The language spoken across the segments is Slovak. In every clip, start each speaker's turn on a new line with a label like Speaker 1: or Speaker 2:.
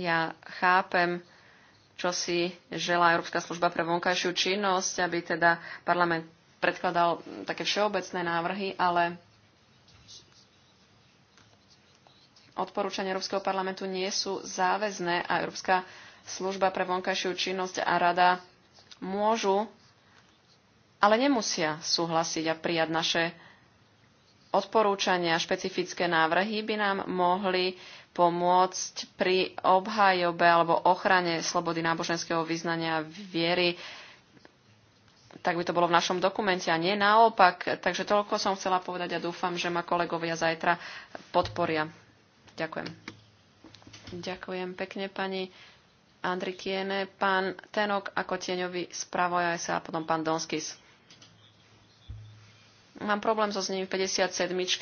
Speaker 1: Ja chápem, čo si želá Európska služba pre vonkajšiu činnosť, aby teda parlament predkladal také všeobecné návrhy, ale odporúčania Európskeho parlamentu nie sú záväzné a Európska služba pre vonkajšiu činnosť a rada môžu, ale nemusia súhlasiť a prijať naše odporúčania, špecifické návrhy by nám mohli pomôcť pri obhajobe alebo ochrane slobody náboženského vyznania viery. Tak by to bolo v našom dokumente a nie naopak. Takže toľko som chcela povedať a dúfam, že ma kolegovia zajtra podporia. Ďakujem. Ďakujem pekne pani Andrikiene, pán Tenok ako tieňový spravodaj sa a potom pán Donskis mám problém so znením 57.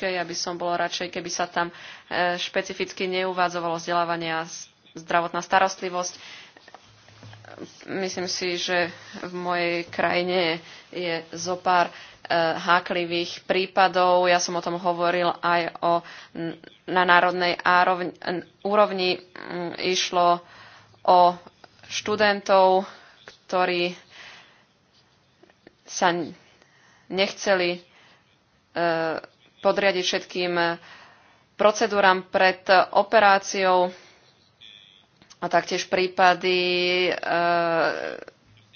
Speaker 1: Ja by som bola radšej, keby sa tam e, špecificky neuvádzovalo vzdelávanie a zdravotná starostlivosť. Myslím si, že v mojej krajine je zo pár e, háklivých prípadov. Ja som o tom hovoril aj o, na národnej árovni, úrovni. Išlo o študentov, ktorí sa nechceli E, podriadiť všetkým e, procedúram pred operáciou a taktiež prípady e,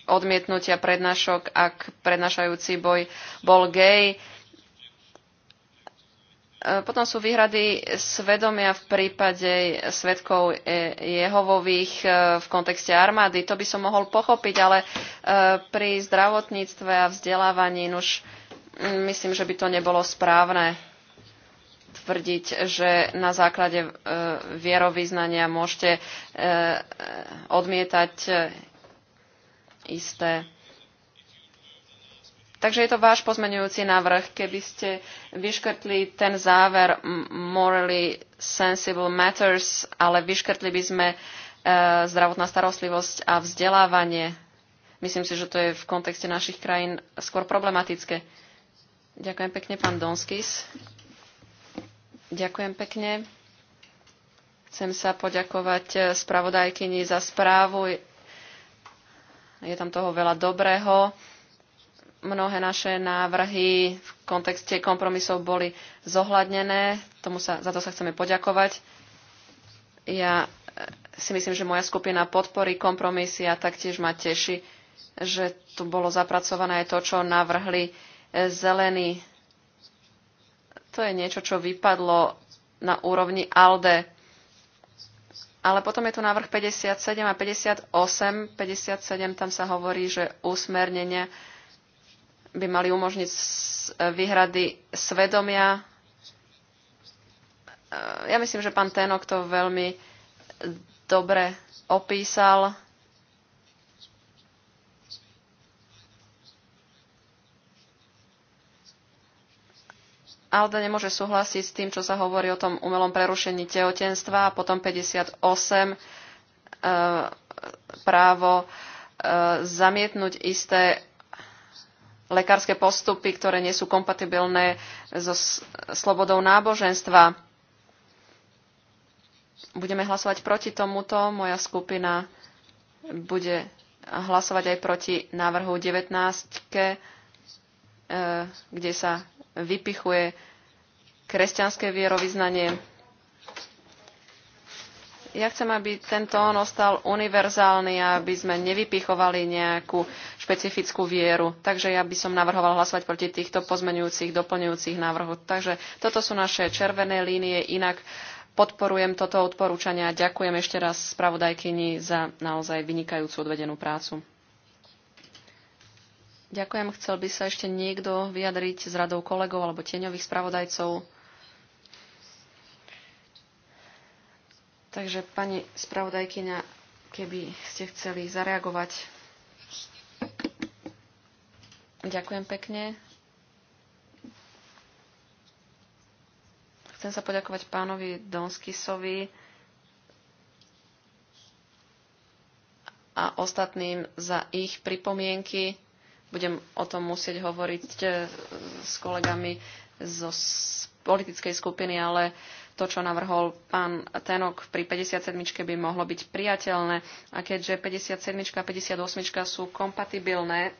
Speaker 1: odmietnutia prednášok, ak prednášajúci boj bol gej. Potom sú výhrady svedomia v prípade svetkov Jehovových v kontexte armády. To by som mohol pochopiť, ale pri zdravotníctve a vzdelávaní už Myslím, že by to nebolo správne tvrdiť, že na základe e, vierovýznania môžete e, odmietať e, isté. Takže je to váš pozmenujúci návrh, keby ste vyškrtli ten záver morally sensible matters, ale vyškrtli by sme zdravotná starostlivosť a vzdelávanie. Myslím si, že to je v kontexte našich krajín skôr problematické. Ďakujem pekne, pán Donskis. Ďakujem pekne. Chcem sa poďakovať spravodajkyni za správu. Je tam toho veľa dobrého. Mnohé naše návrhy v kontexte kompromisov boli zohľadnené. Tomu sa, za to sa chceme poďakovať. Ja si myslím, že moja skupina podporí kompromisy a taktiež ma teší, že tu bolo zapracované aj to, čo navrhli Zelený To je niečo, čo vypadlo na úrovni ALDE. Ale potom je tu návrh 57 a 58. 57 tam sa hovorí, že usmernenia by mali umožniť e, výhrady svedomia. E, ja myslím, že pán Tenok to veľmi dobre opísal. Alda nemôže súhlasiť s tým, čo sa hovorí o tom umelom prerušení tehotenstva a potom 58 e, právo e, zamietnúť isté lekárske postupy, ktoré nie sú kompatibilné so slobodou náboženstva. Budeme hlasovať proti tomuto. Moja skupina bude hlasovať aj proti návrhu 19, e, kde sa vypichuje kresťanské vierovýznanie. Ja chcem, aby ten tón ostal univerzálny a aby sme nevypichovali nejakú špecifickú vieru. Takže ja by som navrhoval hlasovať proti týchto pozmenujúcich, doplňujúcich návrhov. Takže toto sú naše červené línie. Inak podporujem toto odporúčanie a ďakujem ešte raz spravodajkyni za naozaj vynikajúcu odvedenú prácu. Ďakujem. Chcel by sa ešte niekto vyjadriť s radou kolegov alebo tieňových spravodajcov. Takže pani spravodajkyňa, keby ste chceli zareagovať. Ďakujem pekne. Chcem sa poďakovať pánovi Donskisovi a ostatným za ich pripomienky budem o tom musieť hovoriť e, s kolegami zo politickej skupiny, ale to, čo navrhol pán Tenok pri 57. by mohlo byť priateľné. A keďže 57. a 58. sú kompatibilné,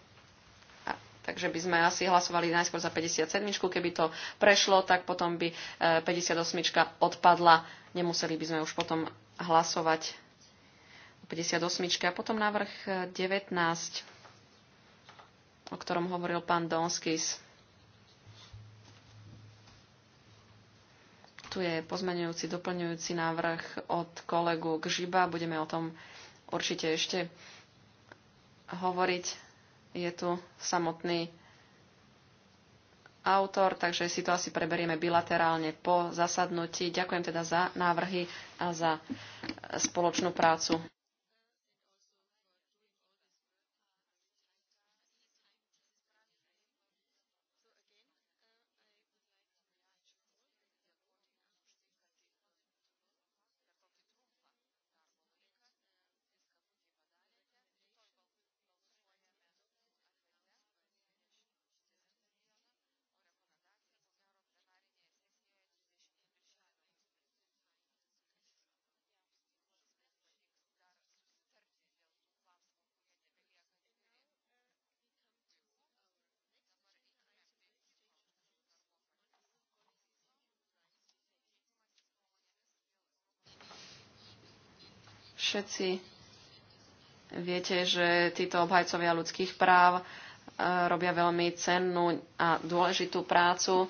Speaker 1: takže by sme asi hlasovali najskôr za 57. Keby to prešlo, tak potom by 58. E, odpadla. Nemuseli by sme už potom hlasovať 58. A potom návrh 19 e, o ktorom hovoril pán Donskis. Tu je pozmenujúci, doplňujúci návrh od kolegu Gžiba. Budeme o tom určite ešte hovoriť. Je tu samotný autor, takže si to asi preberieme bilaterálne po zasadnutí. Ďakujem teda za návrhy a za spoločnú prácu. Všetci viete, že títo obhajcovia ľudských práv e, robia veľmi cennú a dôležitú prácu,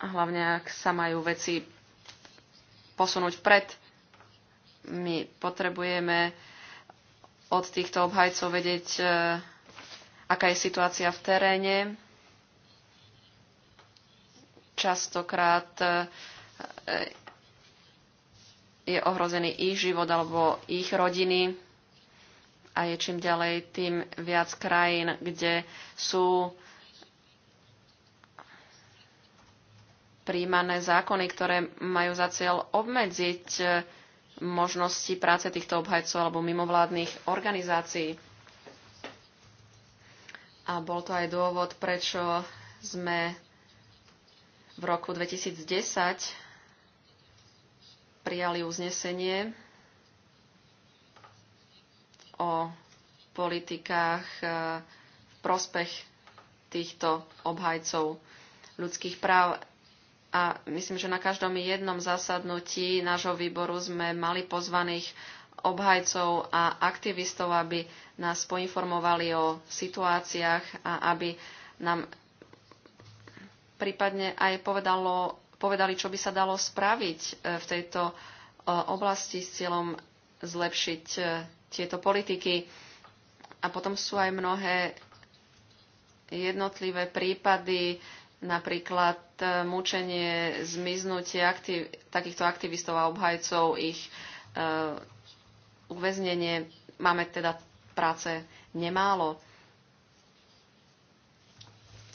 Speaker 1: hlavne ak sa majú veci posunúť vpred. My potrebujeme od týchto obhajcov vedieť, e, aká je situácia v teréne. Častokrát e, je ohrozený ich život alebo ich rodiny a je čím ďalej tým viac krajín, kde sú príjmané zákony, ktoré majú za cieľ obmedziť možnosti práce týchto obhajcov alebo mimovládnych organizácií. A bol to aj dôvod, prečo sme v roku 2010 prijali uznesenie o politikách e, v prospech týchto obhajcov ľudských práv. A myslím, že na každom jednom zasadnutí nášho výboru sme mali pozvaných obhajcov a aktivistov, aby nás poinformovali o situáciách a aby nám prípadne aj povedalo, povedali, čo by sa dalo spraviť e, v tejto e, oblasti s cieľom zlepšiť e, tieto politiky. A potom sú aj mnohé jednotlivé prípady, napríklad mučenie, zmiznutie aktiv- takýchto aktivistov a obhajcov, ich e, uväznenie. Máme teda práce nemálo.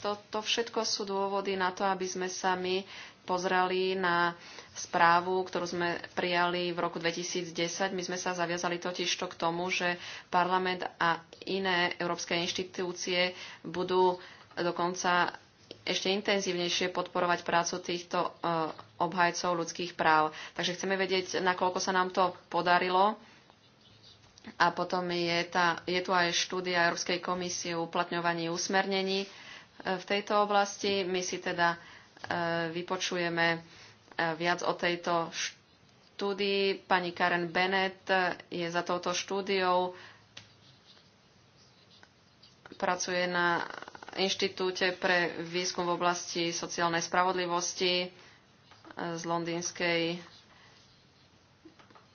Speaker 1: Toto všetko sú dôvody na to, aby sme sa my pozreli na správu, ktorú sme prijali v roku 2010. My sme sa zaviazali totiž to k tomu, že parlament a iné európske inštitúcie budú dokonca ešte intenzívnejšie podporovať prácu týchto e, obhajcov ľudských práv. Takže chceme vedieť, nakoľko sa nám to podarilo. A potom je, tá, je tu aj štúdia Európskej komisie o uplatňovaní usmernení e, v tejto oblasti. My si teda Eh, vypočujeme eh, viac o tejto štúdii. Pani Karen Bennett eh, je za touto štúdiou, pracuje na Inštitúte pre výskum v oblasti sociálnej spravodlivosti z Londýnskej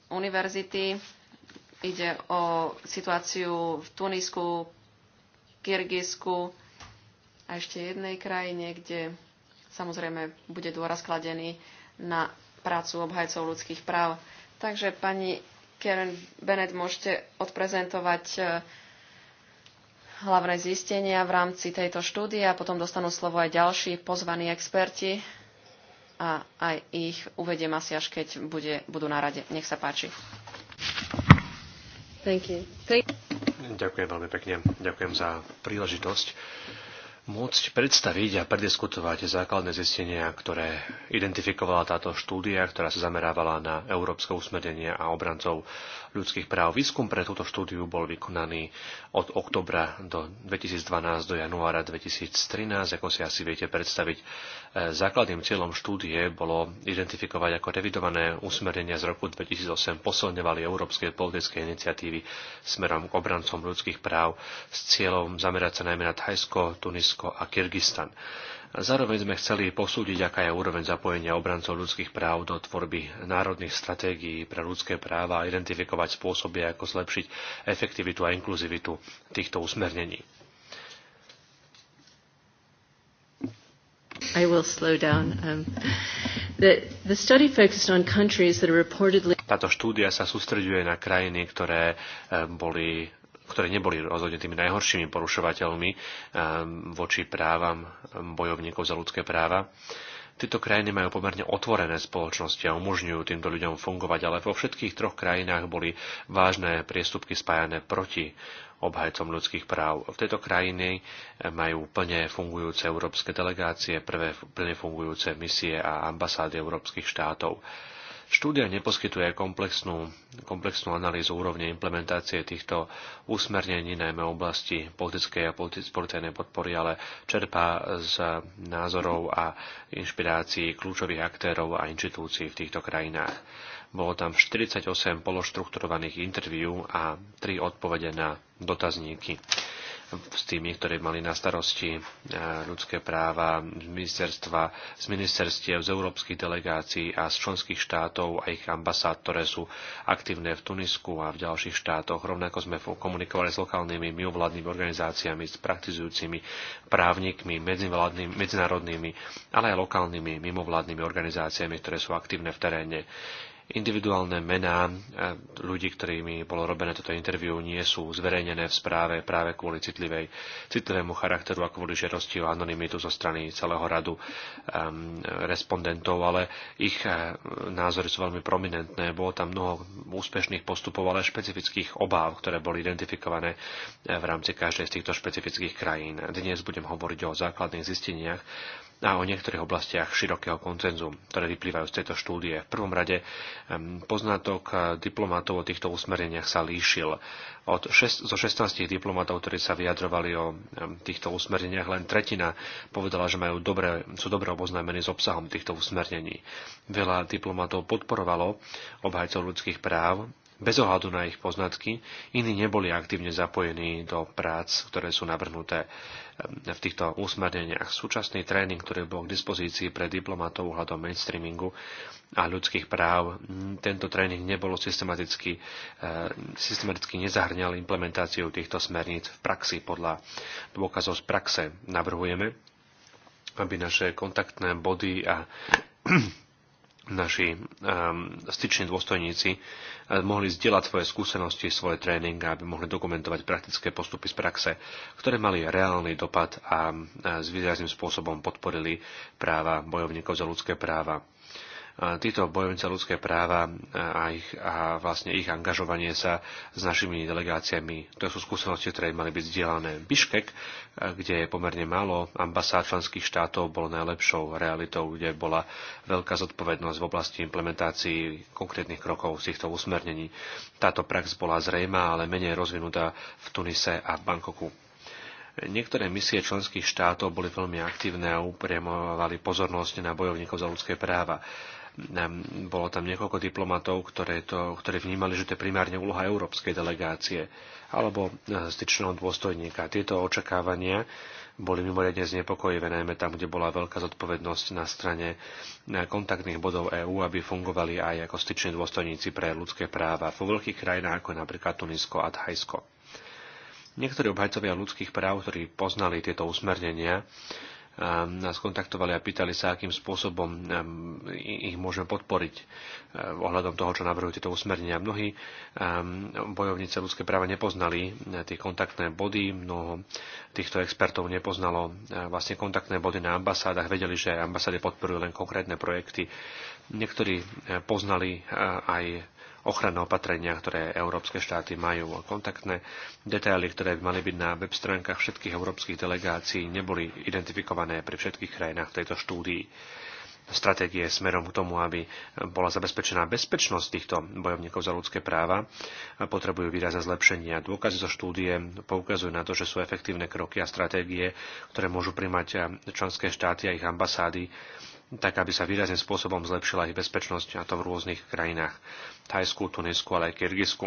Speaker 1: univerzity. Ide o situáciu v Tunisku, Kyrgyzsku a ešte jednej krajine, kde Samozrejme, bude dôraz kladený na prácu obhajcov ľudských práv. Takže pani Karen Bennett, môžete odprezentovať e, hlavné zistenia v rámci tejto štúdie a potom dostanú slovo aj ďalší pozvaní experti a aj ich uvediem asi až keď bude, budú na rade. Nech sa páči. Thank you. Thank you.
Speaker 2: Ďakujem veľmi pekne. Ďakujem za príležitosť môcť predstaviť a prediskutovať základné zistenia, ktoré identifikovala táto štúdia, ktorá sa zamerávala na európske usmernenie a obrancov ľudských práv. Výskum pre túto štúdiu bol vykonaný od oktobra do 2012 do januára 2013. Ako si asi viete predstaviť, eh, základným cieľom štúdie bolo identifikovať, ako revidované usmernenia z roku 2008 posilňovali európske politické iniciatívy smerom k obrancom ľudských práv s cieľom zamerať sa najmä na Thajsko, Tunisko, Rusko a Kyrgyzstan. Zároveň sme chceli posúdiť, aká je úroveň zapojenia obrancov ľudských práv do tvorby národných stratégií pre ľudské práva a identifikovať spôsoby, ako zlepšiť efektivitu a inkluzivitu týchto usmernení.
Speaker 1: I will slow down. Um, the, the study focused on countries that are reportedly...
Speaker 2: Táto štúdia sa sústreďuje na krajiny, ktoré eh, boli ktoré neboli rozhodne tými najhoršími porušovateľmi eh, voči právam bojovníkov za ľudské práva. Tieto krajiny majú pomerne otvorené spoločnosti a umožňujú týmto ľuďom fungovať, ale vo všetkých troch krajinách boli vážne priestupky spájané proti obhajcom ľudských práv. V tejto krajine eh, majú plne fungujúce európske delegácie, prvé plne fungujúce misie a ambasády európskych štátov. Štúdia neposkytuje komplexnú, komplexnú analýzu úrovne implementácie týchto usmernení, najmä oblasti politickej a policajnej podpory, ale čerpá z názorov a inšpirácií kľúčových aktérov a inštitúcií v týchto krajinách. Bolo tam 48 pološtrukturovaných interviú a 3 odpovede na dotazníky s tými, ktorí mali na starosti e, ľudské práva z ministerstva, z ministerstiev, z európskych delegácií a z členských štátov a ich ambasád, ktoré sú aktívne v Tunisku a v ďalších štátoch. Rovnako sme komunikovali s lokálnymi mimovládnymi organizáciami, s praktizujúcimi právnikmi, medzinárodnými, ale aj lokálnymi mimovládnymi organizáciami, ktoré sú aktívne v teréne. Individuálne mená ľudí, ktorými bolo robené toto interviu, nie sú zverejnené v správe práve kvôli citlivej, citlivému charakteru a kvôli žerosti o anonymitu zo strany celého radu um, respondentov, ale ich eh, názory sú veľmi prominentné. Bolo tam mnoho úspešných postupov, ale špecifických obáv, ktoré boli identifikované eh, v rámci každej z týchto špecifických krajín. Dnes budem hovoriť o základných zisteniach a o niektorých oblastiach širokého koncenzu, ktoré vyplývajú z tejto štúdie. V prvom rade poznatok eh, diplomatov o týchto usmereniach sa líšil. Od šest, zo 16 diplomatov, ktorí sa vyjadrovali o týchto usmereniach, len tretina povedala, že majú dobre, sú dobre oboznámení s obsahom týchto usmernení. Veľa diplomatov podporovalo obhajcov ľudských práv bez ohľadu na ich poznatky, iní neboli aktívne zapojení do prác, ktoré sú navrhnuté ehm, v týchto usmerneniach. Súčasný tréning, ktorý bol k dispozícii pre diplomatov ohľadom mainstreamingu a ľudských práv, tento tréning nebolo systematicky, ehm, systematicky nezahrňal implementáciu týchto smerníc v praxi. Podľa dôkazov z praxe navrhujeme, aby naše kontaktné body a naši um, styční dôstojníci eh, mohli zdieľať svoje skúsenosti, svoje tréning, aby mohli dokumentovať praktické postupy z praxe, ktoré mali reálny dopad a, a eh, s výrazným spôsobom podporili práva bojovníkov za ľudské práva títo bojovníci ľudské práva a, ich, a vlastne ich angažovanie sa s našimi delegáciami. To sú skúsenosti, ktoré mali byť zdieľané. Biškek, kde je pomerne málo ambasád členských štátov, bolo najlepšou realitou, kde bola veľká zodpovednosť v oblasti implementácií konkrétnych krokov z týchto usmernení. Táto prax bola zrejmá, ale menej rozvinutá v Tunise a v Bankoku. Niektoré misie členských štátov boli veľmi aktívne a upriamovali pozornosť na bojovníkov za ľudské práva. Bolo tam niekoľko diplomatov, ktoré, to, ktoré vnímali, že to je primárne úloha európskej delegácie alebo e, styčného dôstojníka. Tieto očakávania boli mimoriadne znepokojivé, najmä tam, kde bola veľká zodpovednosť na strane e, kontaktných bodov EÚ, aby fungovali aj ako styční dôstojníci pre ľudské práva vo veľkých krajinách ako napríklad Tunisko a Thajsko. Niektorí obhajcovia ľudských práv, ktorí poznali tieto usmernenia, nás kontaktovali a pýtali sa, akým spôsobom ich môžeme podporiť e, ohľadom toho, čo navrhujú tieto usmernenia. Mnohí bojovníci ľudské práva nepoznali e, tie kontaktné body, mnoho týchto expertov nepoznalo e, vlastne kontaktné body na ambasádach, vedeli, že ambasády podporujú len konkrétne projekty. Niektorí poznali aj ochranné opatrenia, ktoré európske štáty majú a kontaktné detaily, ktoré by mali byť na web stránkach všetkých európskych delegácií, neboli identifikované pri všetkých krajinách tejto štúdii stratégie smerom k tomu, aby bola zabezpečená bezpečnosť týchto bojovníkov za ľudské práva, potrebujú výrazné zlepšenia. Dôkazy zo štúdie poukazujú na to, že sú efektívne kroky a stratégie, ktoré môžu primať členské štáty a ich ambasády tak aby sa výrazným spôsobom zlepšila ich bezpečnosť, a to v rôznych krajinách, Thajsku, Tunisku, ale aj Kyrgyzsku.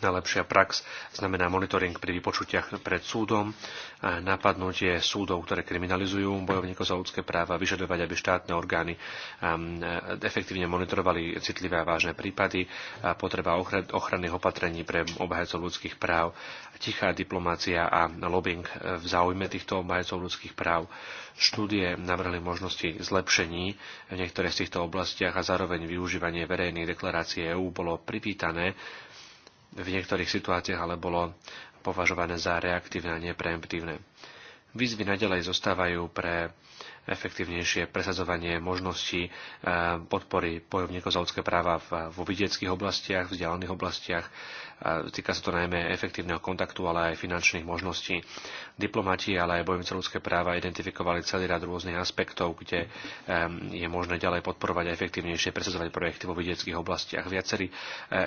Speaker 2: Najlepšia prax znamená monitoring pri vypočutiach pred súdom, napadnutie súdov, ktoré kriminalizujú bojovníkov za ľudské práva, vyžadovať, aby štátne orgány um, efektívne monitorovali citlivé a vážne prípady, potreba ochranných opatrení pre obhajcov ľudských práv, tichá diplomácia a lobbying v záujme týchto obhajcov ľudských práv. Štúdie navrhli možnosti zlepšení v niektorých z týchto oblastiach a zároveň využívanie verejnej deklarácie EÚ bolo privítané v niektorých situáciách ale bolo považované za reaktívne a nepreemptívne. Výzvy nadalej zostávajú pre efektívnejšie presadzovanie možností eh, podpory bojovníkov za ľudské práva vo vidieckých oblastiach, v vzdialených oblastiach. Eh, týka sa to najmä efektívneho kontaktu, ale aj finančných možností. Diplomati, ale aj bojovníci ľudské práva identifikovali celý rad rôznych aspektov, kde eh, je možné ďalej podporovať a efektívnejšie presadzovať projekty vo vidieckých oblastiach. Viacerí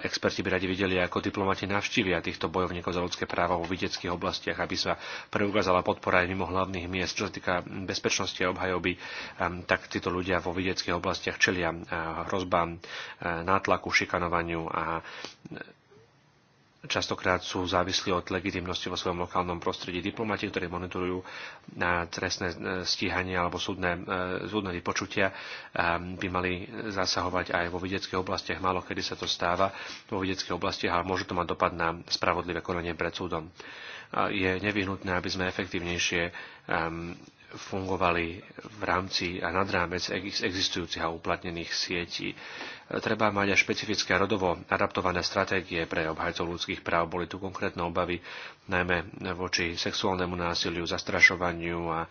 Speaker 2: experti by radi videli, ako diplomati navštívia týchto bojovníkov za ľudské práva vo vidieckých oblastiach, aby sa preukázala podpora aj mimo hlavných miest, čo sa týka bezpečnosti a obhajoby obhajoby, tak títo ľudia vo vidieckých oblastiach čelia hrozbám nátlaku, šikanovaniu a častokrát sú závislí od legitimnosti vo svojom lokálnom prostredí. Diplomati, ktorí monitorujú na trestné stíhanie alebo súdne, súdne vypočutia, by mali zasahovať aj vo vedeckých oblastiach. Málo kedy sa to stáva vo vedeckých oblastiach, ale môže to mať dopad na spravodlivé konanie pred súdom je nevyhnutné, aby sme efektívnejšie fungovali v rámci a nad rámec existujúcich a uplatnených sietí. Treba mať aj špecifické rodovo adaptované stratégie pre obhajcov ľudských práv. Boli tu konkrétne obavy najmä voči sexuálnemu násiliu, zastrašovaniu a,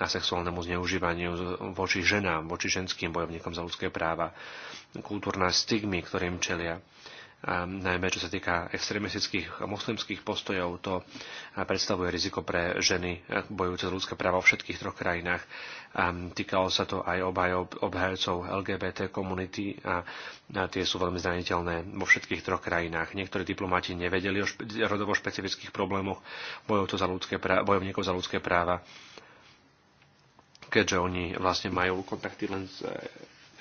Speaker 2: a sexuálnemu zneužívaniu voči ženám, voči ženským bojovníkom za ľudské práva, kultúrna stigmy, ktorým čelia najmä čo sa týka extremistických a moslimských postojov, to predstavuje riziko pre ženy bojujúce za ľudské práva vo všetkých troch krajinách. Týkalo sa to aj obhajov, obhajcov LGBT komunity a, tie sú veľmi zraniteľné vo všetkých troch krajinách. Niektorí diplomati nevedeli o špe, rodovo špecifických problémoch bojovníkov za ľudské práva keďže oni vlastne majú kontakty len s e,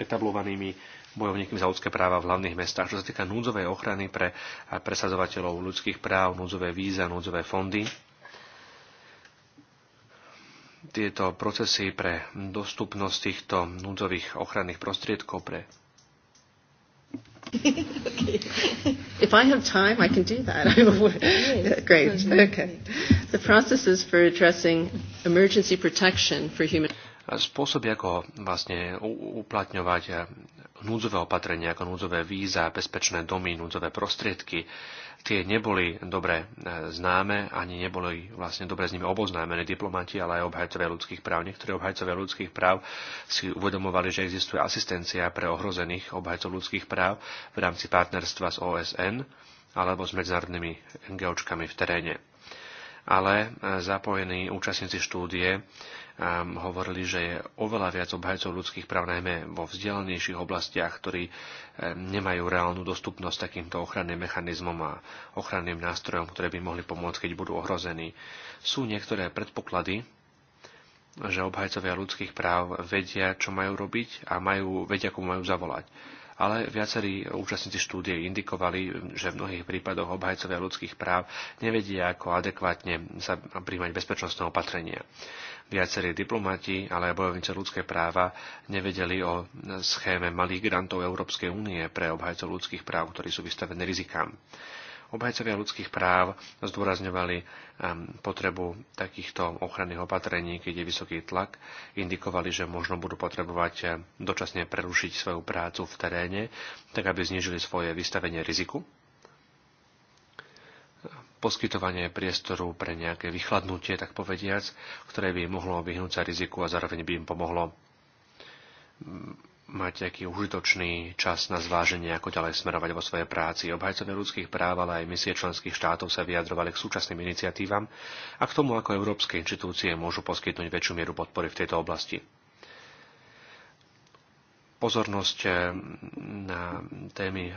Speaker 2: etablovanými bojovníkmi za ľudské práva v hlavných mestách. Čo sa týka núdzovej ochrany pre presadzovateľov ľudských práv, núdzové víza, núdzové fondy, tieto procesy pre dostupnosť týchto núdzových ochranných prostriedkov pre
Speaker 1: If I have time, I can do that. great. Okay. The processes for addressing emergency protection for human
Speaker 2: spôsoby, ako vlastne uplatňovať núdzové opatrenia, ako núdzové víza, bezpečné domy, núdzové prostriedky, tie neboli dobre e, známe, ani neboli vlastne dobre s nimi oboznámení diplomati, ale aj obhajcovia ľudských práv. Niektorí obhajcovia ľudských práv si uvedomovali, že existuje asistencia pre ohrozených obhajcov ľudských práv v rámci partnerstva s OSN alebo s medzinárodnými NGOčkami v teréne ale e, zapojení účastníci štúdie Ehm, hovorili, že je oveľa viac obhajcov ľudských práv, najmä vo vzdialenejších oblastiach, ktorí ehm, nemajú reálnu dostupnosť takýmto ochranným mechanizmom a ochranným nástrojom, ktoré by mohli pomôcť, keď budú ohrození. Sú niektoré predpoklady, že obhajcovia ľudských práv vedia, čo majú robiť a majú, vedia, komu majú zavolať ale viacerí účastníci štúdie indikovali, že v mnohých prípadoch obhajcovia ľudských práv nevedia, ako adekvátne sa príjmať bezpečnostné opatrenia. Viacerí diplomati, ale aj bojovníci ľudské práva nevedeli o schéme malých grantov Európskej únie pre obhajcov ľudských práv, ktorí sú vystavení rizikám. Obhajcovia ľudských práv zdôrazňovali ehm, potrebu takýchto ochranných opatrení, keď je vysoký tlak. Indikovali, že možno budú potrebovať ehm, dočasne prerušiť svoju prácu v teréne, tak aby znížili svoje vystavenie riziku poskytovanie priestoru pre nejaké vychladnutie, tak povediac, ktoré by im mohlo vyhnúť sa riziku a zároveň by im pomohlo mať nejaký užitočný čas na zváženie, ako ďalej smerovať vo svojej práci. Obhajcovia ľudských práv, ale aj misie členských štátov sa vyjadrovali k súčasným iniciatívam a k tomu, ako európske inštitúcie môžu poskytnúť väčšiu mieru podpory v tejto oblasti. Pozornosť eh, na témy eh,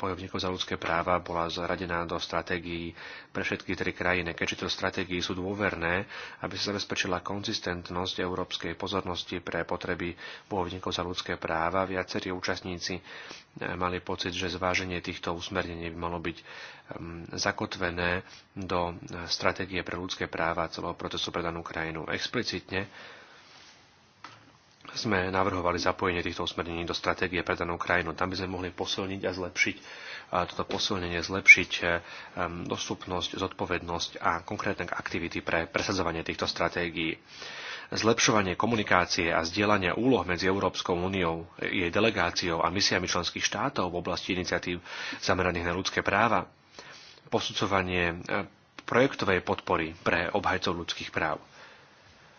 Speaker 2: bojovníkov za ľudské práva bola zaradená do stratégií pre všetky tri krajiny. Keďže tie stratégie sú dôverné, aby sa zabezpečila konzistentnosť európskej pozornosti pre potreby bojovníkov za ľudské práva, viacerí účastníci eh, mali pocit, že zváženie týchto usmernení by malo byť ehm, zakotvené do stratégie pre ľudské práva celého procesu pre danú krajinu. Explicitne sme navrhovali zapojenie týchto usmernení do stratégie pre danú krajinu. Tam by sme mohli posilniť a zlepšiť a toto posilnenie, zlepšiť e, dostupnosť, zodpovednosť a konkrétne aktivity pre presadzovanie týchto stratégií. Zlepšovanie komunikácie a zdieľania úloh medzi Európskou úniou, e, jej delegáciou a misiami členských štátov v oblasti iniciatív zameraných na ľudské práva, posudzovanie e, projektovej podpory pre obhajcov ľudských práv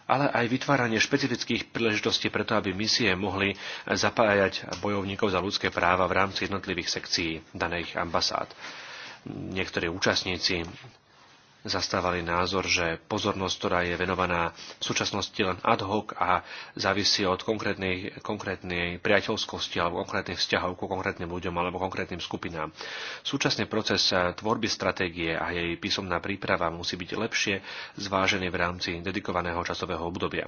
Speaker 2: ale aj vytváranie špecifických príležitostí preto, aby misie mohli zapájať bojovníkov za ľudské práva v rámci jednotlivých sekcií daných ambasád. Niektorí účastníci zastávali názor, že pozornosť, ktorá je venovaná v súčasnosti len ad hoc a závisí od konkrétnej, konkrétnej priateľskosti alebo konkrétnych vzťahov ku konkrétnym ľuďom alebo konkrétnym skupinám. Súčasne proces eh, tvorby stratégie a jej písomná príprava musí byť lepšie zvážený v rámci dedikovaného časového obdobia.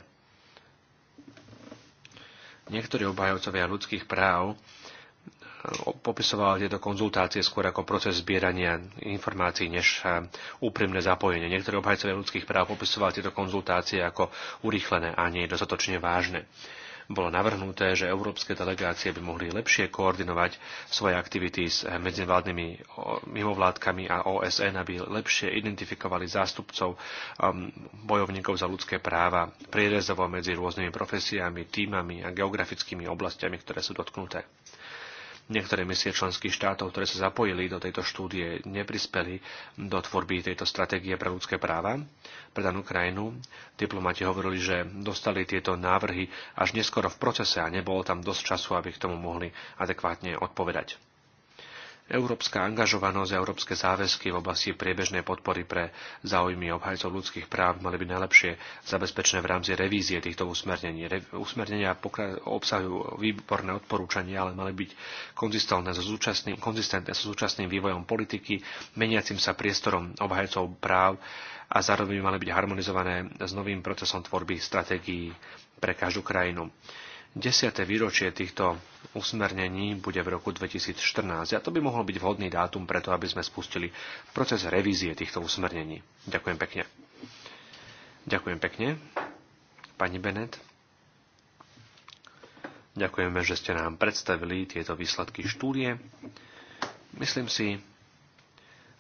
Speaker 2: Niektorí obhajovcovia ľudských práv popisoval tieto konzultácie skôr ako proces zbierania informácií než eh, úprimné zapojenie. Niektorí obhajcovia ľudských práv popisovali tieto konzultácie ako urýchlené a nie dostatočne vážne. Bolo navrhnuté, že európske delegácie by mohli lepšie koordinovať svoje aktivity s eh, medzivládnymi mimovládkami a OSN, aby lepšie identifikovali zástupcov ehm, bojovníkov za ľudské práva prierezovo medzi rôznymi profesiami, týmami a geografickými oblastiami, ktoré sú dotknuté. Niektoré misie členských štátov, ktoré sa zapojili do tejto štúdie, neprispeli do tvorby tejto stratégie pre ľudské práva pre danú krajinu. Diplomati hovorili, že dostali tieto návrhy až neskoro v procese a nebolo tam dosť času, aby k tomu mohli adekvátne odpovedať. Európska angažovanosť a európske záväzky v oblasti priebežnej podpory pre záujmy obhajcov ľudských práv mali byť najlepšie zabezpečené v rámci revízie týchto usmernení. Re, usmernenia obsahujú výborné odporúčania, ale mali byť konzistentné so, súčasným, konzistentné so súčasným vývojom politiky, meniacim sa priestorom obhajcov práv a zároveň mali byť harmonizované s novým procesom tvorby stratégií pre každú krajinu. Desiate výročie týchto usmernení bude v roku 2014 a to by mohol byť vhodný dátum preto, aby sme spustili proces revízie týchto usmernení. Ďakujem pekne. Ďakujem pekne, pani Bennett. Ďakujeme, že ste nám predstavili tieto výsledky štúdie. Myslím si,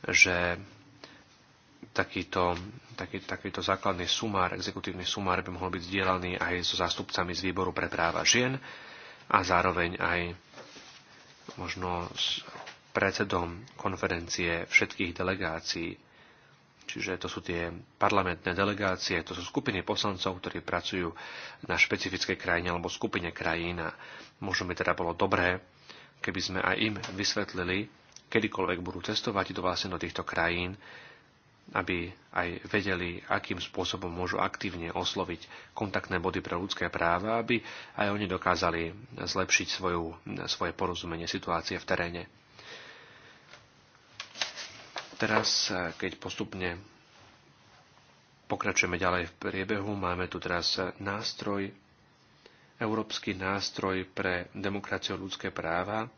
Speaker 2: že takýto, taký, takýto základný sumár, exekutívny sumár by mohol byť zdieľaný aj so zástupcami z výboru pre práva žien a zároveň aj možno s predsedom konferencie všetkých delegácií. Čiže to sú tie parlamentné delegácie, to sú skupiny poslancov, ktorí pracujú na špecifickej krajine alebo skupine krajín a možno by teda bolo dobré, keby sme aj im vysvetlili, kedykoľvek budú cestovať do vlastne do týchto krajín, aby aj vedeli, akým spôsobom môžu aktívne osloviť kontaktné body pre ľudské práva, aby aj oni dokázali zlepšiť svoju, svoje porozumenie situácie v teréne. Teraz, keď postupne pokračujeme ďalej v priebehu, máme tu teraz nástroj, európsky nástroj pre demokraciu a ľudské práva,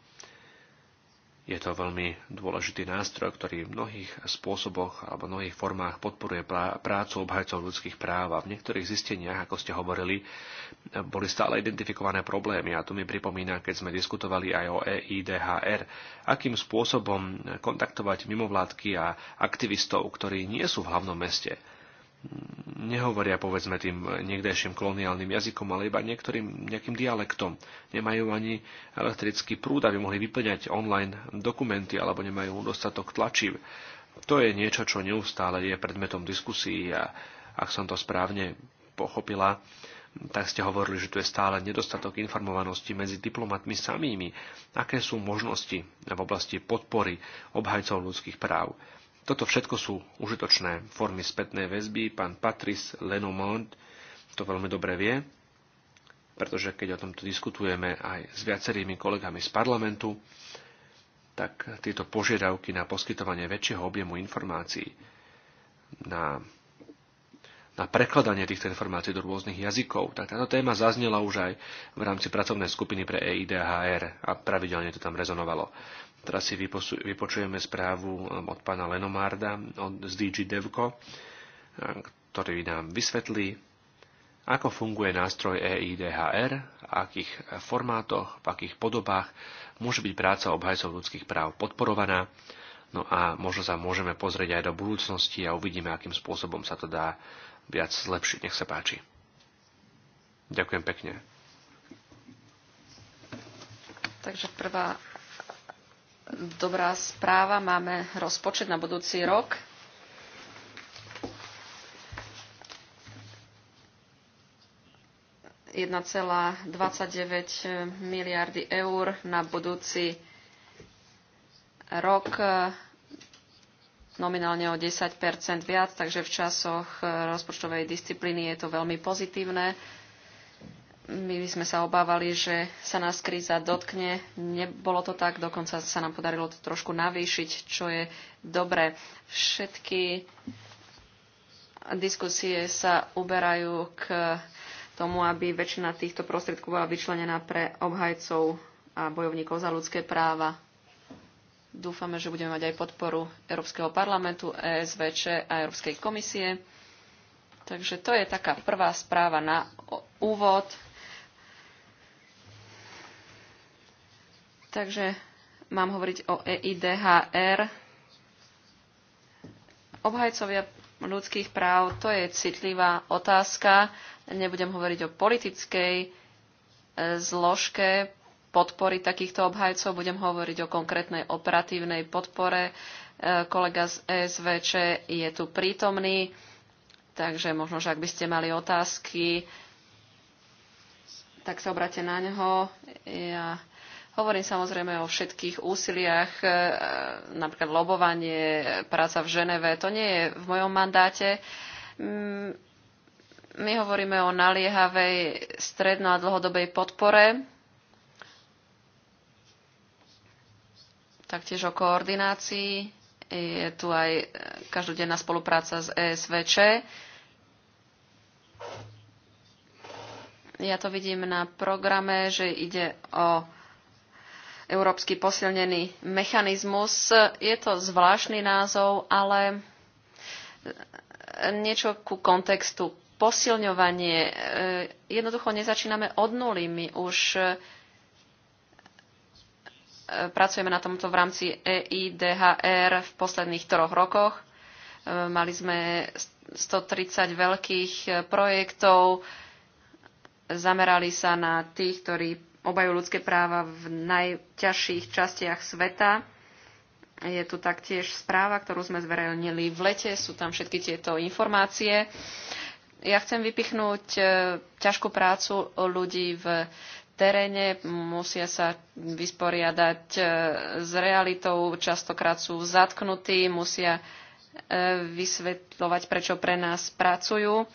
Speaker 2: je to veľmi dôležitý nástroj, ktorý v mnohých spôsoboch alebo mnohých formách podporuje prácu obhajcov ľudských práv a v niektorých zisteniach, ako ste hovorili, boli stále identifikované problémy a to mi pripomína, keď sme diskutovali aj o EIDHR, akým spôsobom kontaktovať mimovládky a aktivistov, ktorí nie sú v hlavnom meste nehovoria povedzme tým niekdejším koloniálnym jazykom, ale iba niektorým nejakým dialektom. Nemajú ani elektrický prúd, aby mohli vyplňať online dokumenty alebo nemajú dostatok tlačiv. To je niečo, čo neustále je predmetom diskusí a ak som to správne pochopila, tak ste hovorili, že tu je stále nedostatok informovanosti medzi diplomatmi samými. Aké sú možnosti v oblasti podpory obhajcov ľudských práv? Toto všetko sú užitočné formy spätnej väzby. Pán Patrice Lenomont to veľmi dobre vie, pretože keď o tomto diskutujeme aj s viacerými kolegami z parlamentu, tak tieto požiadavky na poskytovanie väčšieho objemu informácií, na na prekladanie týchto informácií do rôznych jazykov, tak táto téma zaznela už aj v rámci pracovnej skupiny pre EIDHR a pravidelne to tam rezonovalo. Teraz si vypočujeme správu um, od pána Lenomarda od, z DG Devco, um, ktorý nám vysvetlí, ako funguje nástroj EIDHR, v akých formátoch, v akých podobách môže byť práca obhajcov ľudských práv podporovaná, no a možno sa môžeme pozrieť aj do budúcnosti a uvidíme, akým spôsobom sa to dá viac zlepšiť. Nech sa páči. Ďakujem pekne.
Speaker 1: Takže prvá dobrá správa. Máme rozpočet na budúci rok. ,29 miliardy eur na budúci rok nominálne o 10 viac, takže v časoch eh, rozpočtovej disciplíny je to veľmi pozitívne. My by sme sa obávali, že sa nás kríza dotkne. Nebolo to tak, dokonca sa nám podarilo to trošku navýšiť, čo je dobré. Všetky diskusie sa uberajú k tomu, aby väčšina týchto prostriedkov bola vyčlenená pre obhajcov a bojovníkov za ľudské práva. Dúfame, že budeme mať aj podporu Európskeho parlamentu, ESVČ a Európskej komisie. Takže to je taká prvá správa na úvod. Takže mám hovoriť o EIDHR. Obhajcovia ľudských práv, to je citlivá otázka. Nebudem hovoriť o politickej e, zložke podpory takýchto obhajcov. Budem hovoriť o konkrétnej operatívnej podpore. E, kolega z ESVČ je tu prítomný, takže možno, že ak by ste mali otázky, tak sa obráte na neho. Ja Hovorím samozrejme o všetkých úsiliach, e, napríklad lobovanie, práca v Ženeve, to nie je v mojom mandáte. Mm, my hovoríme o naliehavej stredno- a dlhodobej podpore taktiež o koordinácii. Je tu aj e, každodenná spolupráca s ESVČ. Ja to vidím na programe, že ide o európsky posilnený mechanizmus. Je to zvláštny názov, ale e, niečo ku kontextu. Posilňovanie. E, jednoducho nezačíname od nuly. My už pracujeme na tomto v rámci EIDHR v posledných troch rokoch. E, mali sme 130 veľkých e, projektov, zamerali sa na tých, ktorí obajú ľudské práva v najťažších častiach sveta. Je tu taktiež správa, ktorú sme zverejnili v lete, sú tam všetky tieto informácie. Ja chcem vypichnúť e, ťažkú prácu ľudí v teréne, musia sa vysporiadať e, s realitou, častokrát sú zatknutí, musia e, vysvetľovať, prečo pre nás pracujú.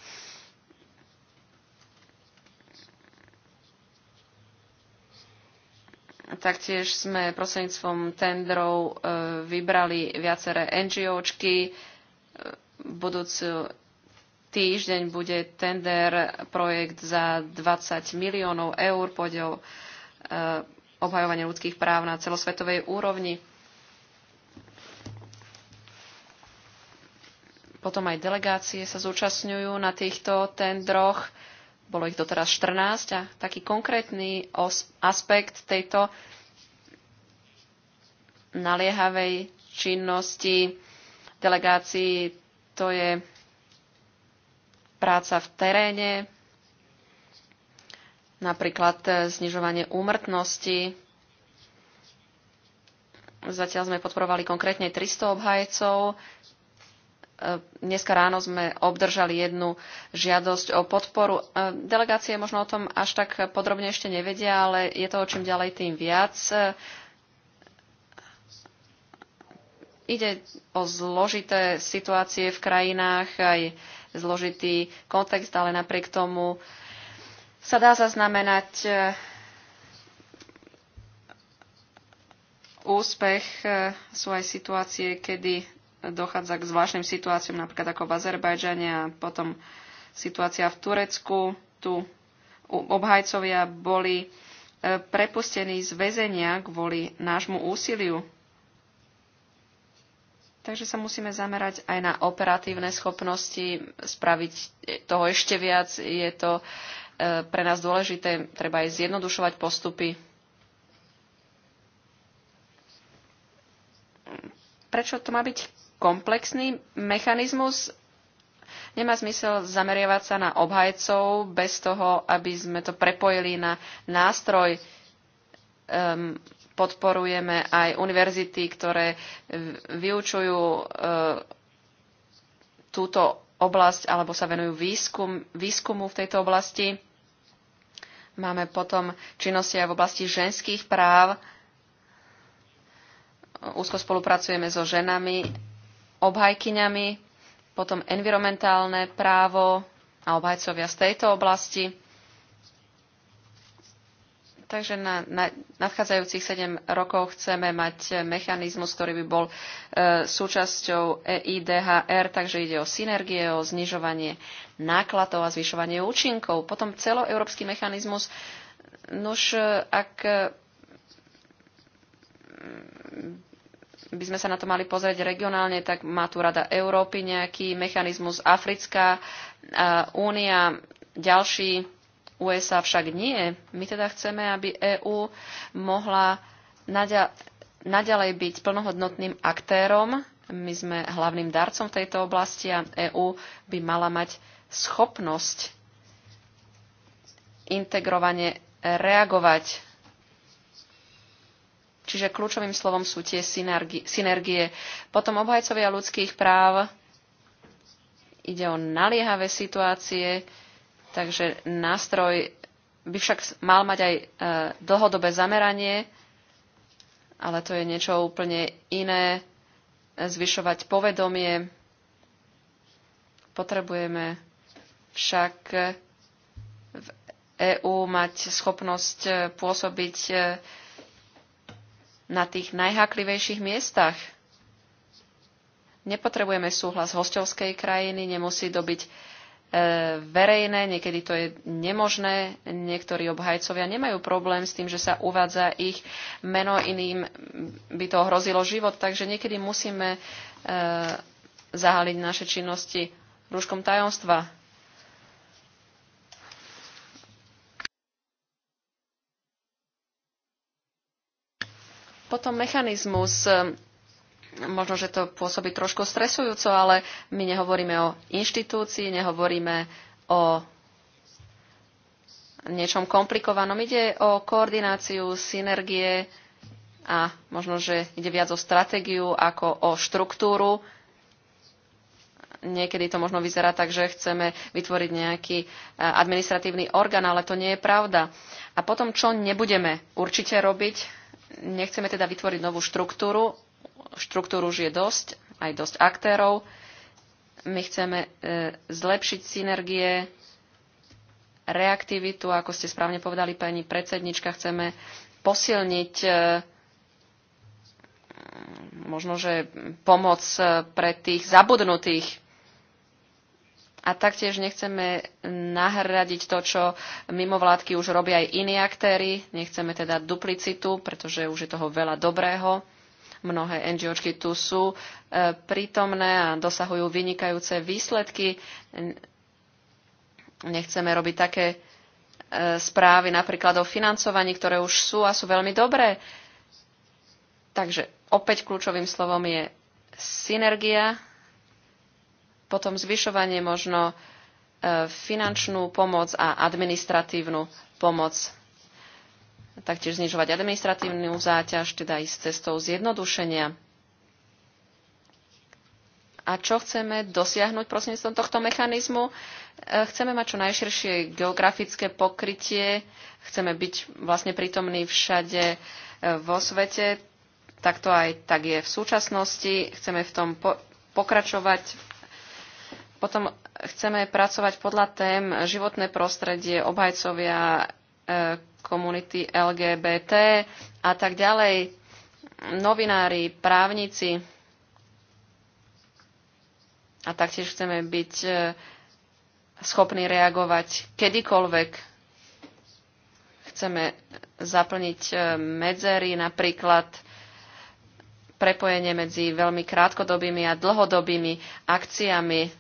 Speaker 1: Taktiež sme prostredníctvom tendrov e, vybrali viaceré NGOčky, budúcu týždeň bude tender projekt za 20 miliónov eur, pôjde o e, obhajovanie ľudských práv na celosvetovej úrovni. Potom aj delegácie sa zúčastňujú na týchto tendroch. Bolo ich doteraz 14 a taký konkrétny aspekt tejto naliehavej činnosti delegácií to je práca v teréne, napríklad e, znižovanie úmrtnosti. Zatiaľ sme podporovali konkrétne 300 obhajcov. E, dneska ráno sme obdržali jednu žiadosť o podporu. E, delegácie možno o tom až tak podrobne ešte nevedia, ale je toho čím ďalej tým viac. Ide o zložité situácie v krajinách, aj zložitý kontext, ale napriek tomu sa dá zaznamenať e, úspech. E, Sú aj situácie, kedy dochádza k zvláštnym situáciám, napríklad ako v Azerbajdžane a potom situácia v Turecku. Tu obhajcovia boli e, prepustení z väzenia kvôli nášmu úsiliu Takže sa musíme zamerať aj na operatívne schopnosti, spraviť toho ešte viac. Je to e, pre nás dôležité, treba aj zjednodušovať postupy. Prečo to má byť komplexný mechanizmus? Nemá zmysel zameriavať sa na obhajcov bez toho, aby sme to prepojili na nástroj um, podporujeme aj univerzity, ktoré vyučujú e, túto oblasť alebo sa venujú výskum, výskumu v tejto oblasti. Máme potom činnosti aj v oblasti ženských práv. Úzko spolupracujeme so ženami, obhajkyňami, potom environmentálne právo a obhajcovia z tejto oblasti. Takže na, na nadchádzajúcich 7 rokov chceme mať mechanizmus, ktorý by bol e, súčasťou EIDHR, takže ide o synergie, o znižovanie nákladov a zvyšovanie účinkov. Potom celoeurópsky mechanizmus, nuž e, ak e, by sme sa na to mali pozrieť regionálne, tak má tu Rada Európy nejaký mechanizmus, Africká e, únia, ďalší USA však nie. My teda chceme, aby EÚ mohla naďa- naďalej byť plnohodnotným aktérom. My sme hlavným darcom v tejto oblasti a EÚ by mala mať schopnosť integrovane reagovať. Čiže kľúčovým slovom sú tie synergie. Potom obhajcovia ľudských práv. Ide o naliehavé situácie, Takže nástroj by však mal mať aj e, dlhodobé zameranie, ale to je niečo úplne iné. Zvyšovať povedomie. Potrebujeme však v EÚ mať schopnosť e, pôsobiť e, na tých najháklivejších miestach. Nepotrebujeme súhlas hostovskej krajiny, nemusí dobiť verejné, niekedy to je nemožné. Niektorí obhajcovia nemajú problém s tým, že sa uvádza ich meno, iným by to hrozilo život, takže niekedy musíme e, zahaliť naše činnosti rúškom tajomstva. Potom mechanizmus možno, že to pôsobí trošku stresujúco, ale my nehovoríme o inštitúcii, nehovoríme o niečom komplikovanom. Ide o koordináciu, synergie a možno, že ide viac o stratégiu ako o štruktúru. Niekedy to možno vyzerá tak, že chceme vytvoriť nejaký e, administratívny orgán, ale to nie je pravda. A potom, čo nebudeme určite robiť, nechceme teda vytvoriť novú štruktúru, štruktúru už je dosť, aj dosť aktérov. My chceme e, zlepšiť synergie, reaktivitu, ako ste správne povedali, pani predsednička, chceme posilniť e, možno, že pomoc e, pre tých zabudnutých. A taktiež nechceme nahradiť to, čo mimovládky už robia aj iní aktéry. Nechceme teda duplicitu, pretože už je toho veľa dobrého. Mnohé NGOčky tu sú e, prítomné a dosahujú vynikajúce výsledky. Nechceme robiť také e, správy napríklad o financovaní, ktoré už sú a sú veľmi dobré. Takže opäť kľúčovým slovom je synergia, potom zvyšovanie možno e, finančnú pomoc a administratívnu pomoc taktiež znižovať administratívnu záťaž, teda ísť cestou zjednodušenia. A čo chceme dosiahnuť prostredníctvom tohto mechanizmu? E, chceme mať čo najširšie geografické pokrytie, chceme byť vlastne prítomní všade e, vo svete, tak to aj tak je v súčasnosti, chceme v tom po- pokračovať. Potom chceme pracovať podľa tém životné prostredie, obhajcovia e, komunity LGBT a tak ďalej, novinári, právnici. A taktiež chceme byť e, schopní reagovať kedykoľvek. Chceme zaplniť e, medzery, napríklad prepojenie medzi veľmi krátkodobými a dlhodobými akciami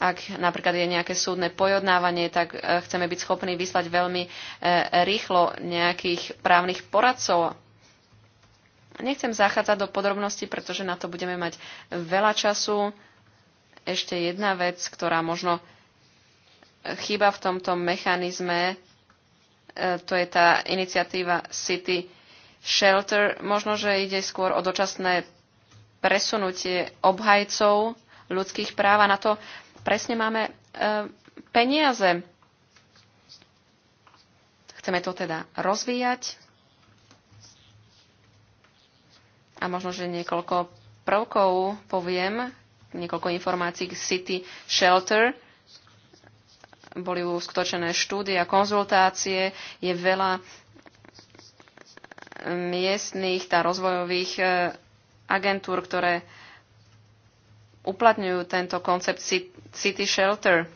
Speaker 1: ak napríklad je nejaké súdne pojednávanie, tak e, chceme byť schopní vyslať veľmi e, rýchlo nejakých právnych poradcov. Nechcem zachádzať do podrobností, pretože na to budeme mať veľa času. Ešte jedna vec, ktorá možno chýba v tomto mechanizme, e, to je tá iniciatíva City Shelter. Možno, že ide skôr o dočasné presunutie obhajcov ľudských práv a na to presne máme e, peniaze. Chceme to teda rozvíjať a možno, že niekoľko prvkov poviem, niekoľko informácií k City Shelter. Boli uskutočené štúdie a konzultácie, je veľa e, miestných a rozvojových e, agentúr, ktoré uplatňujú tento koncept City Shelter.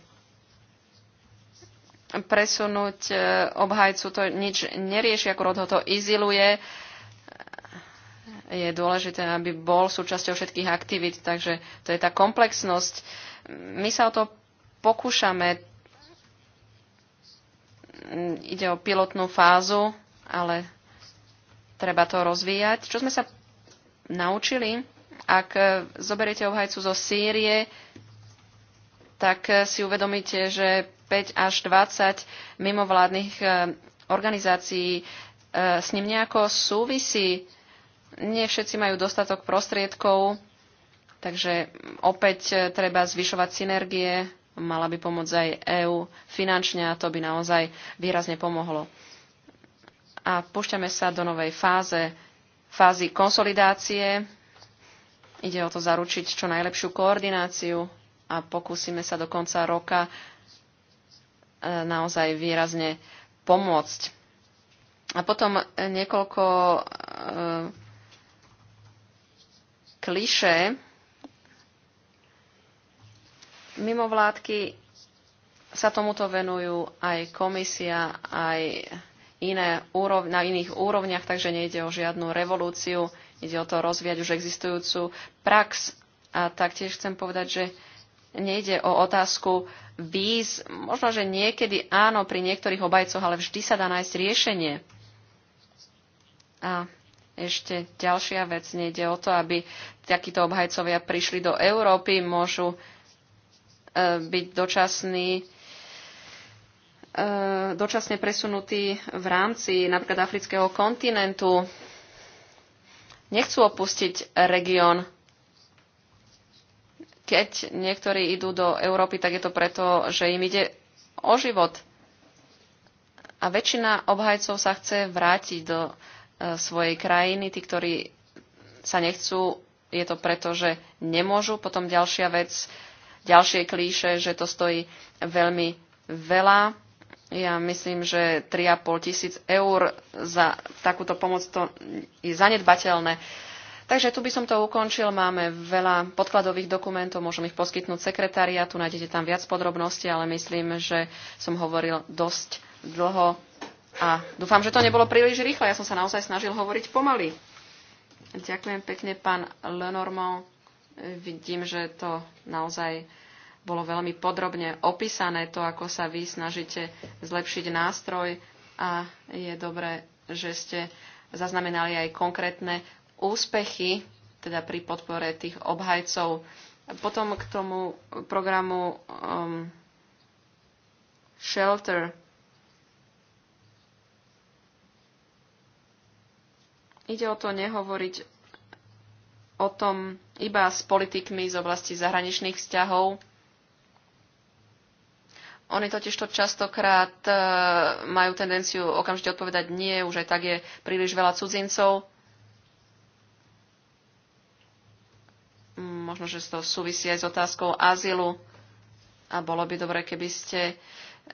Speaker 1: Presunúť e, obhajcu to nič nerieši, ako ho to iziluje. Je dôležité, aby bol súčasťou všetkých aktivít, takže to je tá komplexnosť. My sa o to pokúšame. Ide o pilotnú fázu, ale treba to rozvíjať. Čo sme sa naučili? Ak e, zoberiete obhajcu zo Sýrie, tak e, si uvedomíte, že 5 až 20 mimovládnych e, organizácií s ním nejako súvisí. Nie všetci majú dostatok prostriedkov, takže opäť treba zvyšovať synergie. Mala by pomôcť aj EÚ finančne a to by naozaj výrazne pomohlo. A púšťame sa do novej fáze, fázy konsolidácie Ide o to zaručiť čo najlepšiu koordináciu a pokúsime sa do konca roka e, naozaj výrazne pomôcť. A potom e, niekoľko e, kliše. Mimovládky sa tomuto venujú aj komisia, aj iné, na iných úrovniach, takže nejde o žiadnu revolúciu. Ide o to rozvíjať už existujúcu prax. A taktiež chcem povedať, že nejde o otázku víz. Možno, že niekedy áno pri niektorých obajcoch, ale vždy sa dá nájsť riešenie. A ešte ďalšia vec, nejde o to, aby takíto obhajcovia prišli do Európy, môžu e, byť dočasní e, dočasne presunutí v rámci napríklad afrického kontinentu nechcú opustiť región. Keď niektorí idú do Európy, tak je to preto, že im ide o život. A väčšina obhajcov sa chce vrátiť do e, svojej krajiny. Tí, ktorí sa nechcú, je to preto, že nemôžu. Potom ďalšia vec, ďalšie klíše, že to stojí veľmi veľa ja myslím, že 3,5 tisíc eur za takúto pomoc to je zanedbateľné. Takže tu by som to ukončil. Máme veľa podkladových dokumentov, môžem ich poskytnúť sekretariatu, nájdete tam viac podrobností, ale myslím, že som hovoril dosť dlho a dúfam, že to nebolo príliš rýchlo. Ja som sa naozaj snažil hovoriť pomaly. Ďakujem pekne, pán Lenormand. Vidím, že to naozaj bolo veľmi podrobne opísané to, ako sa vy snažíte zlepšiť nástroj a je dobré, že ste zaznamenali aj konkrétne úspechy, teda pri podpore tých obhajcov. Potom k tomu programu um, Shelter. Ide o to nehovoriť o tom iba s politikmi z oblasti zahraničných vzťahov, oni totiž to častokrát e, majú tendenciu okamžite odpovedať nie, už aj tak je príliš veľa cudzincov. Mm, možno, že to súvisí aj s otázkou azylu a bolo by dobre, keby ste e,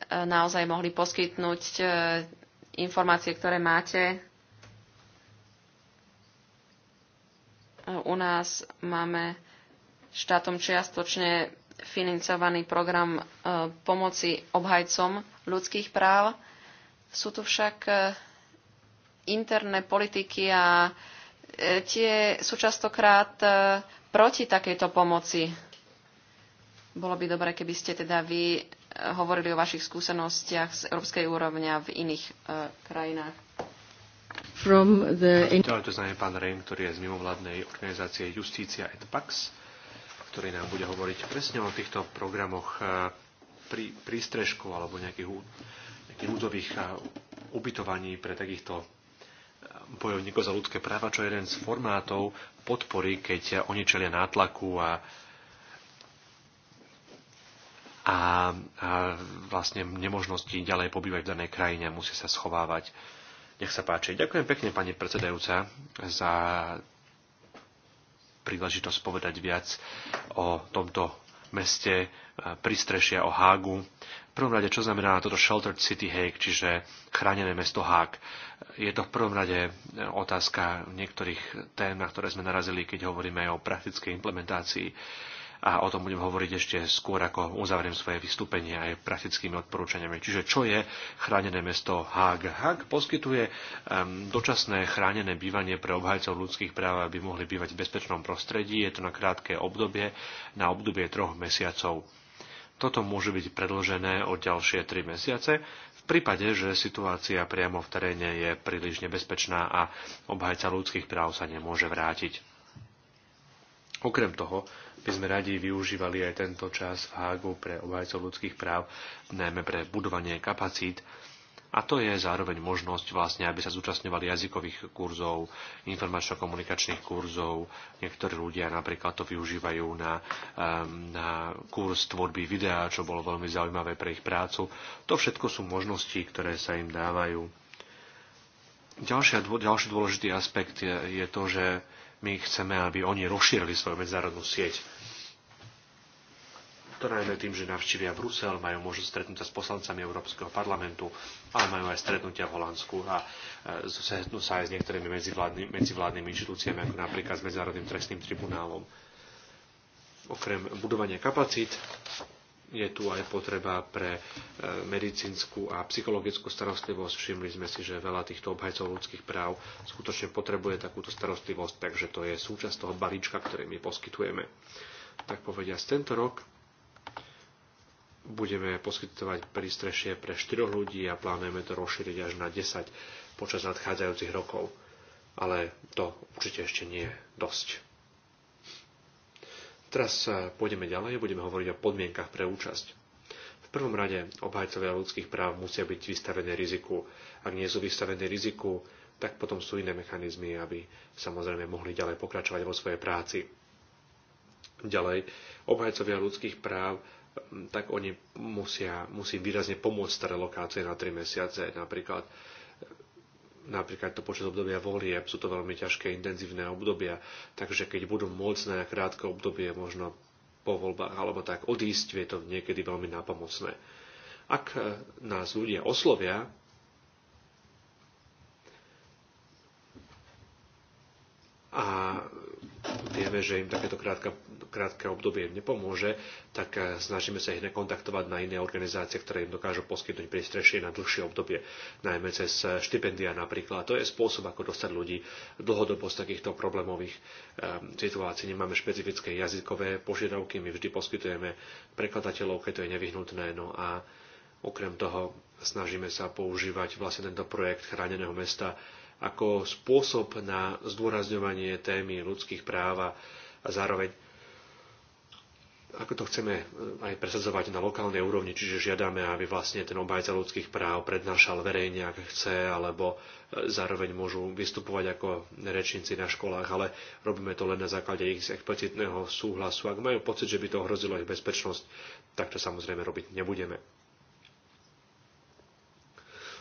Speaker 1: naozaj mohli poskytnúť e, informácie, ktoré máte. U nás máme štátom čiastočne financovaný program e, pomoci obhajcom ľudských práv. Sú tu však e, interné politiky a e, tie sú častokrát proti takejto pomoci. Bolo by dobré, keby ste teda vy hovorili o vašich skúsenostiach z európskej úrovne a v iných krajinách. From the...
Speaker 2: To, znamená pán Rein, ktorý je z mimovládnej organizácie Justícia et Pax ktorý nám bude hovoriť presne o týchto programoch e, pri, prístrežku alebo nejakých, nejakých ľudových e, ubytovaní pre takýchto e, bojovníkov za ľudské práva, čo je jeden z formátov podpory, keď oni čelia nátlaku a, a, a vlastne nemožnosti ďalej pobývať v danej krajine, musí sa schovávať. Nech sa páči. Ďakujem pekne, pani predsedajúca, za príležitosť povedať viac o tomto meste e, pristrešia o Hágu. V prvom rade, čo znamená toto Sheltered City Hague, čiže chránené mesto Hague. Je to v prvom rade e, otázka niektorých tém, na ktoré sme narazili, keď hovoríme aj o praktickej implementácii a o tom budem hovoriť ešte skôr, ako uzavriem svoje vystúpenie aj praktickými odporúčaniami. Čiže čo je chránené mesto HAG. HAG poskytuje dočasné chránené bývanie pre obhajcov ľudských práv, aby mohli bývať v bezpečnom prostredí. Je to na krátke obdobie, na obdobie troch mesiacov. Toto môže byť predložené o ďalšie tri mesiace v prípade, že situácia priamo v teréne je príliš nebezpečná a obhajca ľudských práv sa nemôže vrátiť. Okrem toho, by sme radi využívali aj tento čas v Hágu pre obhajcov ľudských práv, najmä pre budovanie kapacít a to je zároveň možnosť vlastne, aby sa zúčastňovali jazykových kurzov, informačno-komunikačných kurzov. Niektorí ľudia napríklad to využívajú na, ehm, na kurz tvorby videa, čo bolo veľmi zaujímavé pre ich prácu. To všetko sú možnosti, ktoré sa im dávajú. Ďalšia, ďalší dôležitý aspekt je, je to, že my chceme, aby oni rozšírili svoju medzárodnú sieť. To najmä tým, že navštívia Brusel, majú možnosť stretnúť sa s poslancami Európskeho parlamentu, ale majú aj stretnutia v Holandsku a e, stretnú no, sa aj s niektorými medzivládny, medzivládnymi inštitúciami, ako napríklad s Medzinárodným trestným tribunálom. Okrem budovania kapacít je tu aj potreba pre e, medicínsku a psychologickú starostlivosť. Všimli sme si, že veľa týchto obhajcov ľudských práv skutočne potrebuje takúto starostlivosť, takže to je súčasť toho balíčka, ktorý my poskytujeme. Tak povedia, z tento rok budeme poskytovať prístrešie pre 4 ľudí a plánujeme to rozšíriť až na 10 počas nadchádzajúcich rokov. Ale to určite ešte nie je dosť. Teraz e, pôjdeme ďalej, budeme hovoriť o podmienkach pre účasť. V prvom rade obhajcovia ľudských práv musia byť vystavené riziku. Ak nie sú vystavené riziku, tak potom sú iné mechanizmy, aby samozrejme mohli ďalej pokračovať vo svojej práci. Ďalej, obhajcovia ľudských práv, tak oni musia, musí výrazne pomôcť staré lokácie na 3 mesiace napríklad napríklad to počas obdobia volie sú to veľmi ťažké, intenzívne obdobia, takže keď budú môcť na krátke obdobie možno po voľbách alebo tak odísť, je to niekedy veľmi napomocné. Ak e, nás ľudia oslovia, a vieme, že im takéto krátka krátke obdobie im nepomôže, tak eh, snažíme sa ich nekontaktovať na iné organizácie, ktoré im dokážu poskytnúť prístrešie na dlhšie obdobie, najmä cez eh, štipendia napríklad. To je spôsob, ako dostať ľudí dlhodobo z takýchto problémových eh, situácií. Nemáme špecifické jazykové požiadavky, my vždy poskytujeme prekladateľov, keď to je nevyhnutné. No a okrem toho snažíme sa používať vlastne tento projekt chráneného mesta ako spôsob na zdôrazňovanie témy ľudských práv a zároveň ako to chceme eh, aj presadzovať na lokálnej úrovni, čiže žiadame, aby vlastne ten obhajca ľudských práv prednášal verejne, ak chce, alebo eh, zároveň môžu vystupovať ako rečníci na školách, ale robíme to len na základe ich explicitného súhlasu. Ak majú pocit, že by to ohrozilo ich bezpečnosť, tak to samozrejme robiť nebudeme.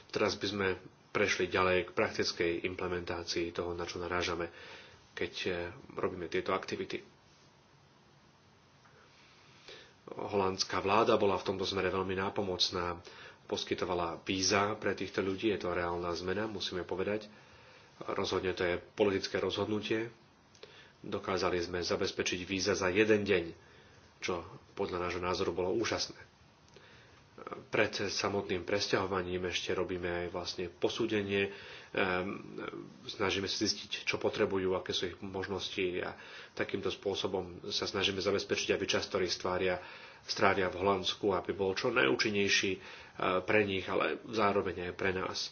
Speaker 2: Teraz by sme prešli ďalej k praktickej implementácii toho, na čo narážame, keď eh, robíme tieto aktivity holandská vláda bola v tomto smere veľmi nápomocná, poskytovala víza pre týchto ľudí, je to reálna zmena, musíme povedať. Rozhodne to je politické rozhodnutie. Dokázali sme zabezpečiť víza za jeden deň, čo podľa nášho názoru bolo úžasné. Pred samotným presťahovaním ešte robíme aj vlastne posúdenie Ehm, snažíme sa zistiť, čo potrebujú, aké sú ich možnosti a takýmto spôsobom sa snažíme zabezpečiť, aby čas, ktorý stvária, strária v Holandsku, aby bol čo najúčinnejší e, pre nich, ale zároveň aj pre nás.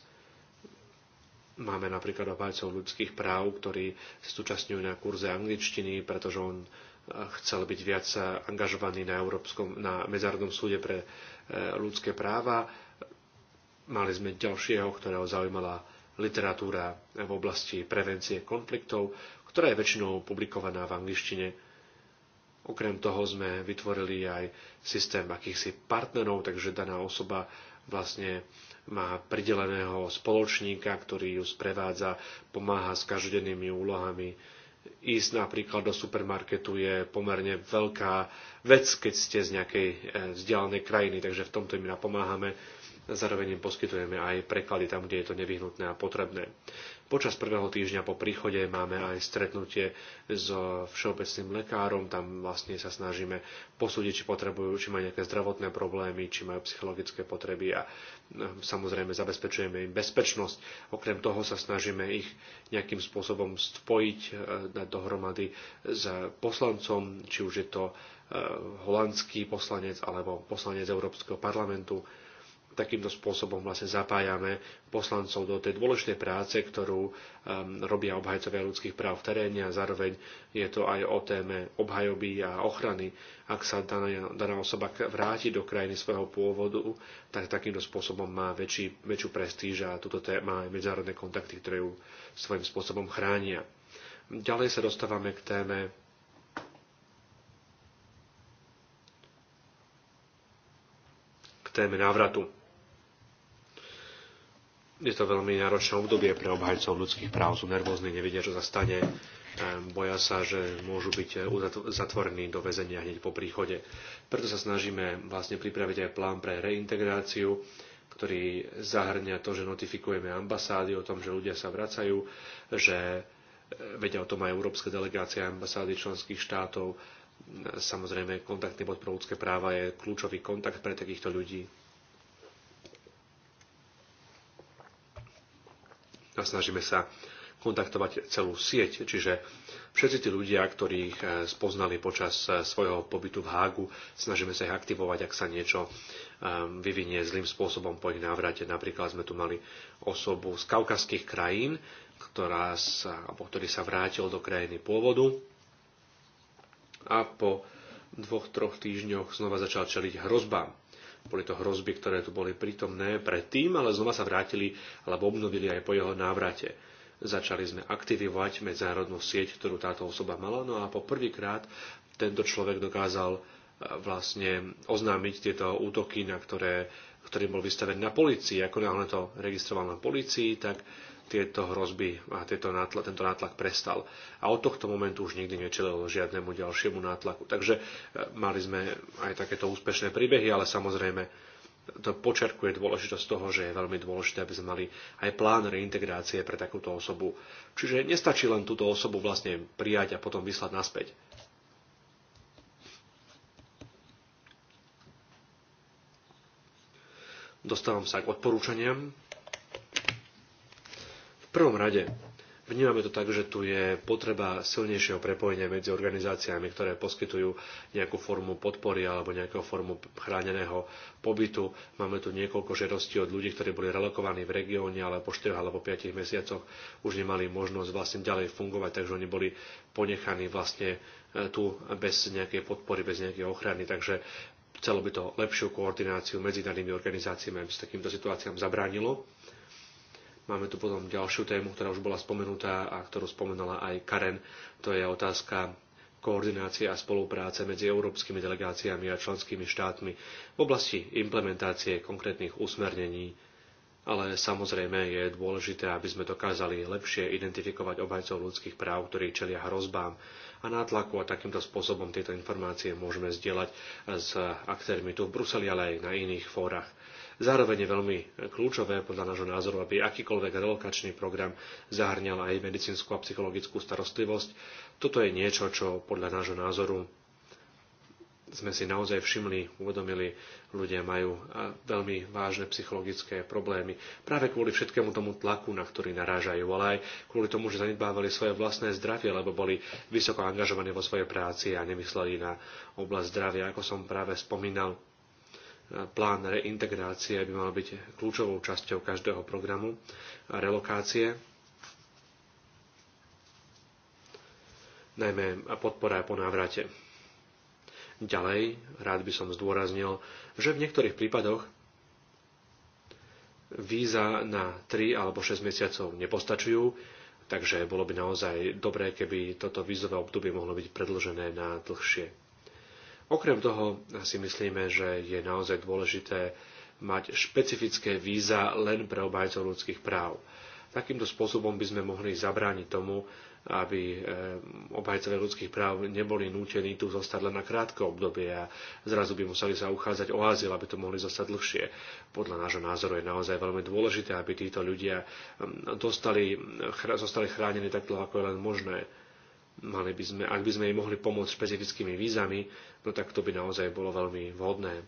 Speaker 2: Máme napríklad obhajcov ľudských práv, ktorí sa zúčastňujú na kurze angličtiny, pretože on e, chcel byť viac angažovaný na, Európskom, na Medzárodnom súde pre e, ľudské práva. Mali sme ďalšieho, ktorého zaujímala literatúra v oblasti prevencie konfliktov, ktorá je väčšinou publikovaná v angličtine. Okrem toho sme vytvorili aj systém akýchsi partnerov, takže daná osoba vlastne má prideleného spoločníka, ktorý ju sprevádza, pomáha s každodennými úlohami. Ísť napríklad do supermarketu je pomerne veľká vec, keď ste z nejakej eh, vzdialenej krajiny, takže v tomto im napomáhame. Zároveň im poskytujeme aj preklady tam, kde je to nevyhnutné a potrebné. Počas prvého týždňa po príchode máme aj stretnutie s všeobecným lekárom. Tam vlastne sa snažíme posúdiť, či potrebujú, či majú nejaké zdravotné problémy, či majú psychologické potreby a ehm, samozrejme zabezpečujeme im bezpečnosť. Okrem toho sa snažíme ich nejakým spôsobom spojiť e, dohromady s poslancom, či už je to e, holandský poslanec alebo poslanec Európskeho parlamentu takýmto spôsobom vlastne zapájame poslancov do tej dôležitej práce, ktorú um, robia obhajcovia ľudských práv v teréne a zároveň je to aj o téme obhajoby a ochrany. Ak sa daná, daná osoba vráti do krajiny svojho pôvodu, tak takýmto spôsobom má väčší, väčšiu prestíž a túto téma aj medzárodné kontakty, ktoré ju svojím spôsobom chránia. Ďalej sa dostávame k téme téme návratu je to veľmi náročné obdobie pre obhajcov ľudských práv. Sú nervózni, nevedia, čo sa stane, boja sa, že môžu byť eh, zatvorení do väzenia hneď po príchode. Preto sa snažíme vlastne pripraviť aj plán pre reintegráciu, ktorý zahrňa to, že notifikujeme ambasády o tom, že ľudia sa vracajú, že eh, vedia o tom aj európske delegácie ambasády členských štátov. Samozrejme, kontaktný bod pro ľudské práva je kľúčový kontakt pre takýchto ľudí a snažíme sa kontaktovať celú sieť. Čiže všetci tí ľudia, ktorých eh, spoznali počas eh, svojho pobytu v Hágu, snažíme sa ich aktivovať, ak sa niečo eh, vyvinie zlým spôsobom po ich návrate. Napríklad sme tu mali osobu z kaukazských krajín, ktorá sa, ktorý sa vrátil do krajiny pôvodu a po dvoch, troch týždňoch znova začal čeliť hrozbám boli to hrozby, ktoré tu boli prítomné predtým, ale znova sa vrátili alebo obnovili aj po jeho návrate. Začali sme aktivovať medzárodnú sieť, ktorú táto osoba mala, no a po prvýkrát tento človek dokázal e, vlastne oznámiť tieto útoky, na ktoré, ktorý bol vystavený na policii. Ako náhle to registroval na polícii, tak tieto hrozby a tieto nátla, tento nátlak prestal. A od tohto momentu už nikdy nečelil žiadnemu ďalšiemu nátlaku. Takže e, mali sme aj takéto úspešné príbehy, ale samozrejme to počerkuje dôležitosť toho, že je veľmi dôležité, aby sme mali aj plán reintegrácie pre takúto osobu. Čiže nestačí len túto osobu vlastne prijať a potom vyslať naspäť. Dostávam sa k odporúčaniam, v prvom rade Vnímame to tak, že tu je potreba silnejšieho prepojenia medzi organizáciami, ktoré poskytujú nejakú formu podpory alebo nejakú formu chráneného pobytu. Máme tu niekoľko žiadostí od ľudí, ktorí boli relokovaní v regióne, ale po 4 alebo 5 mesiacoch už nemali možnosť vlastne ďalej fungovať, takže oni boli ponechaní vlastne e, tu bez nejakej podpory, bez nejakej ochrany. Takže chcelo by to lepšiu koordináciu medzi danými organizáciami, aby sa takýmto situáciám zabránilo Máme tu potom ďalšiu tému, ktorá už bola spomenutá a ktorú spomenala aj Karen. To je otázka koordinácie a spolupráce medzi európskymi delegáciami a členskými štátmi v oblasti implementácie konkrétnych usmernení. Ale samozrejme je dôležité, aby sme dokázali lepšie identifikovať obhajcov ľudských práv, ktorí čelia hrozbám a nátlaku a takýmto spôsobom tieto informácie môžeme zdieľať s aktérmi tu v Bruseli, ale aj na iných fórach. Zároveň je veľmi kľúčové podľa nášho názoru, aby akýkoľvek relokačný program zahrňal aj medicínsku a psychologickú starostlivosť. Toto je niečo, čo podľa nášho názoru sme si naozaj všimli, uvedomili, ľudia majú veľmi vážne psychologické problémy. Práve kvôli všetkému tomu tlaku, na ktorý narážajú, ale aj kvôli tomu, že zanedbávali svoje vlastné zdravie, lebo boli vysoko angažovaní vo svojej práci a nemysleli na oblasť zdravia. Ako som práve spomínal, plán reintegrácie by mal byť kľúčovou časťou každého programu a relokácie, najmä podpora po návrate. Ďalej, rád by som zdôraznil, že v niektorých prípadoch víza na 3 alebo 6 mesiacov nepostačujú, takže bolo by naozaj dobré, keby toto vízové obdobie mohlo byť predlžené na dlhšie Okrem toho si myslíme, že je naozaj dôležité mať špecifické víza len pre obhajcov ľudských práv. Takýmto spôsobom by sme mohli zabrániť tomu, aby eh, obhajcovia ľudských práv neboli nútení tu zostať len na krátke obdobie a zrazu by museli sa uchádzať o azyl, aby tu mohli zostať dlhšie. Podľa nášho názoru je naozaj veľmi dôležité, aby títo ľudia dostali, mm, zostali chránení tak dlho, ako je len možné mali by sme, ak by sme im mohli pomôcť špecifickými vízami, no tak to by naozaj bolo veľmi vhodné.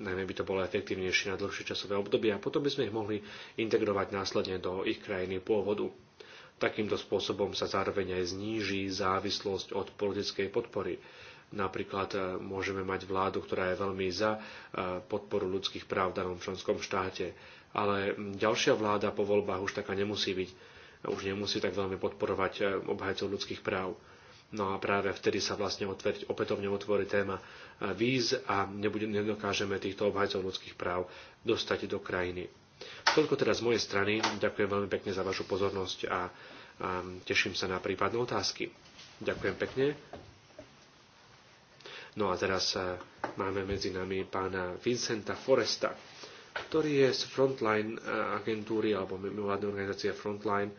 Speaker 2: Najmä by to bolo efektívnejšie na dlhšie časové obdobie a potom by sme ich mohli integrovať následne do ich krajiny pôvodu. Takýmto spôsobom sa zároveň aj zníži závislosť od politickej podpory. Napríklad eh, môžeme mať vládu, ktorá je veľmi za eh, podporu ľudských práv v danom členskom štáte, ale hm, ďalšia vláda po voľbách už taká nemusí byť už nemusí tak veľmi podporovať eh, obhajcov ľudských práv. No a práve vtedy sa vlastne otvoriť, opätovne otvorí téma eh, víz a nebude, nedokážeme týchto obhajcov ľudských práv dostať do krajiny. Toľko teda z mojej strany. Ďakujem veľmi pekne za vašu pozornosť a, a teším sa na prípadné otázky. Ďakujem pekne. No a teraz eh, máme medzi nami pána Vincenta Foresta, ktorý je z Frontline agentúry alebo mimovládnej organizácie Frontline,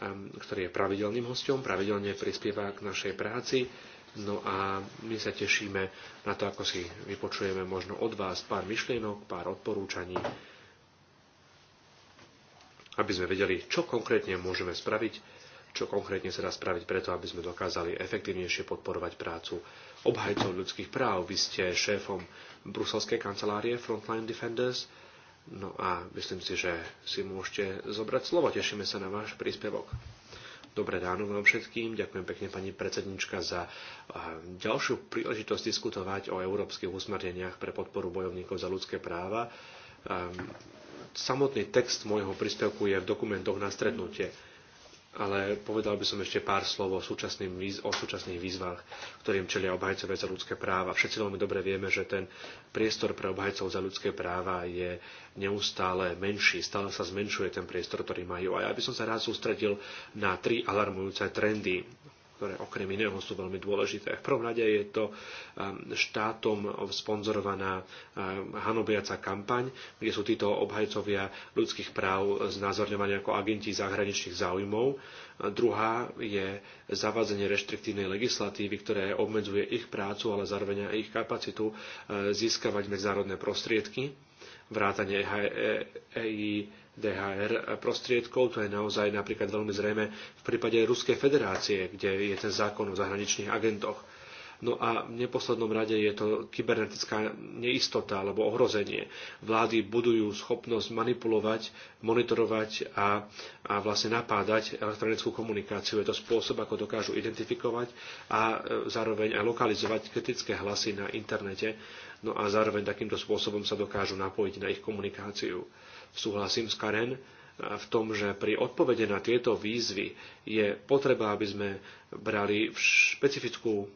Speaker 2: Ehm, ktorý je pravidelným hostom, pravidelne prispieva k našej práci. No a my sa tešíme na to, ako si vypočujeme možno od vás pár myšlienok, pár odporúčaní, aby sme vedeli, čo konkrétne môžeme spraviť, čo konkrétne sa dá spraviť preto, aby sme dokázali efektívnejšie podporovať prácu obhajcov ľudských práv. Vy ste šéfom bruselskej kancelárie Frontline Defenders No a myslím si, že si môžete zobrať slovo. Tešíme sa na váš príspevok. Dobré ráno vám všetkým. Ďakujem pekne pani predsednička za ďalšiu príležitosť diskutovať o európskych usmerneniach pre podporu bojovníkov za ľudské práva. Samotný text môjho príspevku je v dokumentoch na stretnutie ale povedal by som ešte pár slov o, o súčasných výzvach, ktorým čelia obhajcovia za ľudské práva. Všetci veľmi dobre vieme, že ten priestor pre obhajcov za ľudské práva je neustále menší, stále sa zmenšuje ten priestor, ktorý majú. A ja by som sa rád sústredil na tri alarmujúce trendy, ktoré okrem iného sú veľmi dôležité. V prvom rade je to um, štátom sponzorovaná um, hanobiaca kampaň, kde sú títo obhajcovia ľudských práv znázorňovaní ako agenti zahraničných záujmov. Druhá je zavádzanie reštriktívnej legislatívy, ktoré obmedzuje ich prácu, ale zároveň aj ich kapacitu uh, získavať medzinárodné prostriedky vrátanie EI e e DHR prostriedkov. To je naozaj napríklad veľmi zrejme v prípade Ruskej federácie, kde je ten zákon o zahraničných agentoch. No a v neposlednom rade je to kybernetická neistota alebo ohrozenie. Vlády budujú schopnosť manipulovať, monitorovať a, a vlastne napádať elektronickú komunikáciu. Je to spôsob, ako dokážu identifikovať a e, zároveň aj lokalizovať kritické hlasy na internete. No a zároveň takýmto spôsobom sa dokážu napojiť na ich komunikáciu. Súhlasím s Karen eh, v tom, že pri odpovede na tieto výzvy je potreba, aby sme brali v špecifickú,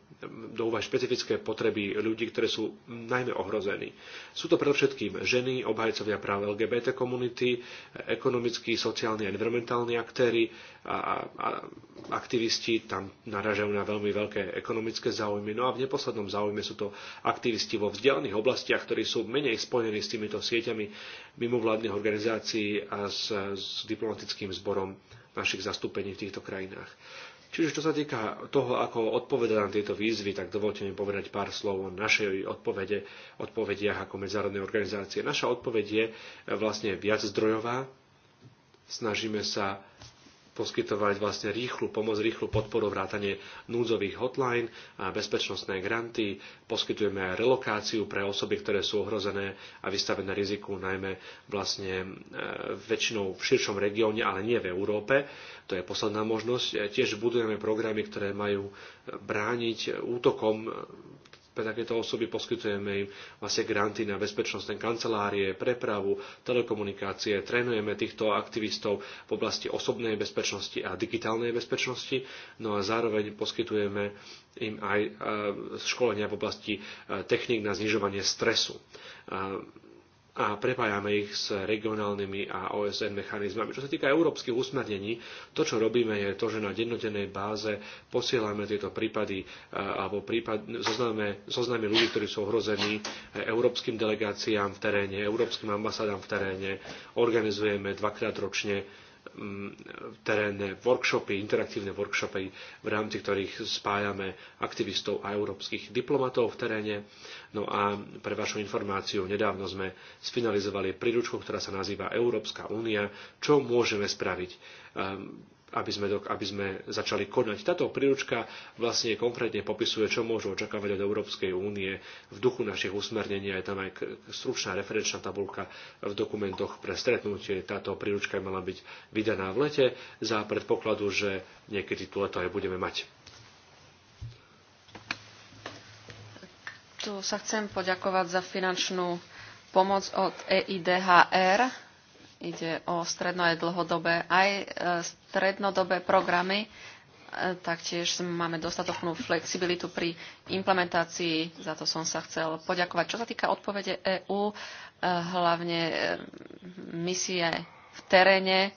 Speaker 2: do úvahy špecifické potreby ľudí, ktoré sú najmä ohrození. Sú to predovšetkým ženy, obhajcovia práv LGBT komunity, ekonomickí, sociálni a environmentálni aktéry a, a aktivisti tam naražajú na veľmi veľké ekonomické záujmy. No a v neposlednom záujme sú to aktivisti vo vzdialených oblastiach, ktorí sú menej spojení s týmito sieťami mimovládnych organizácií a s, s diplomatickým zborom našich zastúpení v týchto krajinách. Čiže čo sa týka toho, ako odpoveda na tieto výzvy, tak dovolte mi povedať pár slov o našej odpovede, odpovediach ako medzinárodnej organizácie. Naša odpoveď je e, vlastne viac zdrojová. Snažíme sa poskytovať vlastne rýchlu pomoc, rýchlu podporu, vrátanie núdzových hotline a bezpečnostné granty. Poskytujeme aj relokáciu pre osoby, ktoré sú ohrozené a vystavené riziku, najmä vlastne e, väčšinou v širšom regióne, ale nie v Európe. To je posledná možnosť. E, tiež budujeme programy, ktoré majú e, brániť útokom pre takéto osoby poskytujeme im vlastne granty na bezpečnostné kancelárie, prepravu, telekomunikácie, trénujeme týchto aktivistov v oblasti osobnej bezpečnosti a digitálnej bezpečnosti, no a zároveň poskytujeme im aj e, školenia v oblasti e, technik na znižovanie stresu a prepájame ich s regionálnymi a OSN mechanizmami. Čo sa týka európskych usmernení, to, čo robíme, je to, že na dennodennej báze posielame tieto prípady e, alebo prípad, ľudí, ktorí sú ohrození e, európskym delegáciám v teréne, európskym ambasádám v teréne. Organizujeme dvakrát ročne terénne workshopy, interaktívne workshopy, v rámci ktorých spájame aktivistov a európskych diplomatov v teréne. No a pre vašu informáciu, nedávno sme sfinalizovali príručku, ktorá sa nazýva Európska únia, čo môžeme spraviť ehm, aby sme, aby sme začali konať. Táto príručka vlastne konkrétne popisuje, čo môžu očakávať od Európskej únie v duchu našich usmernení. Je tam aj stručná referenčná tabulka v dokumentoch pre stretnutie. Táto príručka mala byť vydaná v lete za predpokladu, že niekedy tu leto aj budeme mať.
Speaker 1: Tu sa chcem poďakovať za finančnú pomoc od EIDHR Ide o stredno aj dlhodobé, aj e, strednodobé programy. E, taktiež máme dostatočnú flexibilitu pri implementácii. Za to som sa chcel poďakovať. Čo sa týka odpovede EÚ, e, hlavne misie v teréne,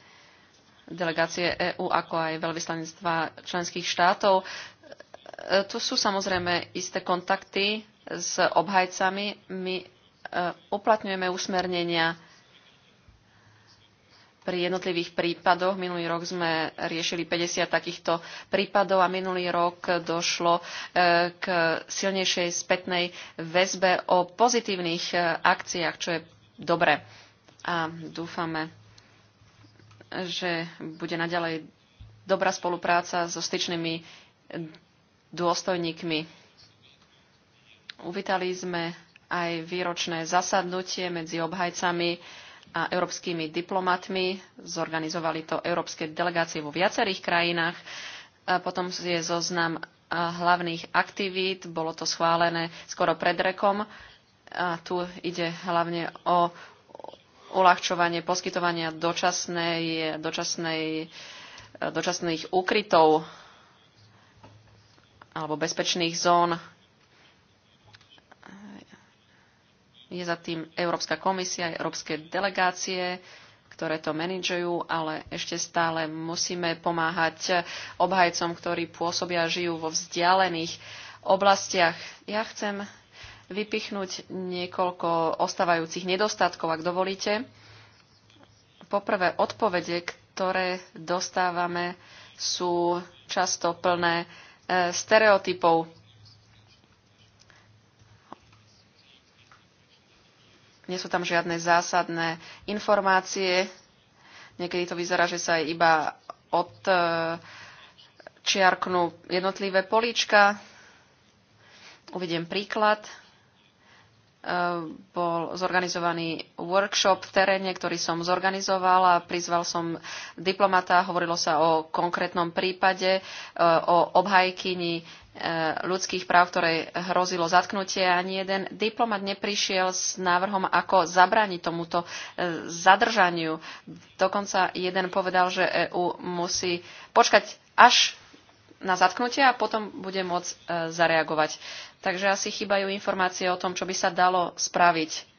Speaker 1: delegácie EÚ, ako aj veľvyslanectva členských štátov, tu sú samozrejme isté kontakty s obhajcami. My uplatňujeme usmernenia pri jednotlivých prípadoch. Minulý rok sme riešili 50 takýchto prípadov a minulý rok došlo e, k silnejšej spätnej väzbe o pozitívnych e, akciách, čo je dobré. A dúfame, že bude naďalej dobrá spolupráca so styčnými e, dôstojníkmi. Uvítali sme aj výročné zasadnutie medzi obhajcami a európskymi diplomatmi. Zorganizovali to európske delegácie vo viacerých krajinách. A potom je zoznam hlavných aktivít. Bolo to schválené skoro pred rekom. A tu ide hlavne o uľahčovanie poskytovania dočasnej, dočasnej, dočasných úkrytov alebo bezpečných zón Je za tým Európska komisia, európske delegácie, ktoré to manažujú, ale ešte stále musíme pomáhať obhajcom, ktorí pôsobia a žijú vo vzdialených oblastiach. Ja chcem vypichnúť niekoľko ostávajúcich nedostatkov, ak dovolíte. Poprvé, odpovede, ktoré dostávame, sú často plné eh, stereotypov. Nie sú tam žiadne zásadné informácie. Niekedy to vyzerá, že sa iba odčiarknú jednotlivé políčka. Uvediem príklad. Bol zorganizovaný workshop v teréne, ktorý som zorganizoval a prizval som diplomata. Hovorilo sa o konkrétnom prípade, o obhajkyni ľudských práv, ktoré hrozilo zatknutie. Ani jeden diplomat neprišiel s návrhom, ako zabrániť tomuto e, zadržaniu. Dokonca jeden povedal, že EÚ musí počkať až na zatknutie a potom bude môcť e, zareagovať. Takže asi chýbajú informácie o tom, čo by sa dalo spraviť.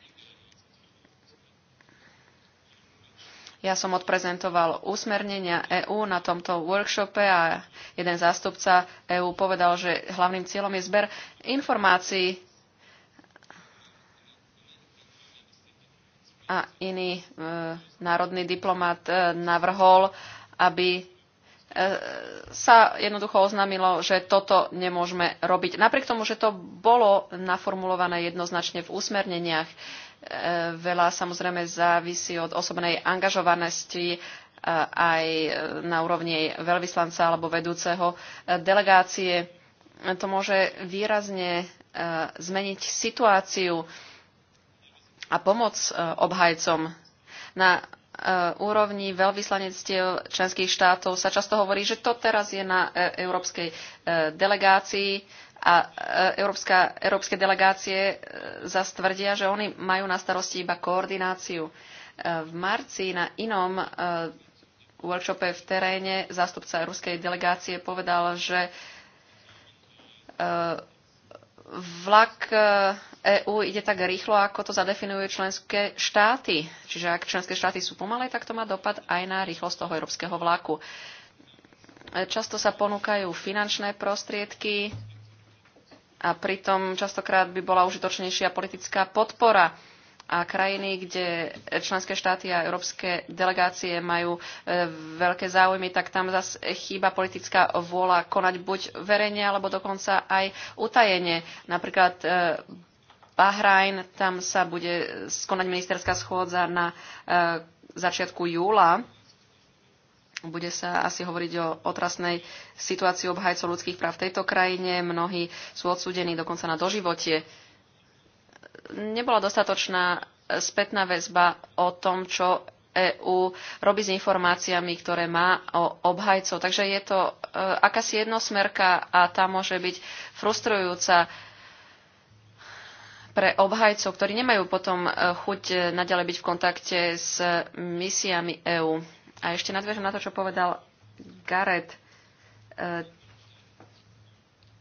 Speaker 1: Ja som odprezentoval úsmernenia EÚ na tomto workshope a jeden zástupca EÚ povedal, že hlavným cieľom je zber informácií a iný e, národný diplomat e, navrhol, aby e, sa jednoducho oznámilo, že toto nemôžeme robiť. Napriek tomu, že to bolo naformulované jednoznačne v úsmerneniach, E, veľa samozrejme závisí od osobnej angažovanosti e, aj na úrovni veľvyslanca alebo vedúceho e, delegácie. To môže výrazne zmeniť situáciu a pomoc obhajcom. Na úrovni veľvyslanectiev členských štátov sa často hovorí, že to teraz je na európskej delegácii a e, európska, európske delegácie e, zastvrdia, že oni majú na starosti iba koordináciu. E, v marci na inom workshope v teréne zástupca ruskej delegácie povedal, že vlak EÚ ide tak rýchlo, ako to zadefinujú členské štáty. Čiže ak členské štáty sú pomalé, tak to má dopad aj na rýchlosť toho európskeho vlaku. Často sa ponúkajú finančné prostriedky, a pritom častokrát by bola užitočnejšia politická podpora a krajiny, kde členské štáty a európske delegácie majú e, veľké záujmy, tak tam zase chýba politická vôľa konať buď verejne, alebo dokonca aj utajenie. Napríklad e, Bahrajn, tam sa bude skonať ministerská schôdza na e, začiatku júla bude sa asi hovoriť o otrasnej situácii obhajcov ľudských práv v tejto krajine. Mnohí sú odsúdení dokonca na doživotie. Nebola dostatočná spätná väzba o tom, čo EÚ robí s informáciami, ktoré má o obhajcov. Takže je to e, akási jednosmerka a tá môže byť frustrujúca pre obhajcov, ktorí nemajú potom e, chuť e, naďalej byť v kontakte s misiami EÚ. A ešte nadviažem na to, čo povedal Garrett. E,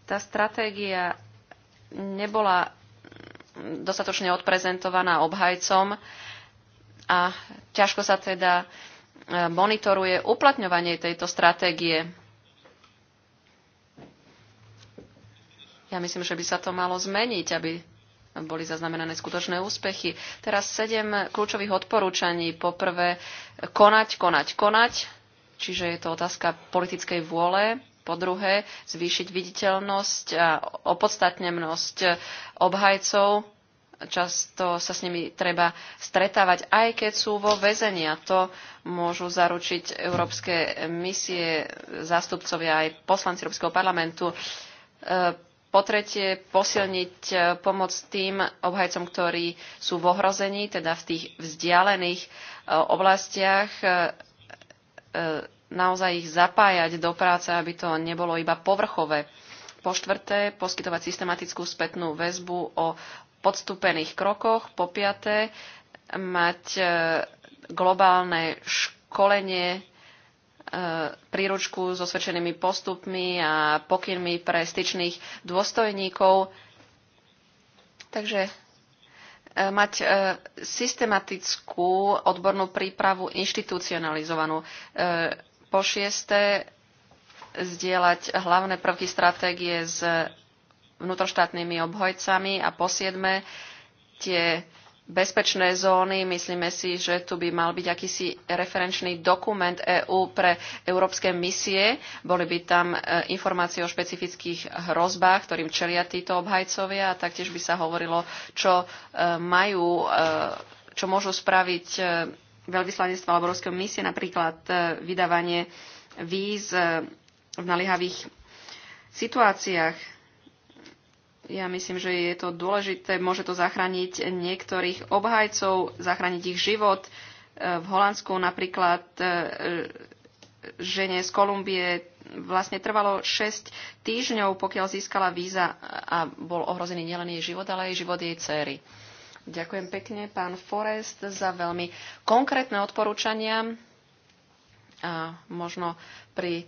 Speaker 1: tá stratégia nebola dostatočne odprezentovaná obhajcom a ťažko sa teda e, monitoruje uplatňovanie tejto stratégie. Ja myslím, že by sa to malo zmeniť, aby boli zaznamenané skutočné úspechy. Teraz sedem kľúčových odporúčaní. Poprvé, konať, konať, konať. Čiže je to otázka politickej vôle. Po druhé, zvýšiť viditeľnosť a opodstatnenosť obhajcov. Často sa s nimi treba stretávať, aj keď sú vo väzení. A to môžu zaručiť európske misie, zástupcovia aj poslanci Európskeho parlamentu e, po tretie, posilniť e, pomoc tým obhajcom, ktorí sú v ohrození, teda v tých vzdialených e, oblastiach, e, naozaj ich zapájať do práce, aby to nebolo iba povrchové. Po štvrté, poskytovať systematickú spätnú väzbu o podstúpených krokoch. Po piaté, mať globálne školenie príručku s osvedčenými postupmi a pokynmi pre styčných dôstojníkov. Takže e, mať e, systematickú odbornú prípravu inštitucionalizovanú. E, po šieste zdieľať hlavné prvky stratégie s vnútroštátnymi obhojcami a po siedme tie bezpečné zóny. Myslíme si, že tu by mal byť akýsi referenčný dokument EÚ pre európske misie. Boli by tam e, informácie o špecifických hrozbách, ktorým čelia títo obhajcovia a taktiež by sa hovorilo, čo e, majú, e, čo môžu spraviť veľvyslanectva alebo európske misie, napríklad vydávanie víz v nalihavých situáciách ja myslím, že je to dôležité. Môže to zachrániť niektorých obhajcov, zachrániť ich život. E, v Holandsku napríklad e, žene z Kolumbie vlastne trvalo 6 týždňov, pokiaľ získala víza a bol ohrozený nielen jej život, ale aj život jej céry. Ďakujem pekne, pán Forest, za veľmi konkrétne odporúčania. A možno pri e,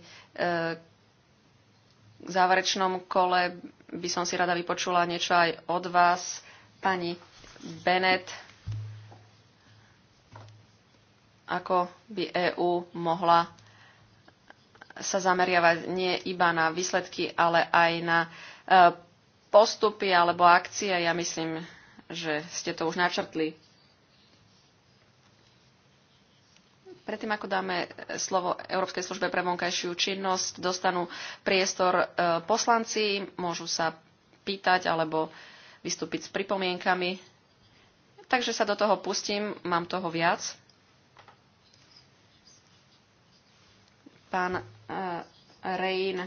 Speaker 1: záverečnom kole by som si rada vypočula niečo aj od vás. Pani Bennett, ako by EÚ mohla sa zameriavať nie iba na výsledky, ale aj na e, postupy alebo akcie. Ja myslím, že ste to už načrtli Predtým, ako dáme e, slovo Európskej službe pre vonkajšiu činnosť, dostanú priestor e, poslanci, môžu sa pýtať alebo vystúpiť s pripomienkami. Takže sa do toho pustím, mám toho viac. Pán e, Rein,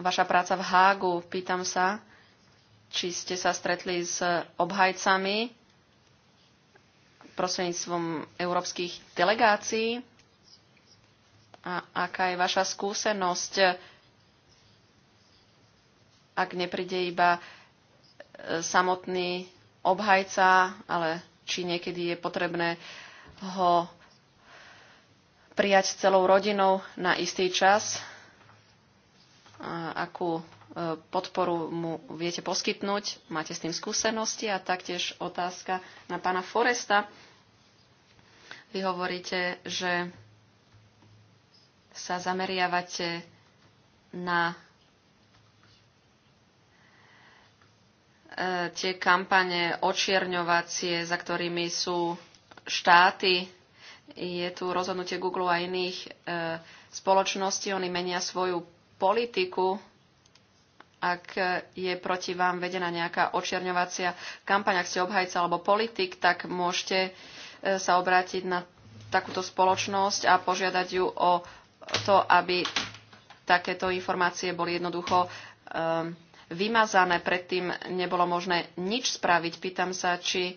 Speaker 1: vaša práca v Hágu, pýtam sa, či ste sa stretli s obhajcami prostredníctvom európskych delegácií. A aká je vaša skúsenosť, ak nepríde iba e, samotný obhajca, ale či niekedy je potrebné ho prijať celou rodinou na istý čas, a akú e, podporu mu viete poskytnúť, máte s tým skúsenosti a taktiež otázka na pána Foresta. Vy hovoríte, že sa zameriavate na e, tie kampane očierňovacie, za ktorými sú štáty. Je tu rozhodnutie Google a iných e, spoločností, oni menia svoju politiku, ak je proti vám vedená nejaká očierňovacia kampaň, ak ste obhajca alebo politik, tak môžete E, sa obrátiť na takúto spoločnosť a požiadať ju o to, aby takéto informácie boli jednoducho ehm, vymazané. Predtým nebolo možné nič spraviť. Pýtam sa, či e,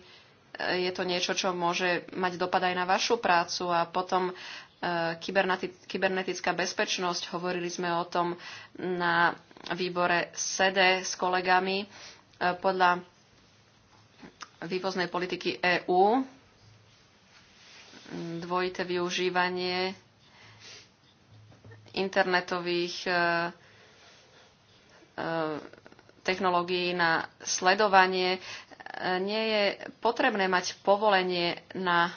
Speaker 1: je to niečo, čo môže mať dopad aj na vašu prácu a potom e, kybernetická bezpečnosť. Hovorili sme o tom na výbore SEDE s kolegami podľa vývoznej politiky EÚ dvojité využívanie internetových e, e, technológií na sledovanie. E, nie je potrebné mať povolenie na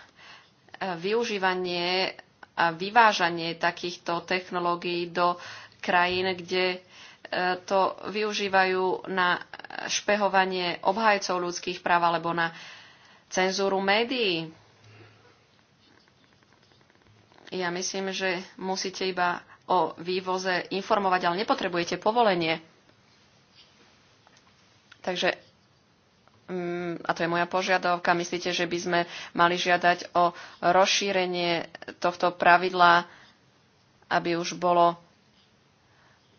Speaker 1: využívanie a vyvážanie takýchto technológií do krajín, kde to využívajú na špehovanie obhajcov ľudských práv alebo na cenzúru médií. Ja myslím, že musíte iba o vývoze informovať, ale nepotrebujete povolenie. Takže, mm, a to je moja požiadavka, myslíte, že by sme mali žiadať o rozšírenie tohto pravidla, aby už bolo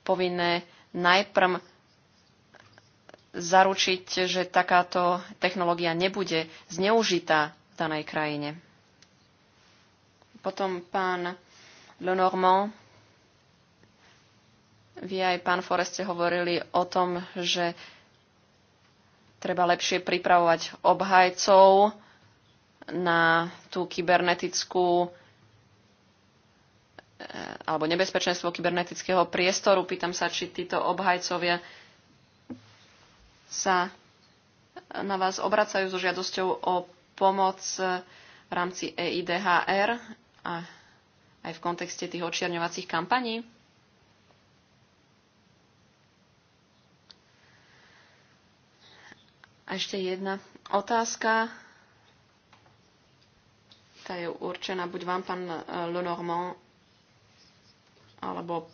Speaker 1: povinné najprv zaručiť, že takáto technológia nebude zneužitá v danej krajine. Potom pán Lenormand, vy aj pán Foreste hovorili o tom, že treba lepšie pripravovať obhajcov na tú kybernetickú eh, alebo nebezpečenstvo kybernetického priestoru. Pýtam sa, či títo obhajcovia sa na vás obracajú so žiadosťou o pomoc v rámci EIDHR a aj v kontexte tých očierňovacích kampaní. A ešte jedna otázka. Tá je určená buď vám, pán eh, Lenormand, alebo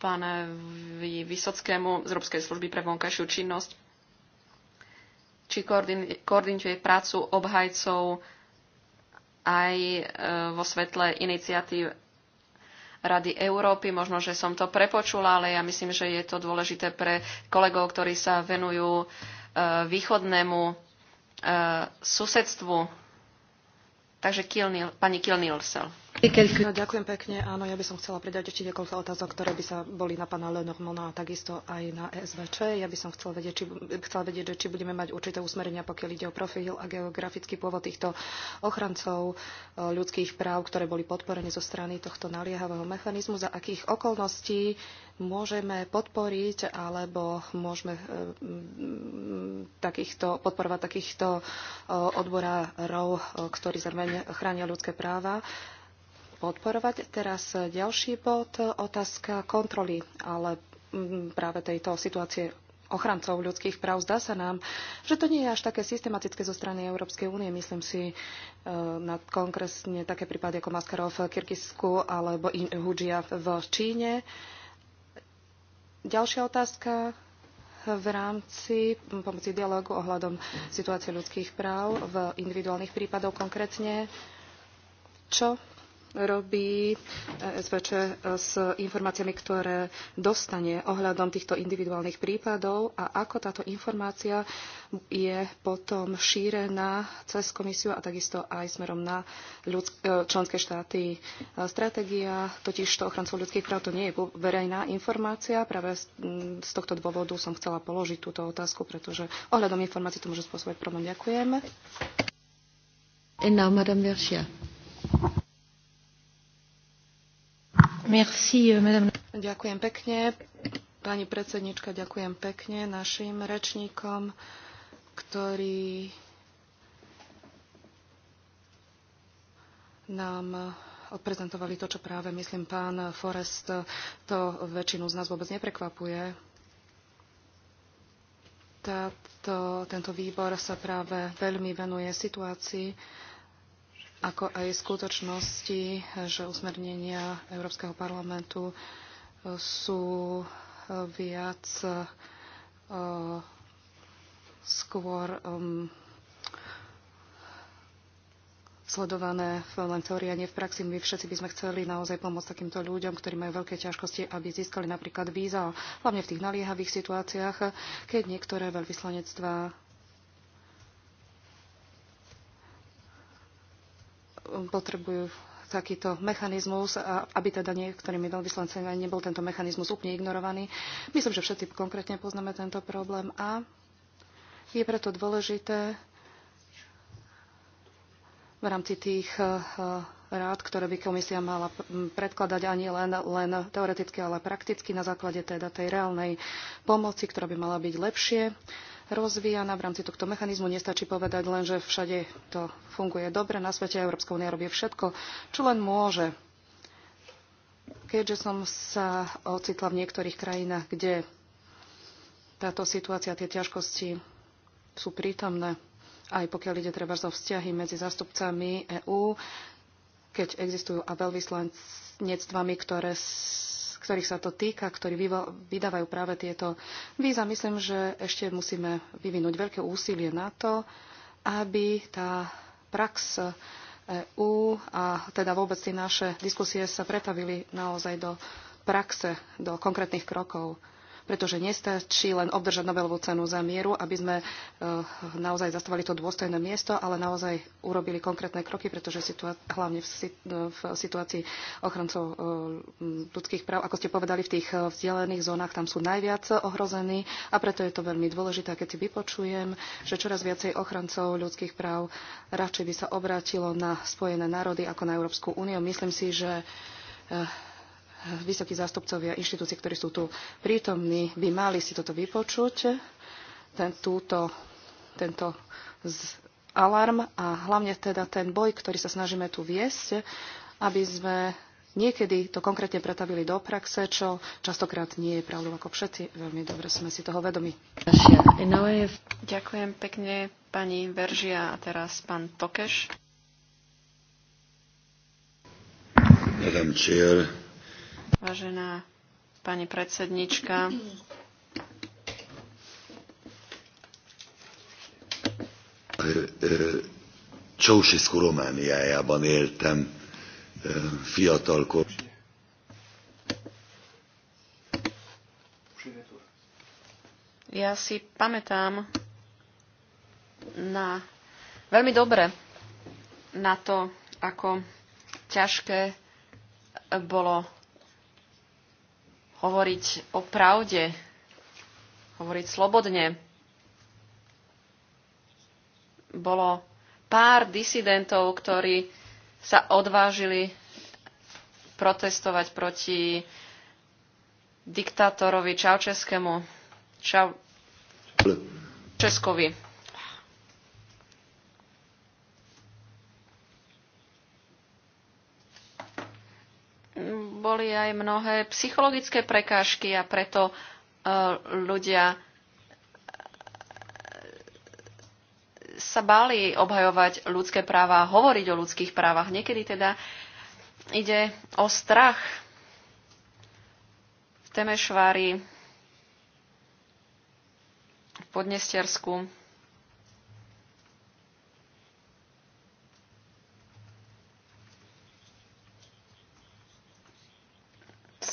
Speaker 1: pánovi eh, Vysockému z Európskej služby pre vonkajšiu činnosť. Či koordinuje prácu obhajcov aj e, vo svetle iniciatív Rady Európy. Možno, že som to prepočula, ale ja myslím, že je to dôležité pre kolegov, ktorí sa venujú e, východnému e,
Speaker 3: susedstvu. Takže pani Kilnilsel. No, ďakujem pekne. Áno, ja by som chcela pridať ešte niekoľko otázok, ktoré by sa boli na pána Lenormona a takisto aj na SVČ. Ja by som chcela vedieť, či, chcela vedieť, či budeme mať určité usmerenia, pokiaľ ide o profil a geografický pôvod týchto ochrancov e, ľudských práv, ktoré boli podporené zo strany tohto naliehavého mechanizmu. Za akých okolností môžeme podporiť alebo môžeme e, takýchto, podporovať takýchto e, odborárov, ktorí zároveň chránia ľudské práva podporovať. Teraz ďalší bod, otázka kontroly, ale mm, práve tejto situácie ochrancov ľudských práv. Zdá sa nám, že to nie je až také systematické zo strany Európskej únie. Myslím si e, na konkrétne také prípady ako Maskarov v Kyrgyzsku alebo Hujia v Číne. Ďalšia otázka v rámci pomoci dialogu ohľadom situácie ľudských práv v individuálnych prípadoch konkrétne. Čo robí SVČ s informáciami, ktoré dostane ohľadom týchto individuálnych prípadov a ako táto informácia je potom šírená cez komisiu a takisto aj smerom na ľudsk- e, členské štáty. Stratégia totiž to ochrancov ľudských práv to nie je verejná informácia. Práve z tohto dôvodu som chcela položiť túto otázku, pretože ohľadom informácií to môže spôsobiť problém. Ďakujem.
Speaker 1: And now, Madame Vergia. Euh,
Speaker 3: ďakujem pekne. Pani predsednička, ďakujem pekne našim rečníkom, ktorí nám odprezentovali to, čo práve, myslím, pán Forest, to väčšinu z nás vôbec neprekvapuje. Táto, tento výbor sa práve veľmi venuje situácii, ako aj skutočnosti, že usmernenia Európskeho parlamentu e, sú e, viac e, skôr sledované v len teórii a nie v praxi. My všetci by sme chceli naozaj pomôcť takýmto ľuďom, ktorí majú veľké ťažkosti, aby získali napríklad víza, hlavne v tých naliehavých situáciách, keď niektoré veľvyslanectvá potrebujú takýto mechanizmus, aby teda niektorými veľvyslancami nebol tento mechanizmus úplne ignorovaný. Myslím, že všetci konkrétne poznáme tento problém a je preto dôležité v rámci tých eh, rád, ktoré by komisia mala predkladať ani len, len teoreticky, ale prakticky na základe teda tej reálnej pomoci, ktorá by mala byť lepšie rozvíjana v rámci tohto mechanizmu. Nestačí povedať len, že všade to funguje dobre. Na svete Európska únia robí všetko, čo len môže. Keďže som sa ocitla v niektorých krajinách, kde táto situácia, tie ťažkosti sú prítomné, aj pokiaľ ide treba zo vzťahy medzi zástupcami EÚ, keď existujú a veľvyslanectvami, ktoré ktorých sa to týka, ktorí vydávajú práve tieto víza. Myslím, že ešte musíme vyvinúť veľké úsilie na to, aby tá prax EU a teda vôbec tie naše diskusie sa pretavili naozaj do praxe, do konkrétnych krokov pretože nestačí len obdržať Nobelovú cenu za mieru, aby sme e, naozaj zastavali to dôstojné miesto, ale naozaj urobili konkrétne kroky, pretože hlavne v, e, v situácii ochrancov e, ľudských práv, ako ste povedali, v tých vzdialených zónach tam sú najviac ohrození a preto je to veľmi dôležité, keď si vypočujem, že čoraz viacej ochrancov ľudských práv radšej by sa obrátilo na Spojené národy ako na Európsku úniu. Myslím si, že vysokí zástupcovia inštitúcií, ktorí sú tu prítomní, by mali si toto vypočuť, ten, túto, tento z, alarm a hlavne teda ten boj, ktorý sa snažíme tu viesť, aby sme niekedy to konkrétne pretavili do praxe, čo častokrát nie je pravdou ako všetci. Veľmi dobre sme si toho vedomi. Ďakujem pekne pani Veržia
Speaker 1: a teraz pán Tokeš. Chair, Vážená pani predsednička,
Speaker 3: Ceausescu Romániájában éltem fiatalkor.
Speaker 1: Ja si pamätám na veľmi dobre na to, ako ťažké bolo hovoriť o pravde, hovoriť slobodne. Bolo pár disidentov, ktorí sa odvážili protestovať proti diktátorovi Čaučeskému, Čau... Českovi. boli aj mnohé psychologické prekážky a preto e, ľudia e, sa báli obhajovať ľudské práva a hovoriť o ľudských právach. Niekedy teda ide o strach. V Temešvári, v Podnestersku,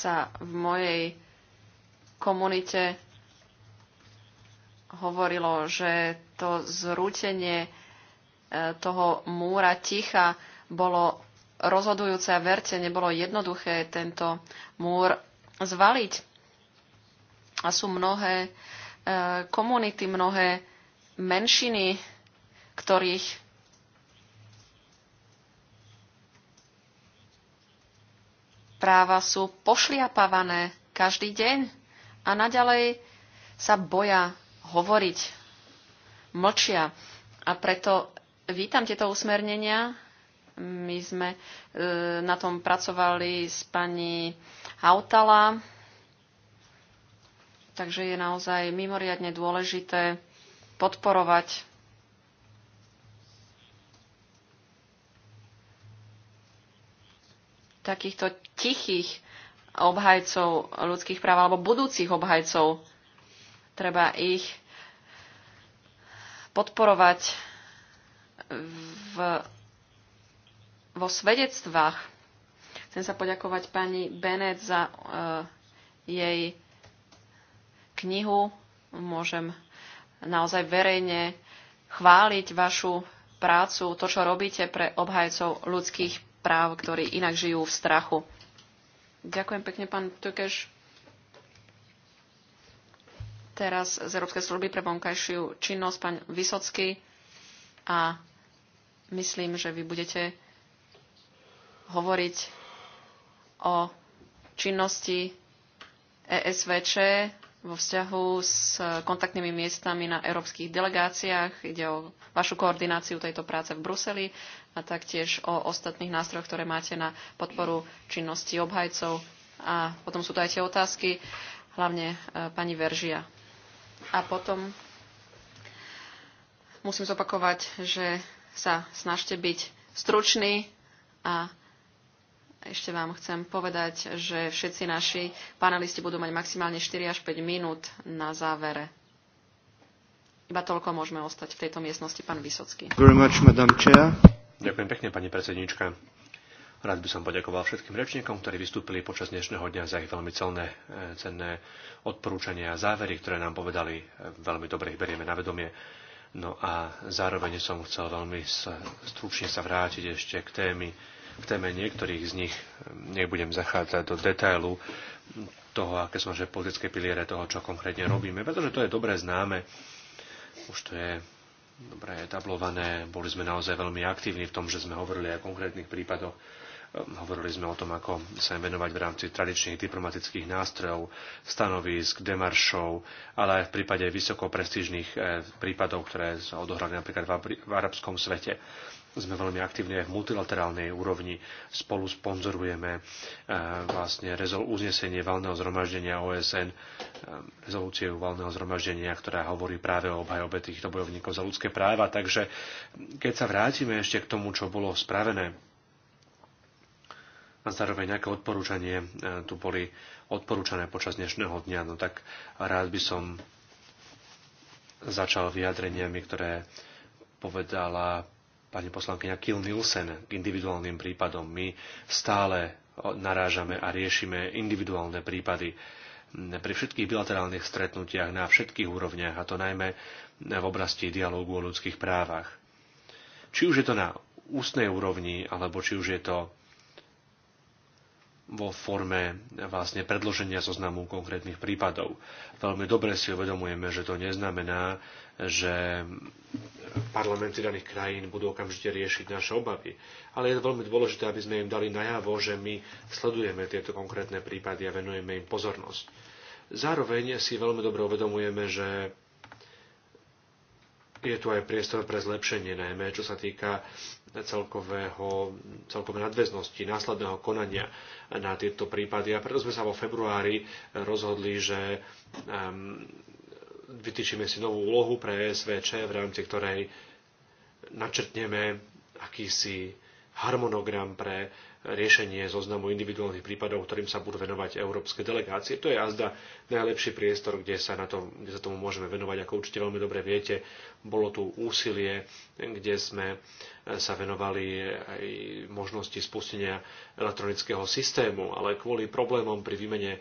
Speaker 1: sa v mojej komunite hovorilo, že to zrútenie e, toho múra ticha bolo rozhodujúce a verte, nebolo jednoduché tento múr zvaliť. A sú mnohé e, komunity, mnohé menšiny, ktorých práva sú pošliapavané každý deň a naďalej sa boja hovoriť, mlčia. A preto vítam tieto usmernenia. My sme e, na tom pracovali s pani Hautala, takže je naozaj mimoriadne dôležité podporovať takýchto tichých obhajcov ľudských práv alebo budúcich obhajcov. Treba ich podporovať v, vo svedectvách. Chcem sa poďakovať pani Bennett za e, jej knihu. Môžem naozaj verejne chváliť vašu prácu, to, čo robíte pre obhajcov ľudských práv, ktorí inak žijú v strachu. Ďakujem pekne, pán Tukeš. Teraz z Európskej služby pre vonkajšiu činnosť pán Vysocký a myslím, že vy budete hovoriť o činnosti ESVČ vo vzťahu s kontaktnými miestami na európskych delegáciách. Ide o vašu koordináciu tejto práce v Bruseli a taktiež o ostatných nástrojoch, ktoré máte na podporu činnosti obhajcov. A potom sú to aj tie otázky, hlavne e, pani Veržia. A potom musím zopakovať, že sa snažte byť stručný a ešte vám chcem povedať, že všetci naši panelisti budú mať maximálne 4 až 5 minút na závere. Iba toľko môžeme ostať v tejto miestnosti, pán Vysocký.
Speaker 2: Ďakujem pekne, pani predsedníčka. Rád by som poďakoval všetkým rečníkom, ktorí vystúpili počas dnešného dňa za ich veľmi celné, e, cenné odporúčania a závery, ktoré nám povedali. E, veľmi dobre ich berieme na vedomie. No a zároveň som chcel veľmi stručne sa vrátiť ešte k témy, v téme niektorých z nich. Nebudem zachádzať do detailu toho, aké sú naše politické piliere, toho, čo konkrétne robíme, pretože to je dobre známe. Už to je dobre etablované. Boli sme naozaj veľmi aktívni v tom, že sme hovorili aj o konkrétnych prípadoch. Ehm, hovorili sme o tom, ako sa im venovať v rámci tradičných diplomatických nástrojov, stanovisk, demaršov, ale aj v prípade vysokoprestížnych ehm, prípadov, ktoré sa odohrali napríklad v arabskom svete sme veľmi aktívne aj v multilaterálnej úrovni. Spolu sponzorujeme eh, vlastne rezol- uznesenie valného zhromaždenia OSN, eh, rezolúciu valného zhromaždenia, ktorá hovorí práve o obhajobe týchto bojovníkov za ľudské práva. Takže keď sa vrátime ešte k tomu, čo bolo spravené, a zároveň nejaké odporúčanie eh, tu boli odporúčané počas dnešného dňa, no tak rád by som začal vyjadreniami, ktoré povedala pani poslankyňa Kiel Nielsen k individuálnym prípadom. My stále narážame a riešime individuálne prípady pri všetkých bilaterálnych stretnutiach na všetkých úrovniach, a to najmä v oblasti dialógu o ľudských právach. Či už je to na ústnej úrovni, alebo či už je to vo forme vlastne predloženia zoznamu konkrétnych prípadov. Veľmi dobre si uvedomujeme, že to neznamená, že parlamenty daných krajín budú okamžite riešiť naše obavy. Ale je veľmi dôležité, aby sme im dali najavo, že my sledujeme tieto konkrétne prípady a venujeme im pozornosť. Zároveň si veľmi dobre uvedomujeme, že je tu aj priestor pre zlepšenie, najmä čo sa týka celkového, celkovej nadväznosti následného konania na tieto prípady. A preto sme sa vo februári rozhodli, že um, vytýčime si novú úlohu pre SVČ, v rámci ktorej načrtneme akýsi harmonogram pre riešenie zoznamu individuálnych prípadov, ktorým sa budú venovať európske delegácie. To je azda najlepší priestor, kde sa, na tom, kde sa tomu môžeme venovať. Ako určite veľmi dobre viete, bolo tu úsilie, kde sme e, sa venovali aj možnosti spustenia elektronického systému, ale kvôli problémom pri výmene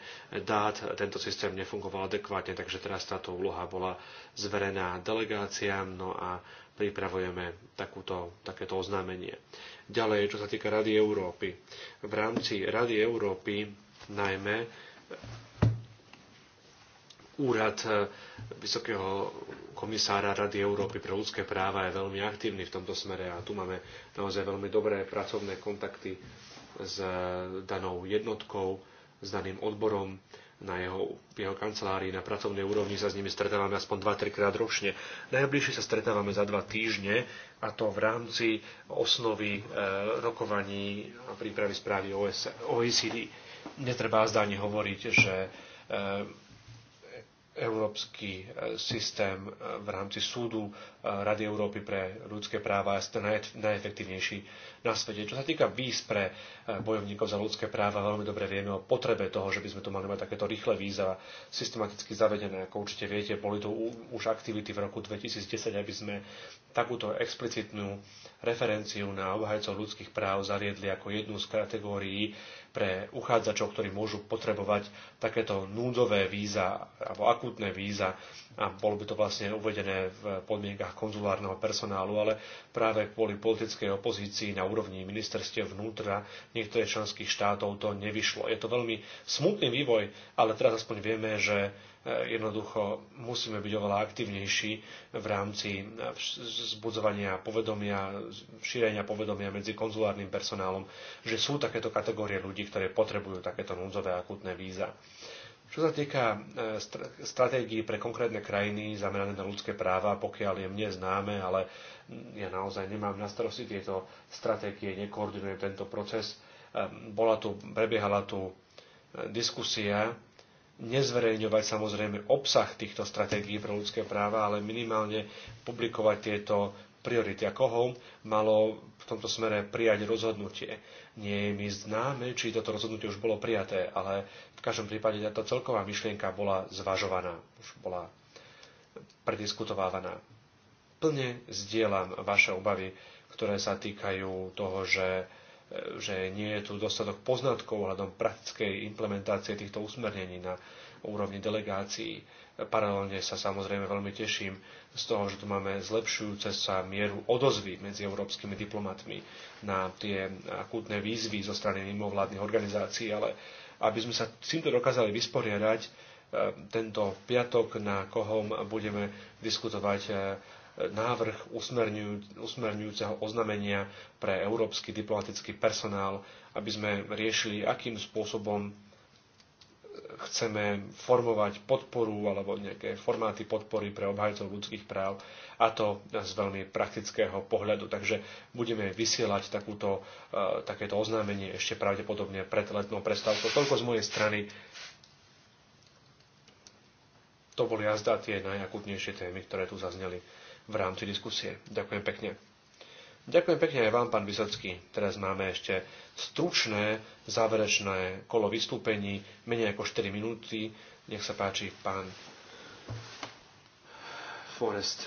Speaker 2: dát tento systém nefungoval adekvátne, takže teraz táto úloha bola zverená delegáciám. No a pripravujeme takúto, takéto oznámenie. Ďalej, čo sa týka Rady Európy. V rámci Rady Európy najmä úrad eh, Vysokého komisára Rady Európy pre ľudské práva je veľmi aktívny v tomto smere a tu máme naozaj veľmi dobré pracovné kontakty s eh, danou jednotkou, s daným odborom na jeho, v jeho kancelárii, na pracovnej úrovni sa s nimi stretávame aspoň 2-3 krát ročne. Najbližšie sa stretávame za 2 týždne a to v rámci osnovy e, rokovaní a prípravy správy OS, OECD. Netreba zdanie hovoriť, že e, európsky e, systém e, v rámci súdu e, Rady Európy pre ľudské práva je najefektívnejší na svete. Čo sa týka víz pre bojovníkov za ľudské práva, veľmi dobre vieme o potrebe toho, že by sme tu mali mať takéto rýchle víza systematicky zavedené. Ako určite viete, boli tu už aktivity v roku 2010, aby sme takúto explicitnú referenciu na obhajcov ľudských práv zariedli ako jednu z kategórií pre uchádzačov, ktorí môžu potrebovať takéto núdzové víza alebo akútne víza a bolo by to vlastne uvedené v podmienkach konzulárneho personálu, ale práve kvôli politickej opozícii na úrovni ministerstiev vnútra niektorých členských štátov to nevyšlo. Je to veľmi smutný vývoj, ale teraz aspoň vieme, že Eh, jednoducho musíme byť oveľa aktívnejší v rámci eh, zbudzovania povedomia, šírenia povedomia medzi konzulárnym personálom, že sú takéto kategórie ľudí, ktoré potrebujú takéto núdzové akútne víza. Čo sa týka eh, stratégií pre konkrétne krajiny zamerané na ľudské práva, pokiaľ je mne známe, ale ja naozaj nemám na starosti tieto stratégie, nekoordinujem tento proces. Ehm, bola tu, prebiehala tu diskusia nezverejňovať samozrejme obsah týchto stratégií pre ľudské práva, ale minimálne publikovať tieto priority. A koho malo v tomto smere prijať rozhodnutie. Nie je mi známe, či toto rozhodnutie už bolo prijaté, ale v každom prípade táto celková myšlienka bola zvažovaná, už bola prediskutovávaná. Plne zdieľam vaše obavy, ktoré sa týkajú toho, že že nie je tu dostatok poznatkov ohľadom praktickej implementácie týchto usmernení na úrovni delegácií. Paralelne sa samozrejme veľmi teším z toho, že tu máme zlepšujúce sa mieru odozvy medzi európskymi diplomatmi na tie akútne výzvy zo strany mimovládnych organizácií, ale aby sme sa s týmto dokázali vysporiadať, e, tento piatok na kohom budeme diskutovať e, návrh usmerňujúceho oznamenia pre európsky diplomatický personál, aby sme riešili, akým spôsobom chceme formovať podporu alebo nejaké formáty podpory pre obhajcov ľudských práv a to z veľmi praktického pohľadu. Takže budeme vysielať takúto, eh, takéto oznámenie ešte pravdepodobne pred letnou prestávkou. Toľko z mojej strany. To boli jazda tie najakutnejšie témy, ktoré tu zazneli v rámci diskusie. Ďakujem pekne. Ďakujem pekne aj vám, pán Vysocký. Teraz máme ešte stručné záverečné kolo vystúpení, menej ako 4 minúty. Nech sa páči, pán Forest.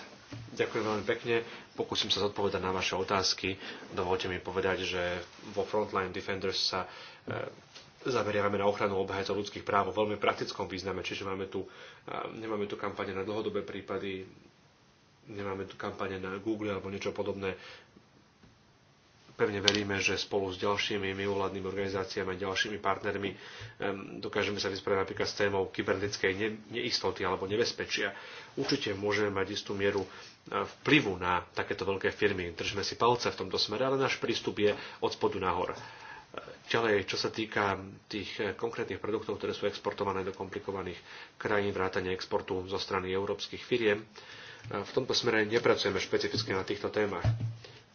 Speaker 2: Ďakujem veľmi pekne. Pokúsim sa zodpovedať na vaše otázky. Dovolte mi povedať, že vo Frontline Defenders sa e, zameriavame na ochranu obhajcov ľudských práv vo veľmi praktickom význame, čiže máme tu, e, nemáme tu kampane na dlhodobé prípady, nemáme tu kampane na Google alebo niečo podobné. Pevne veríme, že spolu s ďalšími mimovládnymi organizáciami a ďalšími partnermi dokážeme sa vysporiadať napríklad s témou kybernetickej neistoty alebo nebezpečia. Určite môžeme mať istú mieru e, vplyvu na takéto veľké firmy. Držme si palce v tomto smere, ale náš prístup je od spodu nahor. E, ďalej, čo sa týka tých e, konkrétnych produktov, ktoré sú exportované do komplikovaných krajín, vrátane exportu zo strany európskych firiem, v tomto smere nepracujeme špecificky na týchto témach,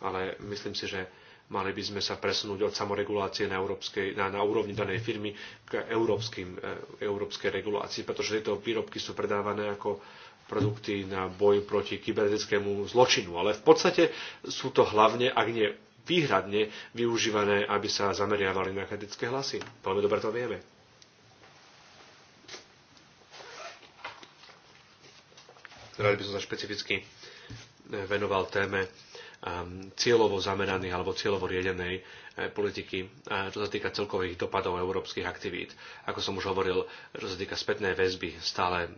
Speaker 2: ale myslím si, že mali by sme sa presunúť od samoregulácie na, európskej, na, na úrovni danej firmy k európskym, e, európskej regulácii, pretože tieto výrobky sú predávané ako produkty na boj proti kybernetickému zločinu. Ale v podstate sú to hlavne, ak nie výhradne, využívané, aby sa zameriavali na kritické hlasy. Veľmi dobre to vieme. rád by som sa špecificky e, venoval téme e, cieľovo zameraných alebo cieľovo riedenej e, politiky, čo sa týka celkových dopadov európskych aktivít. Ako som už hovoril, čo sa týka spätnej väzby, stále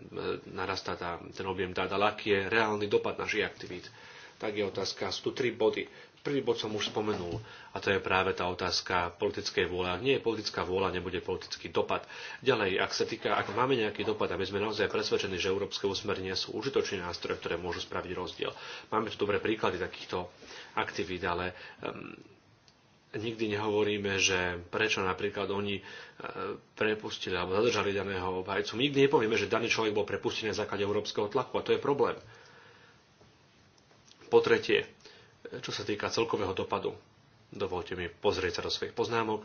Speaker 2: narastá tá, ten objem dát, ale aký je reálny dopad našich aktivít. Tak je otázka, sú tu tri body, Prvý bod som už spomenul a to je práve tá otázka politickej vôle. Ak nie je politická vôľa, nebude politický dopad. Ďalej, ak sa týka, ak máme nejaký dopad a my sme naozaj presvedčení, že európske usmernenia sú užitočné nástroje, ktoré môžu spraviť rozdiel. Máme tu dobré príklady takýchto aktivít, ale um, nikdy nehovoríme, že prečo napríklad oni e, prepustili alebo zadržali daného obhajcu. My nikdy nepovieme, že daný človek bol prepustený na základe európskeho tlaku a to je problém. Po tretie, čo sa týka celkového dopadu. Dovolte mi pozrieť sa do svojich poznámok.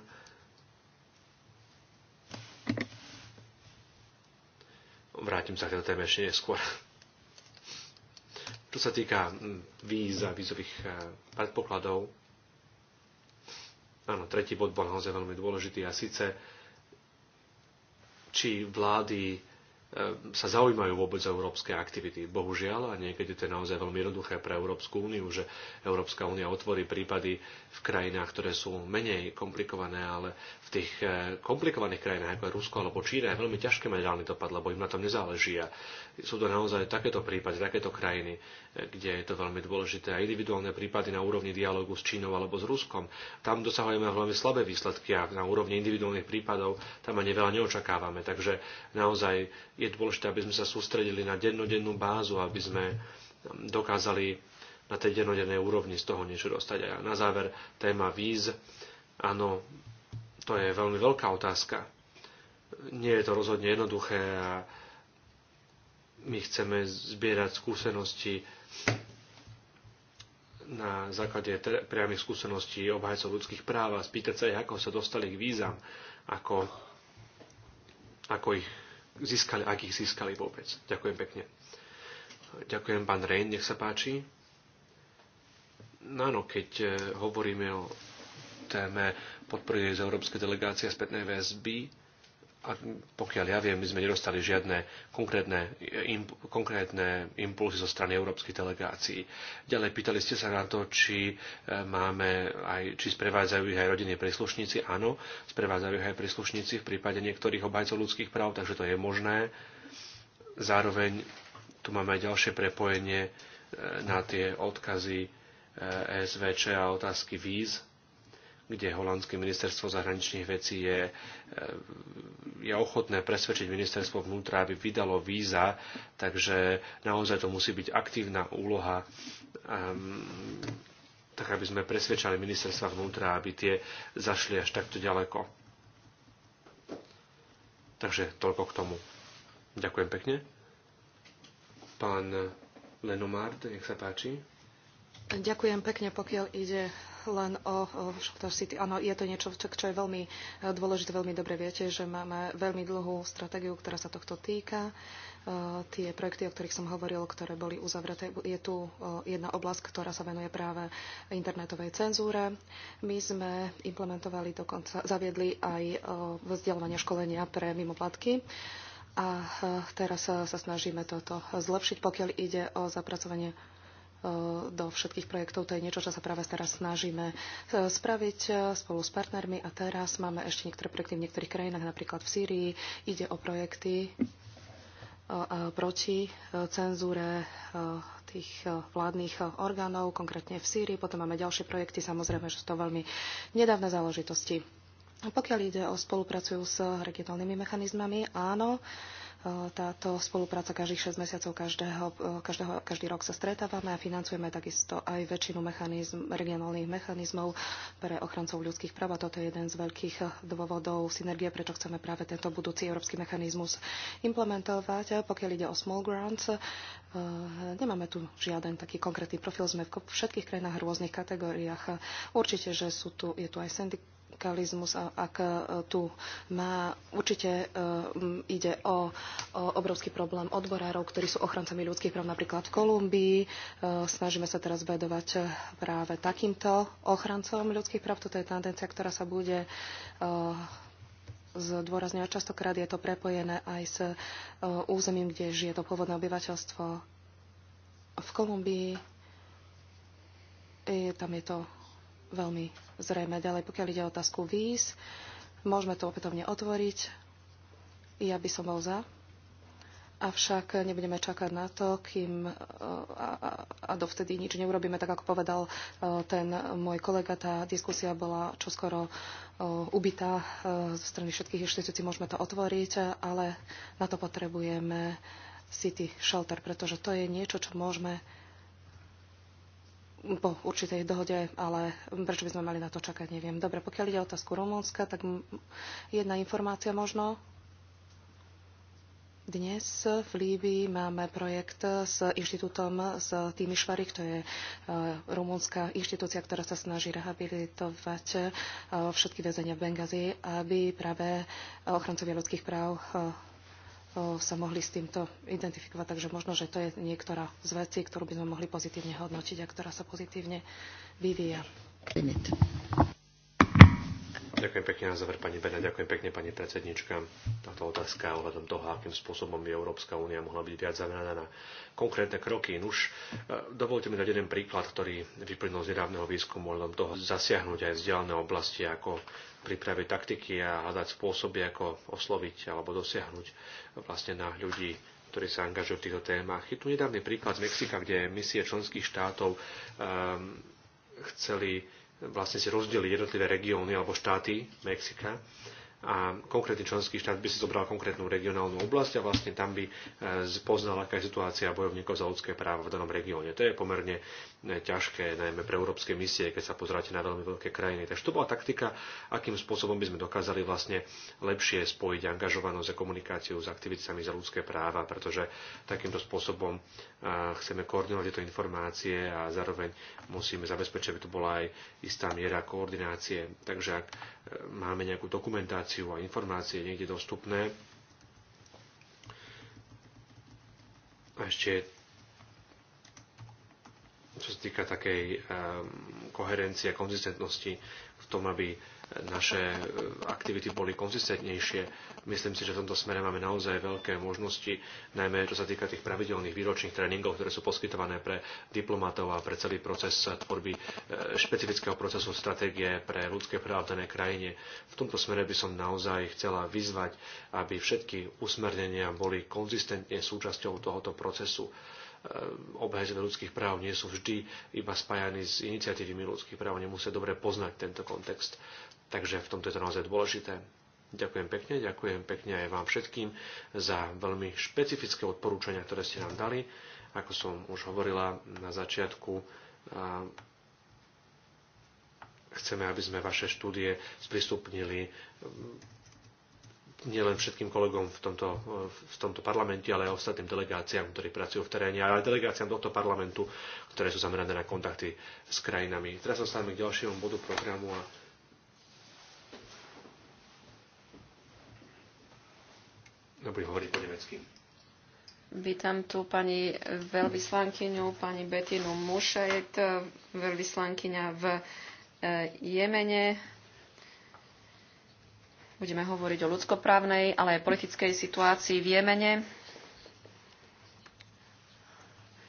Speaker 2: Vrátim sa k téme ešte neskôr. Čo sa týka hm, víz a vízových eh, predpokladov, áno, tretí bod bol naozaj veľmi dôležitý a síce, či vlády Ehm, sa zaujímajú vôbec za európske aktivity. Bohužiaľ, a niekedy to je naozaj veľmi jednoduché pre Európsku úniu, že Európska únia otvorí prípady v krajinách, ktoré sú menej komplikované, ale v tých eh, komplikovaných krajinách, ako je Rusko alebo Čína, je veľmi ťažké mať reálny dopad, lebo im na tom nezáleží. A sú to naozaj takéto prípady, takéto krajiny, kde je to veľmi dôležité, a individuálne prípady na úrovni dialógu s Čínou alebo s Ruskom. Tam dosahujeme veľmi slabé výsledky a na úrovni individuálnych prípadov tam ani veľa neočakávame. Takže naozaj je dôležité, aby sme sa sústredili na dennodennú bázu, aby sme dokázali na tej dennodennej úrovni z toho niečo dostať. A na záver téma víz. Áno, to je veľmi veľká otázka. Nie je to rozhodne jednoduché a my chceme zbierať skúsenosti na základe priamých skúseností obhajcov ľudských práv a spýtať sa ich, ako sa dostali k vízam, ako, ako ich získali, ak ich získali vôbec. Ďakujem pekne. Ďakujem, pán Rein, nech sa páči. No áno, keď eh, hovoríme o téme podpory z európskej delegácie spätnej väzby, a pokiaľ ja viem, my sme nedostali žiadne konkrétne, imp, konkrétne impulzy zo strany európskych delegácií. Ďalej pýtali ste sa na to, či e, máme aj, či sprevádzajú ich aj rodinní príslušníci. Áno, sprevádzajú ich aj príslušníci v prípade niektorých obajcov ľudských práv, takže to je možné. Zároveň tu máme aj ďalšie prepojenie e, na tie odkazy e, SVČ a otázky víz, kde holandské ministerstvo zahraničných vecí je, e, je ochotné presvedčiť ministerstvo vnútra, aby vydalo víza, takže naozaj to musí byť aktívna úloha um, tak aby sme presvedčali ministerstva vnútra, aby tie zašli až takto ďaleko. Takže toľko k tomu. Ďakujem pekne. Pán Lenomard, nech sa páči.
Speaker 3: Ďakujem pekne, pokiaľ ide len o Šachtar City. Áno, je to niečo, čo je veľmi e, dôležité, veľmi dobre viete, že máme veľmi dlhú stratégiu, ktorá sa tohto týka. E, tie projekty, o ktorých som hovoril, ktoré boli uzavreté, je tu e, jedna oblasť, ktorá sa venuje práve internetovej cenzúre. My sme implementovali, dokonca zaviedli aj vzdelávanie školenia pre mimoplatky a teraz sa snažíme toto zlepšiť, pokiaľ ide o zapracovanie Eh, do všetkých projektov. To je niečo, čo sa práve teraz snažíme eh, spraviť eh, spolu s partnermi a teraz máme ešte niektoré projekty v niektorých krajinách, napríklad v Sýrii. Ide o projekty proti cenzúre tých vládnych orgánov, konkrétne v Sýrii. Potom máme ďalšie projekty, samozrejme, že sú to veľmi nedávne záležitosti. Pokiaľ ide o spolupracujú s regionálnymi mechanizmami, áno, uh, táto spolupráca každých 6 mesiacov každého, každého, každý rok sa stretávame a financujeme takisto aj väčšinu mechanizm, regionálnych mechanizmov pre ochrancov ľudských práv. A toto je jeden z veľkých dôvodov synergie, prečo chceme práve tento budúci európsky mechanizmus implementovať. Pokiaľ ide o small grants, e, nemáme tu žiaden taký konkrétny profil. Sme v všetkých krajinách v rôznych kategóriách. Určite, že sú tu, je tu aj syndikát radikalizmus, ak e, tu má. Určite e, ide o, o obrovský problém odborárov, ktorí sú ochrancami ľudských práv napríklad v Kolumbii. E, snažíme sa teraz vedovať práve takýmto ochrancom ľudských práv. Toto je tendencia, ktorá sa bude zdôrazňovať. Častokrát je to prepojené aj s územím, kde žije to pôvodné obyvateľstvo. V Kolumbii tam je to veľmi zrejme ďalej, pokiaľ ide o otázku víz. Môžeme to opätovne otvoriť. Ja by som bol za. Avšak nebudeme čakať na to, kým e, a, a, a dovtedy nič neurobíme. Tak ako povedal e, ten môj kolega, tá diskusia bola čoskoro e, ubitá zo strany všetkých inštitúcií. Môžeme to otvoriť, ale na to potrebujeme City Shelter, pretože to je niečo, čo môžeme po určitej dohode, ale prečo by sme mali na to čakať, neviem. Dobre, pokiaľ ide o otázku Rumunska, tak jedna informácia možno. Dnes v Líbii máme projekt s inštitútom, z Týmyšvary, to je e, rumúnska inštitúcia, ktorá sa snaží rehabilitovať e, všetky väzenia v Bengazi, aby práve ochrancovia ľudských práv e, sa mohli s týmto identifikovať. Takže možno, že to je niektorá z vecí, ktorú by sme mohli pozitívne hodnotiť a ktorá sa pozitívne vyvíja.
Speaker 2: Ďakujem pekne na záver, pani Beda. Ďakujem pekne, pani predsednička. Táto otázka ohľadom toho, akým spôsobom by Európska únia mohla byť viac zameraná na konkrétne kroky. Nuž, e, dovolte mi dať jeden príklad, ktorý vyplynul z nedávneho výskumu ohľadom toho zasiahnuť aj vzdialené oblasti, ako pripraviť taktiky a hľadať spôsoby, ako osloviť alebo dosiahnuť vlastne na ľudí ktorí sa angažujú v týchto témach. Je tu nedávny príklad z Mexika, kde misie členských štátov um, chceli vlastne si rozdeli jednotlivé regióny alebo štáty Mexika a konkrétny členský štát by si zobral konkrétnu regionálnu oblasť a vlastne tam by e, poznal, aká je situácia bojovníkov za ľudské práva v danom regióne. To je pomerne e, ťažké, najmä pre európske misie, keď sa pozráte na veľmi veľké krajiny. Takže to bola taktika, akým spôsobom by sme dokázali vlastne lepšie spojiť angažovanosť a komunikáciu s aktivitami za ľudské práva, pretože takýmto spôsobom e, chceme koordinovať tieto informácie a zároveň musíme zabezpečiť, aby tu bola aj istá miera koordinácie. Takže ak máme nejakú dokumentáciu a informácie niekde dostupné. A ešte čo sa týka takej um, koherencie a konzistentnosti v tom, aby naše e, aktivity boli konzistentnejšie. Myslím si, že v tomto smere máme naozaj veľké možnosti, najmä čo sa týka tých pravidelných výročných tréningov, ktoré sú poskytované pre diplomatov a pre celý proces tvorby e, špecifického procesu stratégie pre ľudské práva v danej krajine. V tomto smere by som naozaj chcela vyzvať, aby všetky usmernenia boli konzistentne súčasťou tohoto procesu. Eh, obhajcovia ľudských práv nie sú vždy iba spájani s iniciatívami ľudských práv, nemusia dobre poznať tento kontext. Takže v tomto je to naozaj dôležité. Ďakujem pekne, ďakujem pekne aj vám všetkým za veľmi špecifické odporúčania, ktoré ste nám dali. Ako som už hovorila na začiatku, eh, chceme, aby sme vaše štúdie sprístupnili hm, nielen všetkým kolegom v tomto, v tomto parlamente, ale aj ostatným delegáciám, ktorí pracujú v teréne, ale aj delegáciám tohto parlamentu, ktoré sú zamerané na kontakty s krajinami. Teraz sa k ďalšiemu bodu programu a no, Dobrý, hovorí po nemecky.
Speaker 1: Vítam tu pani veľvyslankyňu, pani Betinu Mušajet, veľvyslankyňa v eh, Jemene Budeme hovoriť o ľudskoprávnej, ale aj politickej situácii v Jemene.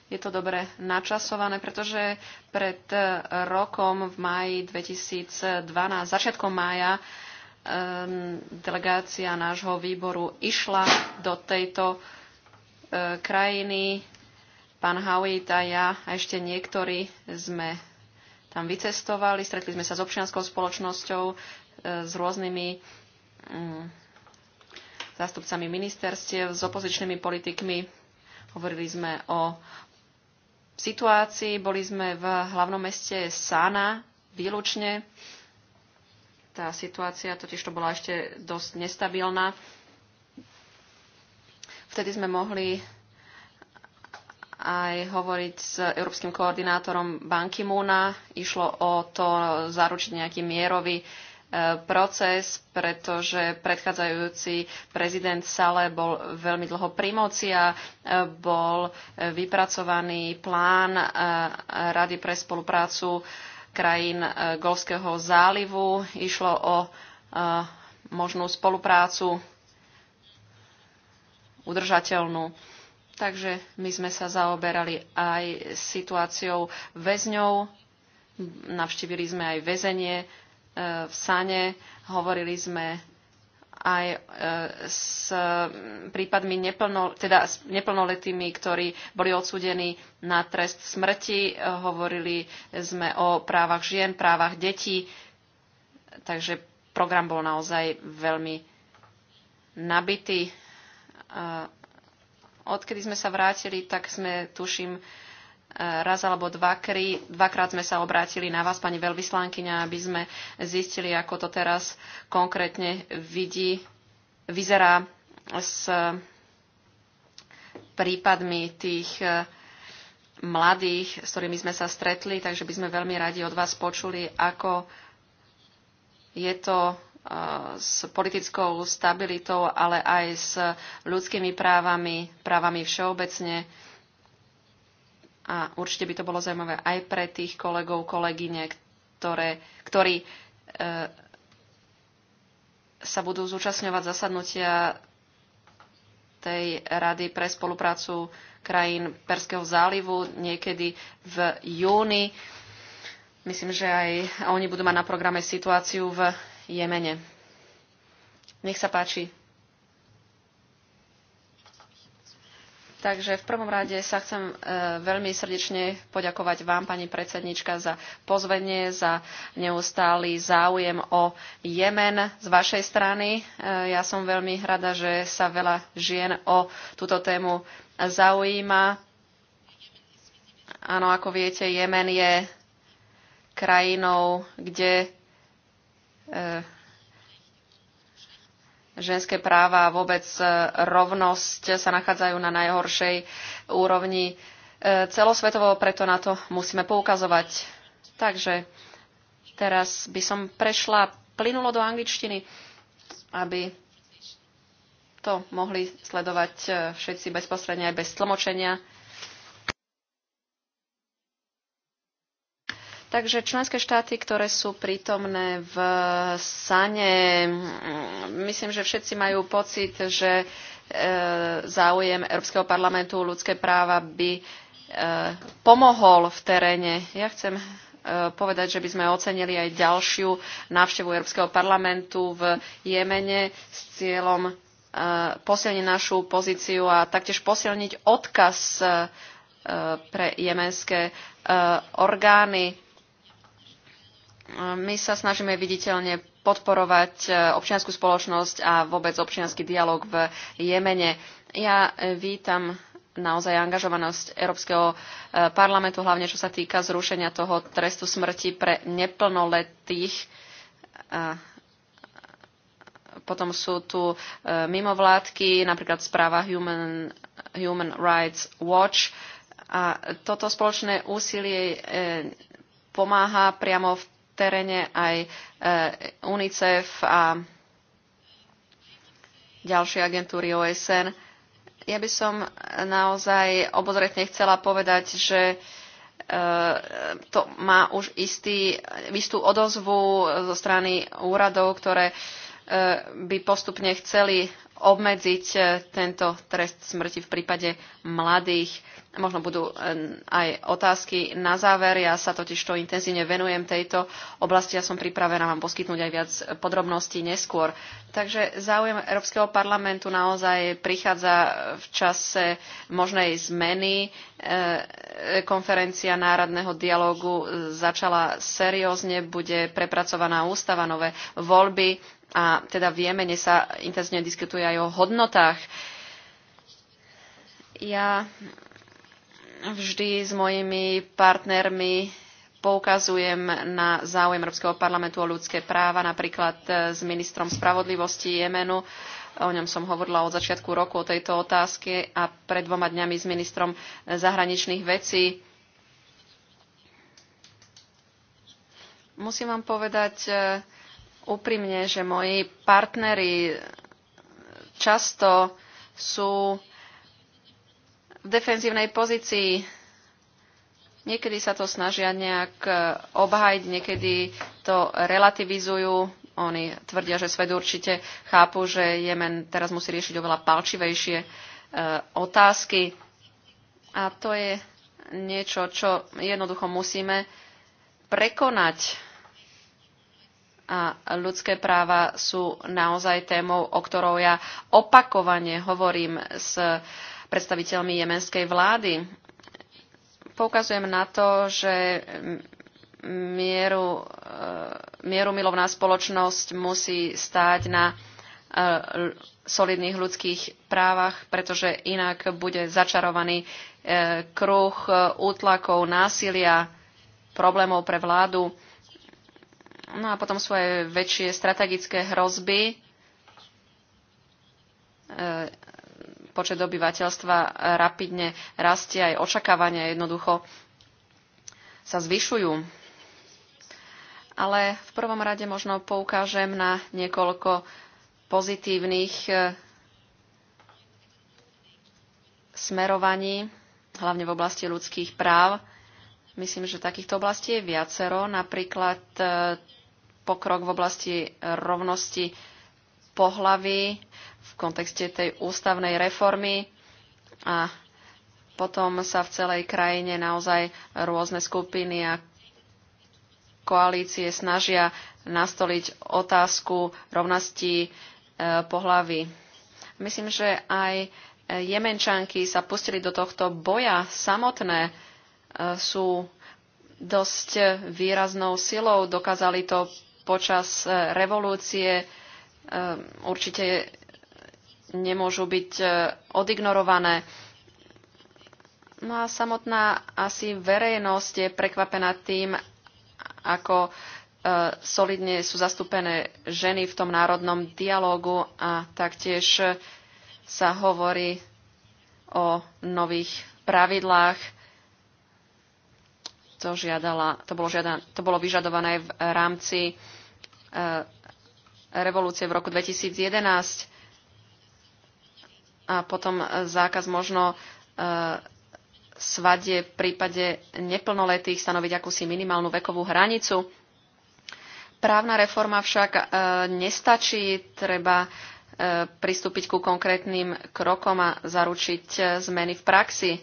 Speaker 1: Je to dobre načasované, pretože pred eh, rokom v máji 2012, začiatkom mája, ehm, delegácia nášho výboru išla do tejto eh, krajiny. Pán Howitt a ja a ešte niektorí sme tam vycestovali, stretli sme sa s občianskou spoločnosťou, eh, s rôznymi Mm. zástupcami ministerstiev, s opozičnými politikmi. Hovorili sme o situácii. Boli sme v hlavnom meste Sana výlučne. Tá situácia totiž to bola ešte dosť nestabilná. Vtedy sme mohli aj hovoriť s európskym koordinátorom Banky Múna. Išlo o to zaručiť nejaký mierový proces, pretože predchádzajúci prezident Sale bol veľmi dlho pri moci a e, bol e, vypracovaný plán e, Rady pre spoluprácu krajín Golského zálivu. Išlo o možnú spoluprácu udržateľnú. Takže my sme sa zaoberali aj situáciou väzňov, navštívili sme aj väzenie v Sane, hovorili sme aj e, s prípadmi neplno, teda s neplnoletými, ktorí boli odsudení na trest smrti. Hovorili sme o právach žien, právach detí. Takže program bol naozaj veľmi nabitý. Odkedy sme sa vrátili, tak sme, tuším, raz alebo dva kry, dvakrát sme sa obrátili na vás, pani veľvyslankyňa, aby sme zistili, ako to teraz konkrétne vidí, vyzerá s prípadmi tých e, mladých, s ktorými sme sa stretli, takže by sme veľmi radi od vás počuli, ako je to e, s politickou stabilitou, ale aj s ľudskými právami, právami všeobecne a určite by to bolo zaujímavé aj pre tých kolegov, kolegyne, ktoré, ktorí e, sa budú zúčastňovať zasadnutia tej Rady pre spoluprácu krajín Perského zálivu niekedy v júni. Myslím, že aj oni budú mať na programe situáciu v Jemene. Nech sa páči, Takže v prvom rade sa chcem e, veľmi srdečne poďakovať vám, pani predsednička, za pozvenie, za neustály záujem o Jemen z vašej strany. E, ja som veľmi rada, že sa veľa žien o túto tému zaujíma. Áno, ako viete, Jemen je krajinou, kde e, ženské práva a vôbec e, rovnosť sa nachádzajú na najhoršej úrovni e, celosvetovo, preto na to musíme poukazovať. Takže teraz by som prešla plynulo do angličtiny, aby to mohli sledovať e, všetci bezposredne aj bez tlmočenia. Takže členské štáty, ktoré sú prítomné v Sane, mm, myslím, že všetci majú pocit, že e, záujem Európskeho parlamentu ľudské práva by e, pomohol v teréne. Ja chcem e, povedať, že by sme ocenili aj ďalšiu návštevu Európskeho parlamentu v Jemene s cieľom posilniť našu pozíciu a taktiež posilniť odkaz pre jemenské orgány my sa snažíme viditeľne podporovať e, občianskú spoločnosť a vôbec občianský dialog v Jemene. Ja e, vítam naozaj angažovanosť Európskeho e, parlamentu, hlavne čo sa týka zrušenia toho trestu smrti pre neplnoletých. Potom sú tu mimovládky, napríklad správa Human, Human Rights Watch. A toto spoločné úsilie pomáha priamo v teréne aj e, UNICEF a ďalšie agentúry OSN. Ja by som naozaj obozretne chcela povedať, že e, to má už istý, istú odozvu zo strany úradov, ktoré by postupne chceli obmedziť e, tento trest smrti v prípade mladých. Možno budú e, aj otázky na záver. Ja sa totiž to intenzívne venujem tejto oblasti a ja som pripravená vám poskytnúť aj viac podrobností neskôr. Takže záujem Európskeho parlamentu naozaj prichádza v čase možnej zmeny. E, konferencia národného dialogu začala seriózne, bude prepracovaná ústava, nové voľby a teda v Jemene sa intenzívne diskutuje aj o hodnotách. Ja vždy s mojimi partnermi poukazujem na záujem Európskeho parlamentu o ľudské práva, napríklad e, s ministrom spravodlivosti Jemenu. O ňom som hovorila od začiatku roku o tejto otázke a pred dvoma dňami s ministrom zahraničných vecí. Musím vám povedať, e, úprimne, že moji partneri často sú v defenzívnej pozícii. Niekedy sa to snažia nejak e, obhajiť, niekedy to relativizujú. Oni tvrdia, že svet určite chápu, že Jemen teraz musí riešiť oveľa palčivejšie e, otázky. A to je niečo, čo jednoducho musíme prekonať a ľudské práva sú naozaj témou, o ktorou ja opakovane hovorím s predstaviteľmi jemenskej vlády. Poukazujem na to, že mieru, e, mieru milovná spoločnosť musí stáť na e, solidných ľudských právach, pretože inak bude začarovaný e, kruh útlakov, násilia, problémov pre vládu No a potom sú aj väčšie strategické hrozby. E, počet obyvateľstva rapidne rastie, aj očakávania jednoducho sa zvyšujú. Ale v prvom rade možno poukážem na niekoľko pozitívnych e, smerovaní, hlavne v oblasti ľudských práv. Myslím, že takýchto oblastí je viacero, napríklad e, pokrok v oblasti rovnosti pohlavy v kontexte tej ústavnej reformy a potom sa v celej krajine naozaj rôzne skupiny a koalície snažia nastoliť otázku rovnosti e, pohlaví. Myslím, že aj jemenčanky sa pustili do tohto boja samotné, e, sú dosť výraznou silou, dokázali to počas e, revolúcie e, určite nemôžu byť e, odignorované. No a samotná asi verejnosť je prekvapená tým, ako solidne sú zastúpené ženy v tom národnom dialógu a taktiež sa hovorí o nových pravidlách. To, žiadala, to, bolo, žiada, to bolo vyžadované v rámci E, revolúcie v roku 2011 a potom zákaz možno e, svadie v prípade neplnoletých stanoviť akúsi minimálnu vekovú hranicu. Právna reforma však e, nestačí, treba pristúpiť ku konkrétnym krokom a zaručiť zmeny v praxi.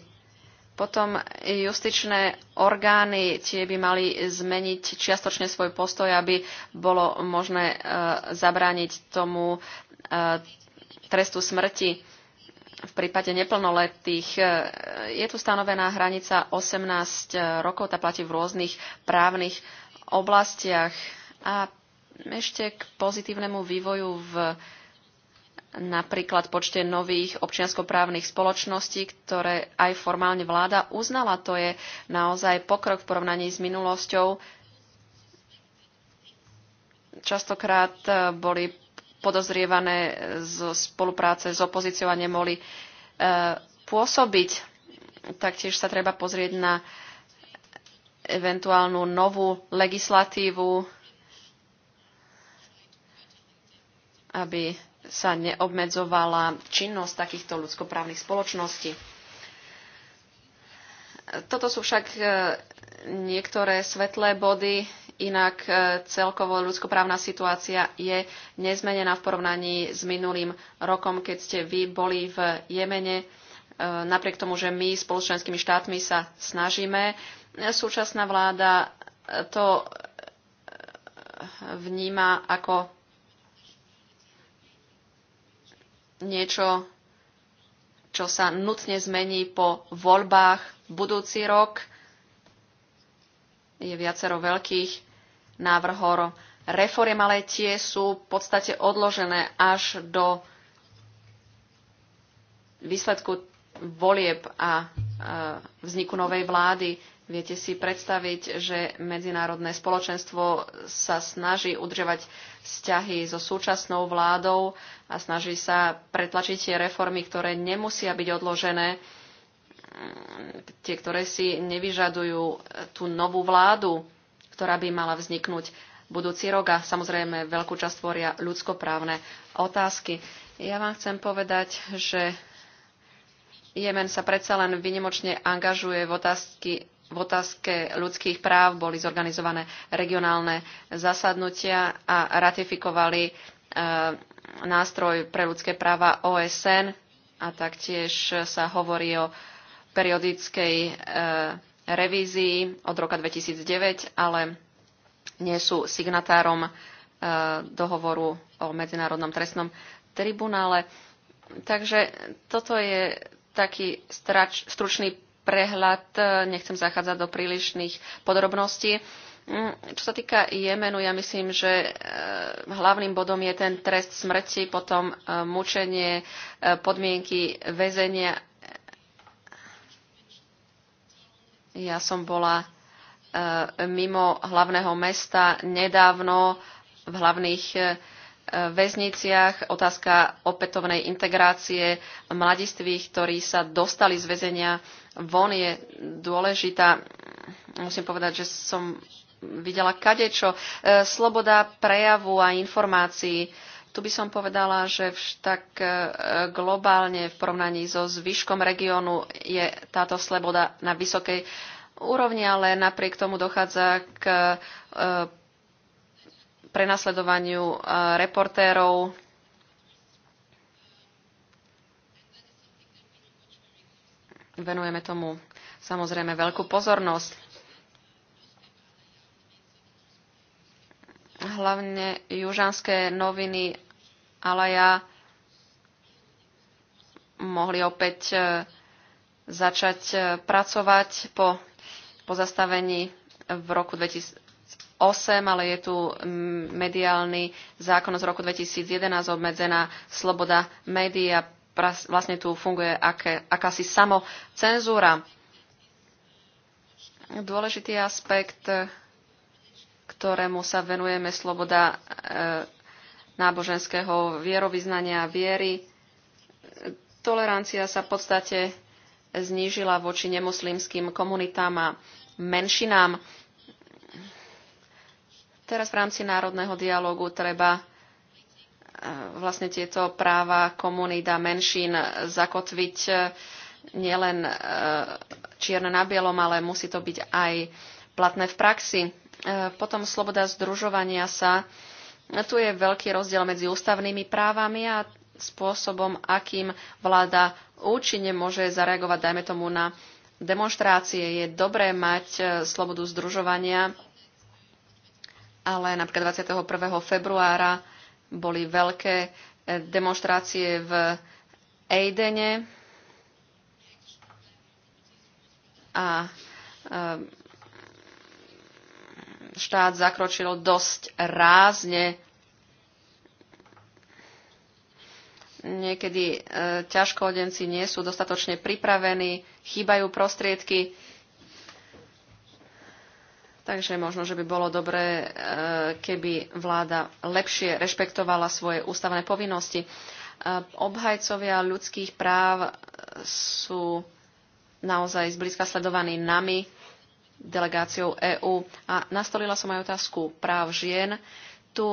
Speaker 1: Potom justičné orgány tie by mali zmeniť čiastočne svoj postoj, aby bolo možné e, zabrániť tomu e, trestu smrti v prípade neplnoletých. E, je tu stanovená hranica 18 rokov, tá platí v rôznych právnych oblastiach. A ešte k pozitívnemu vývoju v napríklad počte nových občianskoprávnych spoločností, ktoré aj formálne vláda uznala. To je naozaj pokrok v porovnaní s minulosťou. Častokrát eh, boli podozrievané zo spolupráce s opozíciou a nemohli eh, pôsobiť. Taktiež sa treba pozrieť na eventuálnu novú legislatívu, aby sa neobmedzovala činnosť takýchto ľudskoprávnych spoločností. Toto sú však e, niektoré svetlé body, inak e, celkovo ľudskoprávna situácia je nezmenená v porovnaní s minulým rokom, keď ste vy boli v Jemene. E, napriek tomu, že my spoločenskými štátmi sa snažíme, súčasná vláda to vníma ako niečo, čo sa nutne zmení po voľbách budúci rok. Je viacero veľkých návrhov reforiem, ale tie sú v podstate odložené až do výsledku volieb a e, vzniku novej vlády. Viete si predstaviť, že medzinárodné spoločenstvo sa snaží udržovať vzťahy so súčasnou vládou a snaží sa pretlačiť tie reformy, ktoré nemusia byť odložené, tie, ktoré si nevyžadujú tú novú vládu, ktorá by mala vzniknúť budúci rok a samozrejme veľkú časť tvoria ľudskoprávne otázky. Ja vám chcem povedať, že Jemen sa predsa len vynimočne angažuje v otázky v otázke ľudských práv boli zorganizované regionálne zasadnutia a ratifikovali e, nástroj pre ľudské práva OSN a taktiež sa hovorí o periodickej e, revízii od roka 2009, ale nie sú signatárom e, dohovoru o Medzinárodnom trestnom tribunále. Takže toto je taký strač, stručný prehľad, e, nechcem zachádzať do prílišných podrobností. Mm, čo sa týka Jemenu, ja myslím, že e, hlavným bodom je ten trest smrti, potom e, mučenie, podmienky väzenia. Ja som bola mimo hlavného mesta nedávno v hlavných väzniciach, otázka opätovnej integrácie mladistvých, ktorí sa dostali z väzenia von je dôležitá. Musím povedať, že som videla kadečo. E, sloboda prejavu a informácií. Tu by som povedala, že vš tak e, globálne v porovnaní so zvyškom regiónu je táto sloboda na vysokej úrovni, ale napriek tomu dochádza k e, prenasledovaniu reportérov Venujeme tomu samozrejme veľkú pozornosť. Hlavne južanské noviny ja mohli opäť e, začať e, pracovať po pozastavení v roku 2008, ale je tu mediálny zákon z roku 2011 obmedzená sloboda médií a vlastne tu funguje aké, akási samocenzúra. Dôležitý aspekt, ktorému sa venujeme, sloboda e, náboženského vierovýznania viery. Tolerancia sa v podstate znížila voči nemuslimským komunitám a menšinám. Teraz v rámci národného dialogu treba E, vlastne tieto práva komunita menšín zakotviť e, nielen e, čierne na bielom, ale musí to byť aj platné v praxi. Potom sloboda združovania sa. Tu je veľký rozdiel medzi ústavnými právami a spôsobom, akým vláda účinne môže zareagovať, dajme tomu, na demonstrácie. Je dobré mať slobodu združovania, ale napríklad 21. februára boli veľké eh, demonstrácie v Ejdene a eh, štát zakročil dosť rázne. Niekedy eh, ťažkohodenci nie sú dostatočne pripravení, chýbajú prostriedky. Takže možno, že by bolo dobré, e, keby vláda lepšie rešpektovala svoje ústavné povinnosti. E, obhajcovia ľudských práv sú naozaj zblízka sledovaní nami, delegáciou EÚ. A nastolila som aj otázku práv žien. Tu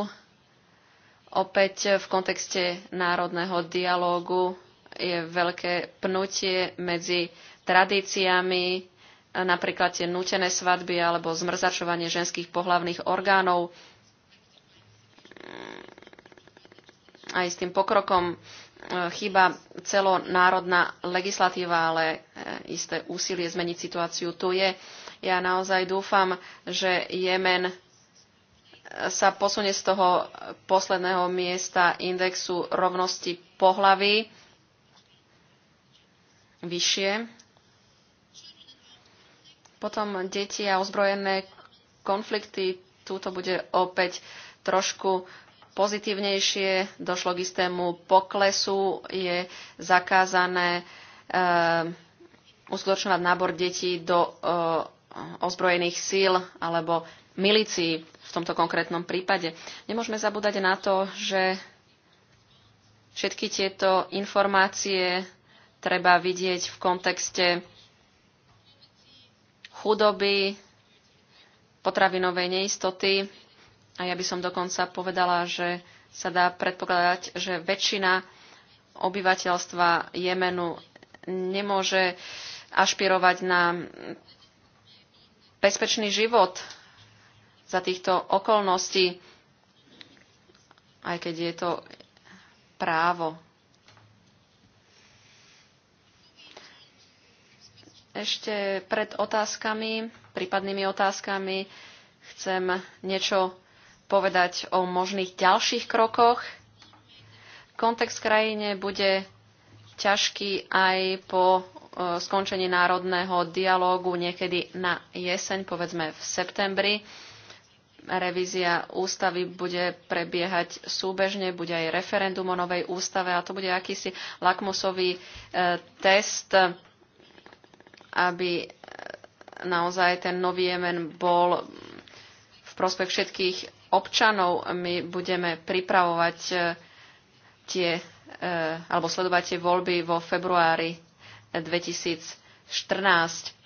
Speaker 1: opäť v kontexte národného dialógu je veľké pnutie medzi tradíciami napríklad tie nutené svadby alebo zmrzačovanie ženských pohlavných orgánov. Mm, aj s tým pokrokom e, chýba celonárodná legislatíva, ale e, isté úsilie zmeniť situáciu tu je. Ja naozaj dúfam, že Jemen sa posunie z toho posledného miesta indexu rovnosti pohlavy vyššie potom deti a ozbrojené konflikty. Túto bude opäť trošku pozitívnejšie. Došlo k istému poklesu. Je zakázané e, uskutočňovať nábor detí do e, ozbrojených síl alebo milícií v tomto konkrétnom prípade. Nemôžeme zabúdať na to, že všetky tieto informácie treba vidieť v kontexte chudoby, potravinovej neistoty a ja by som dokonca povedala, že sa dá predpokladať, že väčšina obyvateľstva Jemenu nemôže ašpirovať na bezpečný život za týchto okolností, aj keď je to právo ešte pred otázkami, prípadnými otázkami, chcem niečo povedať o možných ďalších krokoch. Kontext krajine bude ťažký aj po e, skončení národného dialógu niekedy na jeseň, povedzme v septembri. Revízia ústavy bude prebiehať súbežne, bude aj referendum o novej ústave a to bude akýsi lakmusový e, test aby eh, naozaj ten nový Jemen bol v prospech všetkých občanov. My budeme pripravovať eh, tie, eh, alebo sledovať tie voľby vo februári 2014.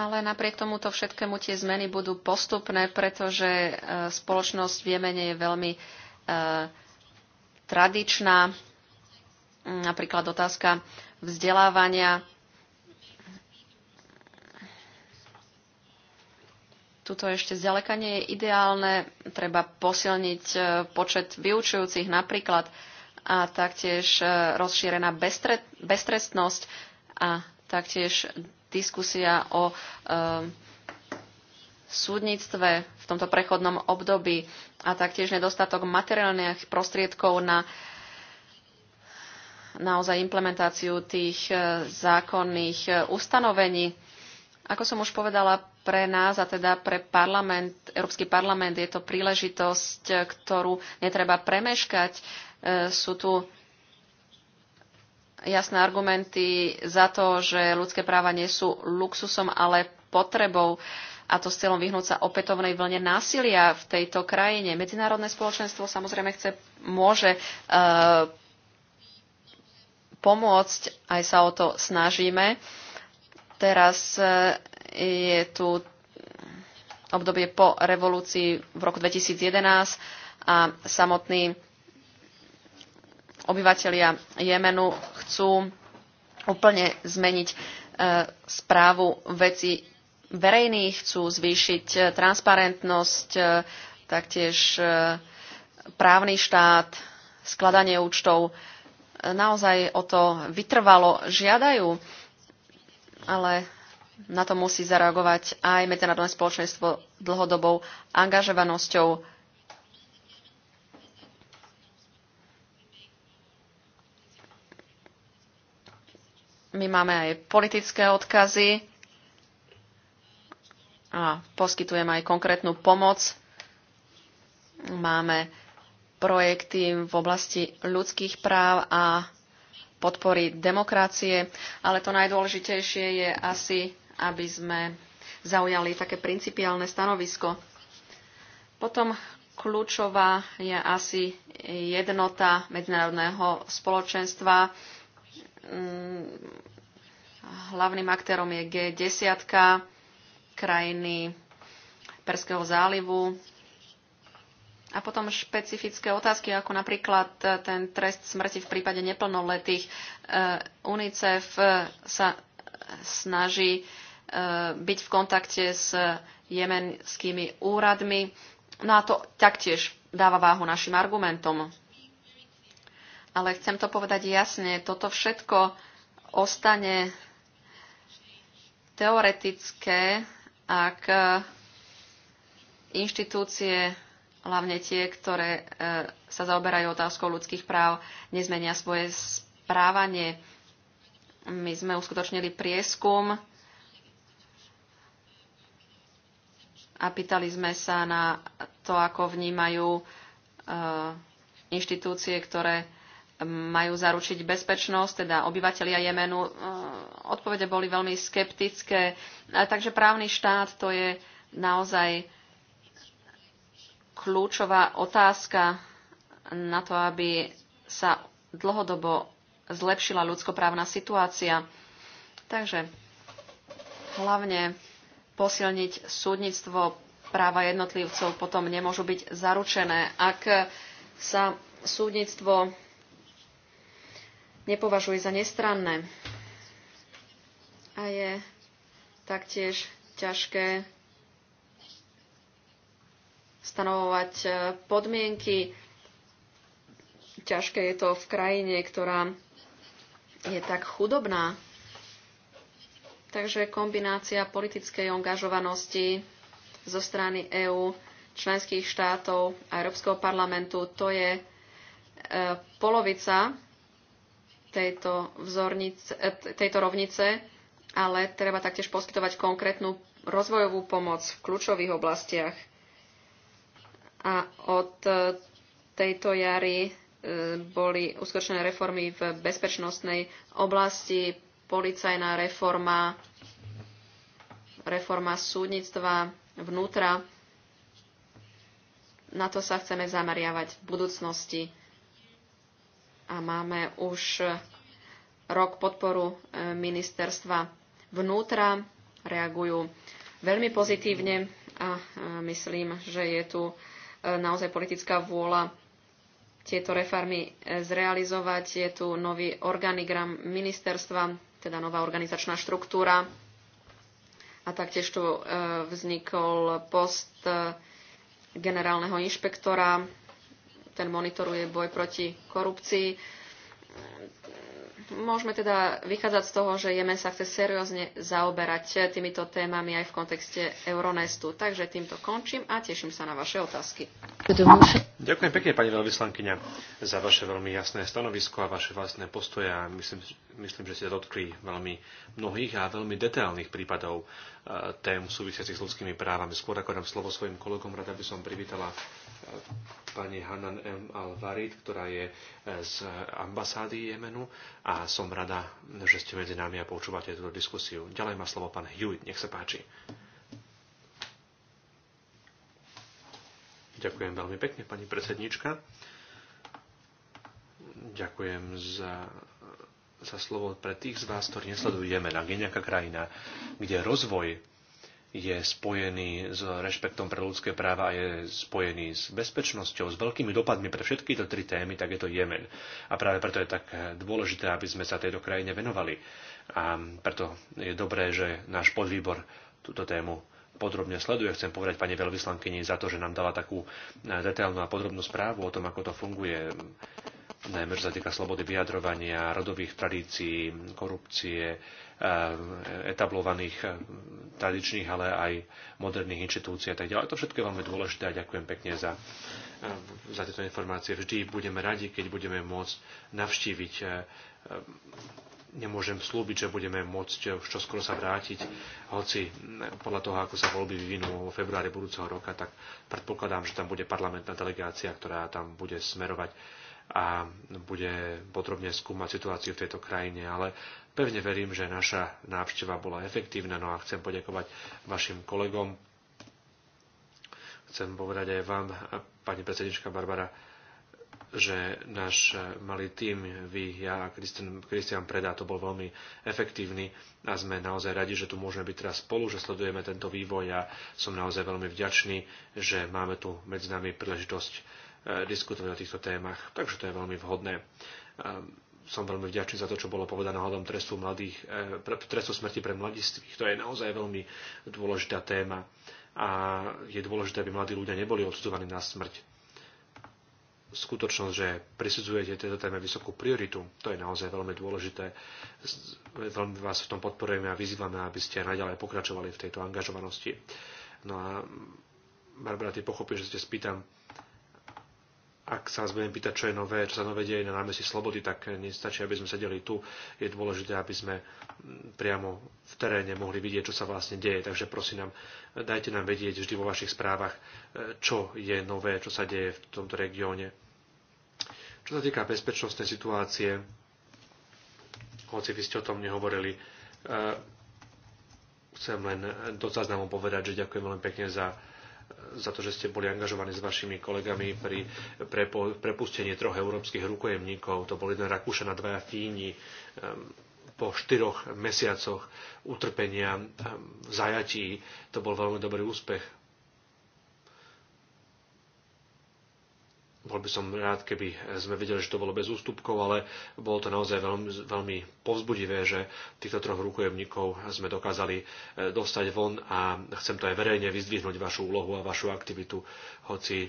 Speaker 1: Ale napriek tomuto všetkému tie zmeny budú postupné, pretože spoločnosť v Jemene je veľmi tradičná, mm, napríklad otázka vzdelávania. Tuto ešte zďaleka nie je ideálne. Treba posilniť e, počet vyučujúcich napríklad a taktiež e, rozšírená beztrestnosť a taktiež diskusia o e, súdnictve v tomto prechodnom období a taktiež nedostatok materiálnych prostriedkov na naozaj implementáciu tých e, zákonných e, ustanovení. Ako som už povedala, pre nás a teda pre parlament, Európsky parlament je to príležitosť, e, ktorú netreba premeškať. Sú tu jasné argumenty za to, že ľudské práva nie sú luxusom, ale potrebou a to s cieľom vyhnúť sa opätovnej vlne násilia v tejto krajine. Medzinárodné spoločenstvo samozrejme chce, môže e, pomôcť, aj sa o to snažíme. Teraz e, je tu obdobie po revolúcii v roku 2011 a samotní obyvatelia Jemenu chcú úplne zmeniť e, správu veci verejní chcú zvýšiť e, transparentnosť, e, taktiež e, právny štát, skladanie účtov. Naozaj o to vytrvalo žiadajú, ale na to musí zareagovať aj medzinárodné spoločenstvo dlhodobou angažovanosťou My máme aj politické odkazy a poskytujem aj konkrétnu pomoc. Máme projekty v oblasti ľudských práv a podpory demokracie, ale to najdôležitejšie je asi, aby sme zaujali také principiálne stanovisko. Potom kľúčová je asi jednota medzinárodného spoločenstva. Mm, hlavným aktérom je G10, krajiny Perského zálivu. A potom špecifické otázky, ako napríklad e, ten trest smrti v prípade neplnoletých. E, UNICEF e, sa snaží byť v kontakte s jemenskými úradmi. No a to taktiež dáva váhu našim argumentom. Ale chcem to povedať jasne, toto všetko ostane teoretické ak e, inštitúcie, hlavne tie, ktoré e, sa zaoberajú otázkou ľudských práv, nezmenia svoje správanie. My sme uskutočnili prieskum a pýtali sme sa na to, ako vnímajú e, inštitúcie, ktoré majú zaručiť bezpečnosť, teda obyvateľia Jemenu. E, odpovede boli veľmi skeptické. Takže právny štát to je naozaj kľúčová otázka na to, aby sa dlhodobo zlepšila ľudskoprávna situácia. Takže hlavne posilniť súdnictvo práva jednotlivcov potom nemôžu byť zaručené. Ak sa súdnictvo nepovažuje za nestranné. A je taktiež ťažké stanovovať e, podmienky. Ťažké je to v krajine, ktorá je tak chudobná. Takže kombinácia politickej angažovanosti zo strany EÚ, členských štátov a Európskeho parlamentu, to je e, polovica tejto, vzornice, e, tejto rovnice, ale treba taktiež poskytovať konkrétnu rozvojovú pomoc v kľúčových oblastiach. A od e, tejto jary e, boli uskutočnené reformy v bezpečnostnej oblasti, policajná reforma, reforma súdnictva, vnútra. Na to sa chceme zameriavať v budúcnosti a máme už rok podporu e, ministerstva vnútra. Reagujú veľmi pozitívne a e, myslím, že je tu e, naozaj politická vôľa tieto reformy zrealizovať. Je tu nový organigram ministerstva, teda nová organizačná štruktúra a taktiež tu vznikol post generálneho inšpektora ten monitoruje boj proti korupcii. Môžeme teda vychádzať z toho, že Jemen sa chce seriózne zaoberať týmito témami aj v kontexte Euronestu. Takže týmto končím a teším sa na vaše otázky.
Speaker 2: Ďakujem pekne, pani veľvyslankyňa, za vaše veľmi jasné stanovisko a vaše vlastné postoje. myslím, myslím, že ste dotkli veľmi mnohých a veľmi detailných prípadov eh, tém súvisiacich s ľudskými právami. Skôr ako dám slovo svojim kolegom, rada by som privítala pani Hanan M. Alvarid, ktorá je e, z ambasády Jemenu a som rada, že ste medzi nami a počúvate túto diskusiu. Ďalej má slovo pán Hewitt, nech sa páči. Ďakujem veľmi pekne, pani predsednička. Ďakujem za, za slovo pre tých z vás, ktorí nesledujú Jemen. Ak je nejaká krajina, kde rozvoj je spojený s rešpektom pre ľudské práva a je spojený s bezpečnosťou, s veľkými dopadmi pre všetky tieto tri témy, tak je to Jemen. A práve preto je tak dôležité, aby sme sa tejto krajine venovali. A preto je dobré, že náš podvýbor túto tému podrobne sleduje. Chcem povedať pani veľvyslankyni za to, že nám dala takú detailnú a podrobnú správu o tom, ako to funguje najmä čo sa týka slobody vyjadrovania, rodových tradícií, korupcie, eh, etablovaných eh, tradičných, ale aj moderných inštitúcií a tak ďalej. To všetko je veľmi dôležité a ďakujem pekne za, eh, za tieto informácie. Vždy budeme radi, keď budeme môcť navštíviť nemôžem slúbiť, že budeme môcť už čoskoro sa vrátiť, hoci podľa toho, ako sa voľby vyvinú v februári budúceho roka, tak predpokladám, že tam bude parlamentná delegácia, ktorá tam bude smerovať a bude podrobne skúmať situáciu v tejto krajine, ale pevne verím, že naša návšteva bola efektívna, no a chcem poďakovať vašim kolegom. Chcem povedať aj vám, pani predsednička Barbara, že náš malý tým, vy, ja a Kristian Predá, to bol veľmi efektívny a sme naozaj radi, že tu môžeme byť teraz spolu, že sledujeme tento vývoj a som naozaj veľmi vďačný, že máme tu medzi nami príležitosť Eh, diskutovať o týchto témach. Takže to je veľmi vhodné. Eh, som veľmi vďačný za to, čo bolo povedané hľadom trestu, mladých, eh, trestu smrti pre mladistvých. To je naozaj veľmi dôležitá téma a je dôležité, aby mladí ľudia neboli odsudzovaní na smrť skutočnosť, že prisudzujete tejto téme vysokú prioritu, to je naozaj veľmi dôležité. Veľmi vás v tom podporujeme a vyzývame, aby ste naďalej pokračovali v tejto angažovanosti. No a Barbara, ty pochopíš, že ste spýtam, ak sa vás budem pýtať, čo je nové, čo sa nové deje na námestí Slobody, tak nestačí, aby sme sedeli tu. Je dôležité, aby sme priamo v teréne mohli vidieť, čo sa vlastne deje. Takže prosím nám, dajte nám vedieť vždy vo vašich správach, čo je nové, čo sa deje v tomto regióne. Čo sa týka bezpečnostnej situácie, hoci vy ste o tom nehovorili, eh, chcem len do záznamu povedať, že ďakujem veľmi pekne za za to, že ste boli angažovaní s vašimi kolegami pri prepustení troch európskych rukojemníkov. To boli jeden Rakúša na dvaja Fíni ehm, po štyroch mesiacoch utrpenia ehm, v zajatí. To bol veľmi dobrý úspech bol by som rád, keby sme videli, že to bolo bez ústupkov, ale bolo to naozaj veľmi, veľmi povzbudivé, že týchto troch rukojemníkov sme dokázali e, dostať von a chcem to aj verejne vyzdvihnúť vašu úlohu a vašu aktivitu, hoci e,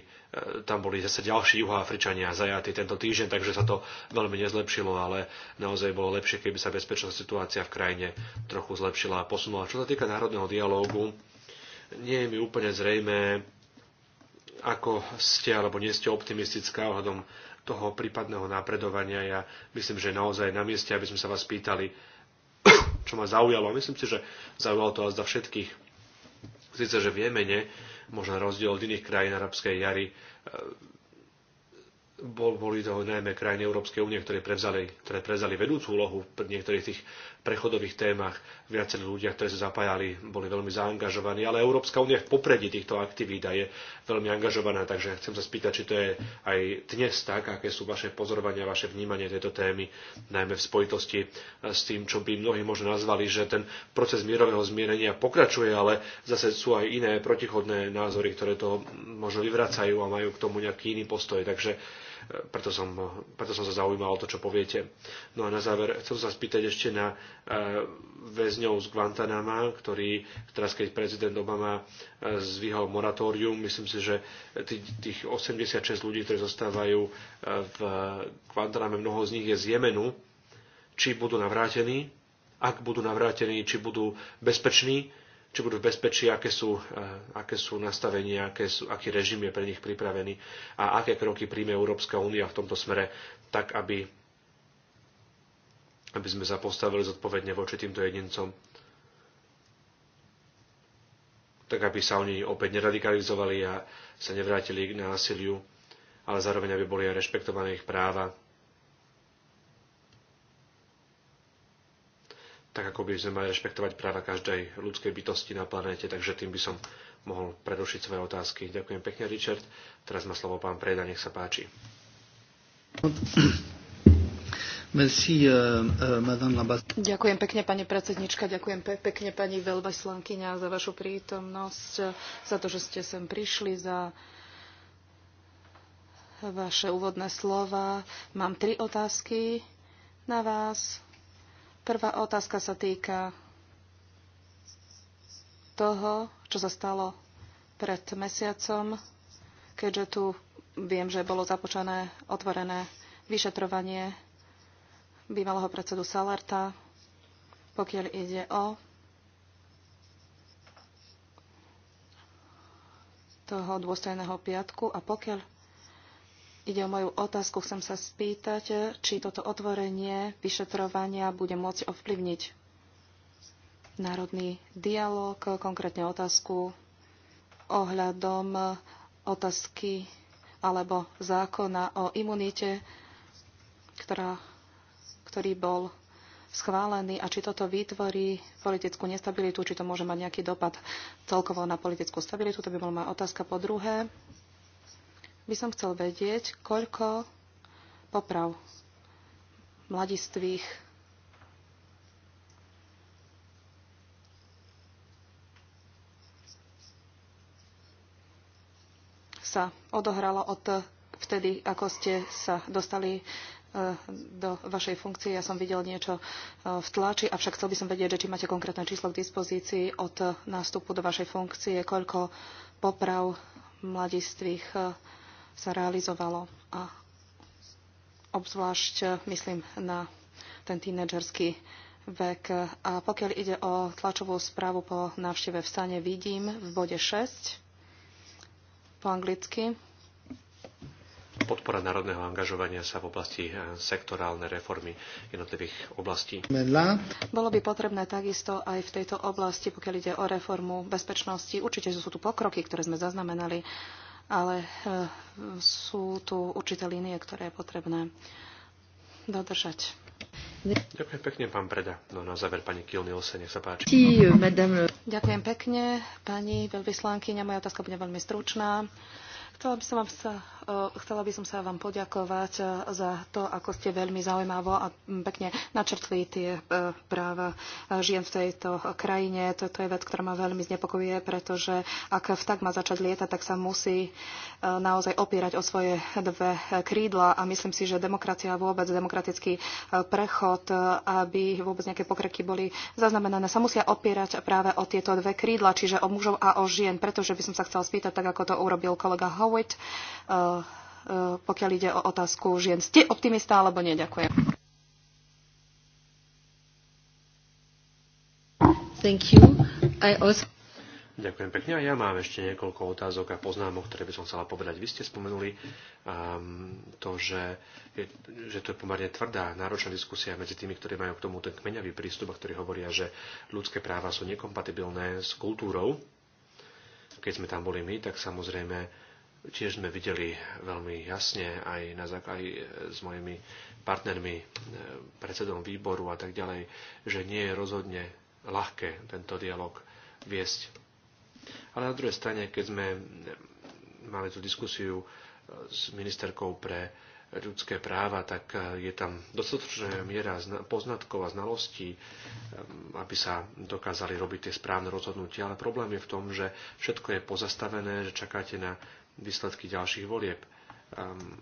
Speaker 2: tam boli zase ďalší juhoafričania zajatí tento týždeň, takže sa to veľmi nezlepšilo, ale naozaj bolo lepšie, keby sa bezpečná situácia v krajine trochu zlepšila a posunula. Čo sa týka národného dialógu, nie je mi úplne zrejme, ako ste alebo nie ste optimistická ohľadom toho prípadného napredovania. Ja myslím, že naozaj na mieste, aby sme sa vás pýtali, čo ma zaujalo. a Myslím si, že zaujalo to vás za všetkých. Sice, že v Jemene, možno rozdiel od iných krajín arabskej jary, bol, boli to najmä krajiny Európskej únie, ktoré prevzali, ktoré prevzali vedúcu úlohu v niektorých tých prechodových témach. Viacerí ľudia, ktorí sa zapájali, boli veľmi zaangažovaní, ale Európska únia v popredí týchto aktivít a je veľmi angažovaná, takže chcem sa spýtať, či to je aj dnes tak, aké sú vaše pozorovania, vaše vnímanie tejto témy, najmä v spojitosti s tým, čo by mnohí možno nazvali, že ten proces mierového zmierenia pokračuje, ale zase sú aj iné protichodné názory, ktoré to možno vyvracajú a majú k tomu nejaký iný postoj. Takže preto som, preto som sa zaujímal o to, čo poviete. No a na záver chcem sa spýtať ešte na e, väzňov z Guantanama, ktorý teraz, keď prezident Obama e, zvyhal moratórium, myslím si, že tých 86 ľudí, ktorí zostávajú e, v Guantaname, mnoho z nich je z Jemenu, či budú navrátení, ak budú navrátení, či budú bezpeční, či budú v bezpečí, aké sú, eh, aké sú nastavenia, aké sú, aký režim je pre nich pripravený a aké kroky príjme Európska únia v tomto smere, tak aby, aby sme sa postavili zodpovedne voči týmto jedincom tak aby sa oni opäť neradikalizovali a sa nevrátili k násiliu, ale zároveň aby boli aj rešpektované ich práva tak ako by sme mali rešpektovať práva každej ľudskej bytosti na planéte, takže tým by som mohol prerušiť svoje otázky. Ďakujem pekne, Richard. Teraz má slovo pán Preda, nech sa páči. Merci, uh, uh,
Speaker 3: ďakujem pekne, pani predsednička, ďakujem pe- pekne, pani veľvaslankyňa, za vašu prítomnosť, za to, že ste sem prišli, za vaše úvodné slova. Mám tri otázky na vás. Prvá otázka sa týka toho, čo sa stalo pred mesiacom, keďže tu viem, že bolo započané otvorené vyšetrovanie bývalého predsedu Salerta, pokiaľ ide o toho dôstojného piatku a pokiaľ Ide o moju otázku. Chcem sa spýtať, či toto otvorenie vyšetrovania bude môcť ovplyvniť národný dialog, konkrétne otázku ohľadom otázky alebo zákona o imunite, ktorá, ktorý bol schválený a či toto vytvorí politickú nestabilitu, či to môže mať nejaký dopad celkovo na politickú stabilitu. To by bola moja otázka. Po druhé, by som chcel vedieť, koľko poprav mladistvých sa odohralo od vtedy, ako ste sa dostali e, do vašej funkcie. Ja som videl niečo e, v tlači, avšak chcel by som vedieť, že či máte konkrétne číslo k dispozícii od nástupu do vašej funkcie, koľko poprav mladistvých e, sa realizovalo a obzvlášť eh, myslím na ten tínedžerský vek. A pokiaľ ide o tlačovú správu po návšteve v Sane, vidím v bode 6 po anglicky.
Speaker 2: Podpora národného angažovania sa v oblasti eh, sektorálnej reformy jednotlivých oblastí.
Speaker 3: Bolo by potrebné takisto aj v tejto oblasti, pokiaľ ide o reformu bezpečnosti. Určite sú tu pokroky, ktoré sme zaznamenali ale e, sú tu určité línie, ktoré je potrebné dodržať.
Speaker 2: Ďakujem pekne, pán Preda. No na záver, pani Kilny Nielsen, nech sa páči.
Speaker 3: Ďakujem pekne, pani veľvyslankyňa. Moja otázka bude veľmi stručná. Chcela by som vám sa chcela by som sa vám poďakovať za to, ako ste veľmi zaujímavo a pekne načrtli tie práva žien v tejto krajine. Toto je vec, ktorá ma veľmi znepokojuje, pretože ak vtak má začať lietať, tak sa musí naozaj opierať o svoje dve krídla a myslím si, že demokracia vôbec, demokratický prechod, aby vôbec nejaké pokreky boli zaznamenané, sa musia opierať práve o tieto dve krídla, čiže o mužov a o žien, pretože by som sa chcela spýtať, tak ako to urobil kolega Howitt, Eh, pokiaľ ide o otázku žien. Ste optimista alebo nie? Ďakujem.
Speaker 1: Thank you. I also...
Speaker 2: Ďakujem pekne. A ja mám ešte niekoľko otázok a poznámok, ktoré by som chcela povedať. Vy ste spomenuli um, to, že, je, že to je pomerne tvrdá, náročná diskusia medzi tými, ktorí majú k tomu ten kmeňavý prístup a ktorí hovoria, že ľudské práva sú nekompatibilné s kultúrou. Keď sme tam boli my, tak samozrejme Tiež sme videli veľmi jasne aj, na, aj s mojimi partnermi, e, predsedom výboru a tak ďalej, že nie je rozhodne ľahké tento dialog viesť. Ale na druhej strane, keď sme e, mali tú diskusiu e, s ministerkou pre ľudské práva, tak je tam dostatočná miera poznatkov a znalostí, aby sa dokázali robiť tie správne rozhodnutia. Ale problém je v tom, že všetko je pozastavené, že čakáte na výsledky ďalších volieb. Ehm,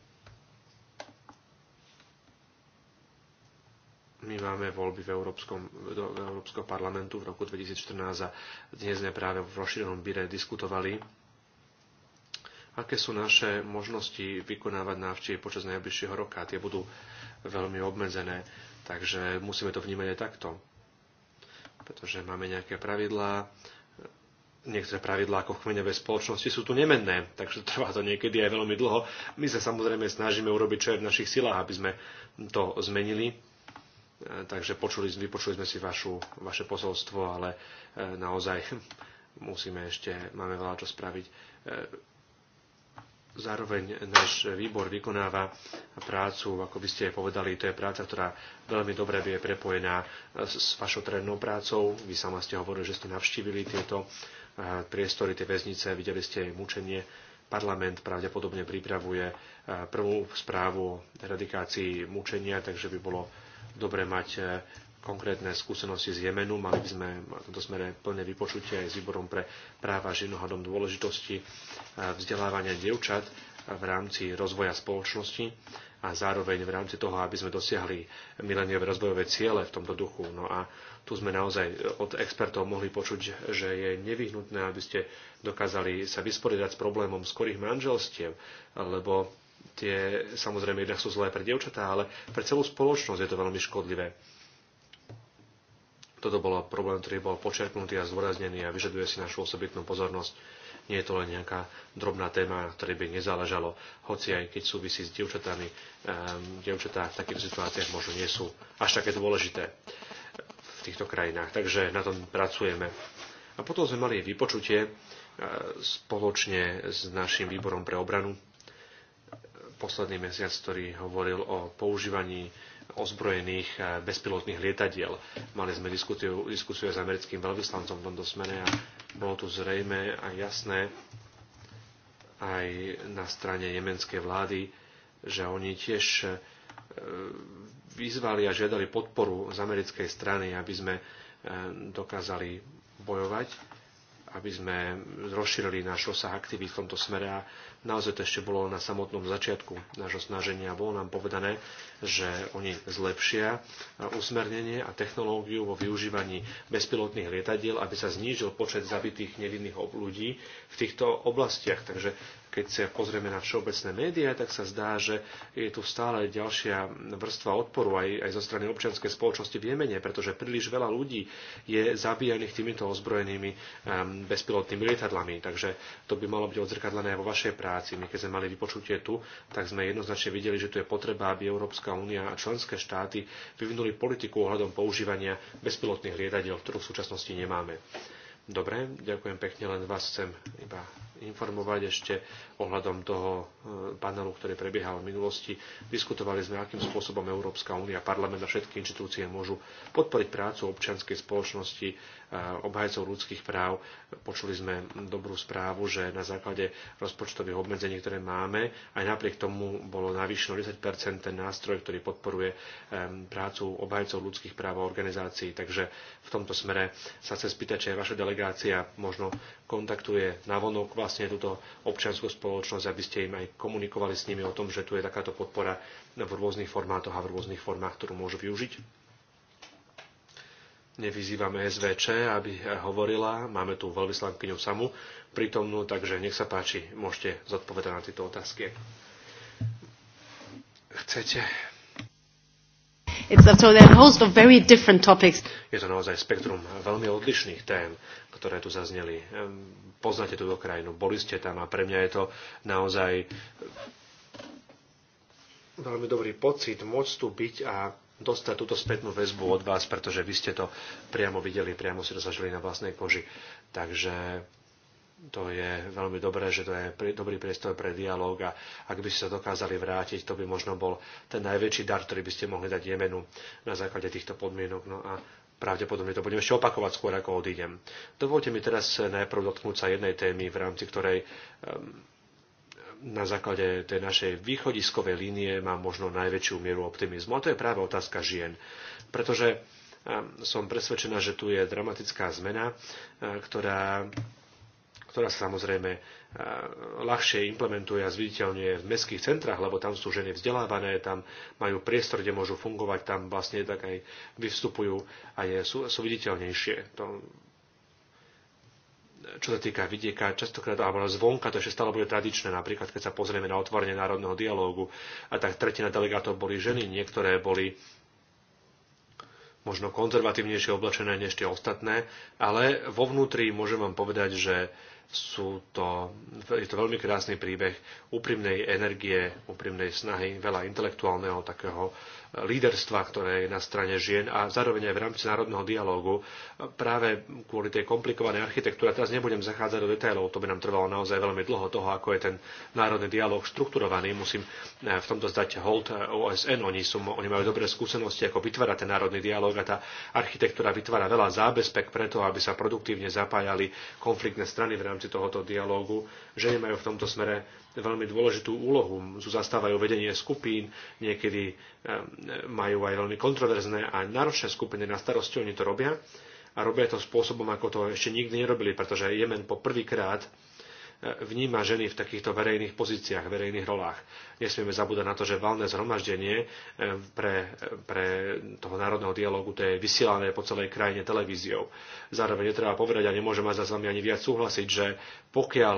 Speaker 2: my máme voľby v Európskom, do Európskeho parlamentu v roku 2014 a dnes sme práve v rozšírenom bíre diskutovali, aké sú naše možnosti vykonávať návštevy počas najbližšieho roka. Tie budú veľmi obmedzené, takže musíme to vnímať aj takto. Pretože máme nejaké pravidlá, niektoré pravidlá ako v spoločnosti sú tu nemenné, takže trvá to niekedy aj veľmi dlho. My sa samozrejme snažíme urobiť, čo je v našich silách, aby sme to zmenili. E, takže počuli, vypočuli sme si vašu, vaše posolstvo, ale e, naozaj musíme ešte, máme veľa čo spraviť. E, zároveň náš výbor vykonáva prácu, ako by ste povedali, to je práca, ktorá veľmi dobre je prepojená s vašou terénnou prácou. Vy sama ste hovorili, že ste navštívili tieto E, priestory, tie väznice, videli ste aj mučenie. Parlament pravdepodobne pripravuje e, prvú správu o eradikácii mučenia, takže by bolo dobre mať e, konkrétne skúsenosti z Jemenu. Mali by sme v tomto smere plné vypočutie aj s výborom pre práva žien ohľadom dôležitosti vzdelávania dievčat v rámci rozvoja spoločnosti a zároveň v rámci toho, aby sme dosiahli mileniové rozvojové ciele v tomto duchu. No a tu sme naozaj e, od expertov mohli počuť, že je nevyhnutné, aby ste dokázali sa vysporiadať s problémom skorých manželstiev, lebo tie samozrejme jednak sú zlé pre dievčatá, ale pre celú spoločnosť je to veľmi škodlivé. Toto bol problém, ktorý bol počerpnutý a zdôraznený a vyžaduje si našu osobitnú pozornosť. Nie je to len nejaká drobná téma, ktorej by nezáležalo, hoci aj keď súvisí s dievčatami, um, dievčatá v takých situáciách možno nie sú až také dôležité v týchto krajinách. Takže na tom pracujeme. A potom sme mali vypočutie e, spoločne s našim výborom pre obranu. Posledný mesiac, ktorý hovoril o používaní ozbrojených e, bezpilotných lietadiel. Mali sme diskusiu, diskusiu s americkým veľvyslancom v tomto smere a bolo tu zrejme a jasné aj na strane jemenskej vlády, že oni tiež e, vyzvali a žiadali podporu z americkej strany, aby sme e, dokázali bojovať, aby sme rozšírili náš osah aktivít v tomto smere a naozaj to ešte bolo na samotnom začiatku nášho snaženia. Bolo nám povedané, že oni zlepšia e, usmernenie a technológiu vo využívaní bezpilotných lietadiel, aby sa znížil počet zabitých nevinných ľudí v týchto oblastiach. Takže keď sa pozrieme na všeobecné médiá, tak sa zdá, že je tu stále ďalšia vrstva odporu aj, aj zo strany občianskej spoločnosti v Jemene, pretože príliš veľa ľudí je zabíjaných týmito ozbrojenými um, bezpilotnými lietadlami. Takže to by malo byť odzrkadlené vo vašej práci. My keď sme mali vypočutie tu, tak sme jednoznačne videli, že tu je potreba, aby Európska únia a členské štáty vyvinuli politiku ohľadom používania bezpilotných lietadiel, ktorú v súčasnosti nemáme. Dobre, ďakujem pekne, len vás chcem iba informovať ešte ohľadom toho e, panelu, ktorý prebiehal v minulosti. Diskutovali sme, akým spôsobom Európska únia, parlament a všetky inštitúcie môžu podporiť prácu občianskej spoločnosti, e, obhajcov ľudských práv. Počuli sme dobrú správu, že na základe rozpočtových obmedzení, ktoré máme, aj napriek tomu bolo navýšeno 10 ten nástroj, ktorý podporuje e, prácu obhajcov ľudských práv a organizácií. Takže v tomto smere sa chcem spýtať, či aj vaša delegácia možno kontaktuje navonok vás vlastne túto občianskú spoločnosť, aby ste im aj komunikovali s nimi o tom, že tu je takáto podpora v rôznych formátoch a v rôznych formách, ktorú môžu využiť. Nevyzývame SVČ, aby hovorila. Máme tu veľvyslankyňu samu prítomnú, takže nech sa páči, môžete zodpovedať na tieto otázky. Chcete
Speaker 1: It's a, so there are a host of very different topics.
Speaker 2: Je to naozaj spektrum veľmi odlišných tém, ktoré tu zazneli. Poznáte túto krajinu, boli ste tam a pre mňa je to naozaj veľmi dobrý pocit môcť tu byť a dostať túto spätnú väzbu od vás, pretože vy ste to priamo videli, priamo si to zažili na vlastnej koži. Takže to je veľmi dobré, že to je dobrý priestor pre dialog a ak by ste sa dokázali vrátiť, to by možno bol ten najväčší dar, ktorý by ste mohli dať Jemenu na základe týchto podmienok. No a pravdepodobne to budem ešte opakovať skôr, ako odídem. Dovolte mi teraz najprv dotknúť sa jednej témy, v rámci ktorej ehm, na základe tej našej východiskovej línie má možno najväčšiu mieru optimizmu. A to je práve otázka žien. Pretože ehm, som presvedčená, že tu je dramatická zmena, ehm, ktorá ktorá sa samozrejme eh, ľahšie implementuje a zviditeľňuje v mestských centrách, lebo tam sú ženy vzdelávané, tam majú priestor, kde môžu fungovať, tam vlastne tak aj vystupujú a je, sú, sú viditeľnejšie. To, čo sa týka vidieka, častokrát, alebo zvonka, to ešte stále bude tradičné. Napríklad, keď sa pozrieme na otvorenie národného dialógu, a tak tretina delegátov boli ženy, niektoré boli možno konzervatívnejšie oblečené než tie ostatné, ale vo vnútri môžem vám povedať, že sú to, je to veľmi krásny príbeh úprimnej energie, úprimnej snahy, veľa intelektuálneho takého líderstva, ktoré je na strane žien a zároveň aj v rámci národného dialógu práve kvôli tej komplikovanej architektúre. Teraz nebudem zachádzať do detailov, to by nám trvalo naozaj veľmi dlho toho, ako je ten národný dialóg štrukturovaný. Musím eh, v tomto zdať hold eh, OSN, oni, sú, oni majú dobré skúsenosti, ako vytvára ten národný dialóg a tá architektúra vytvára veľa zábezpek preto, aby sa produktívne zapájali konfliktné strany v rámci rámci tohoto dialógu. Ženy majú v tomto smere veľmi dôležitú úlohu. Zastávajú vedenie skupín, niekedy eh, majú aj veľmi kontroverzné a náročné skupiny na starosti, oni to robia. A robia to spôsobom, ako to ešte nikdy nerobili, pretože Jemen po prvýkrát vníma ženy v takýchto verejných pozíciách, verejných rolách. Nesmieme zabúdať na to, že valné zhromaždenie eh, pre, pre toho národného dialogu to je vysielané po celej krajine televíziou. Zároveň netreba povedať a nemôžem aj s vami ani viac súhlasiť, že pokiaľ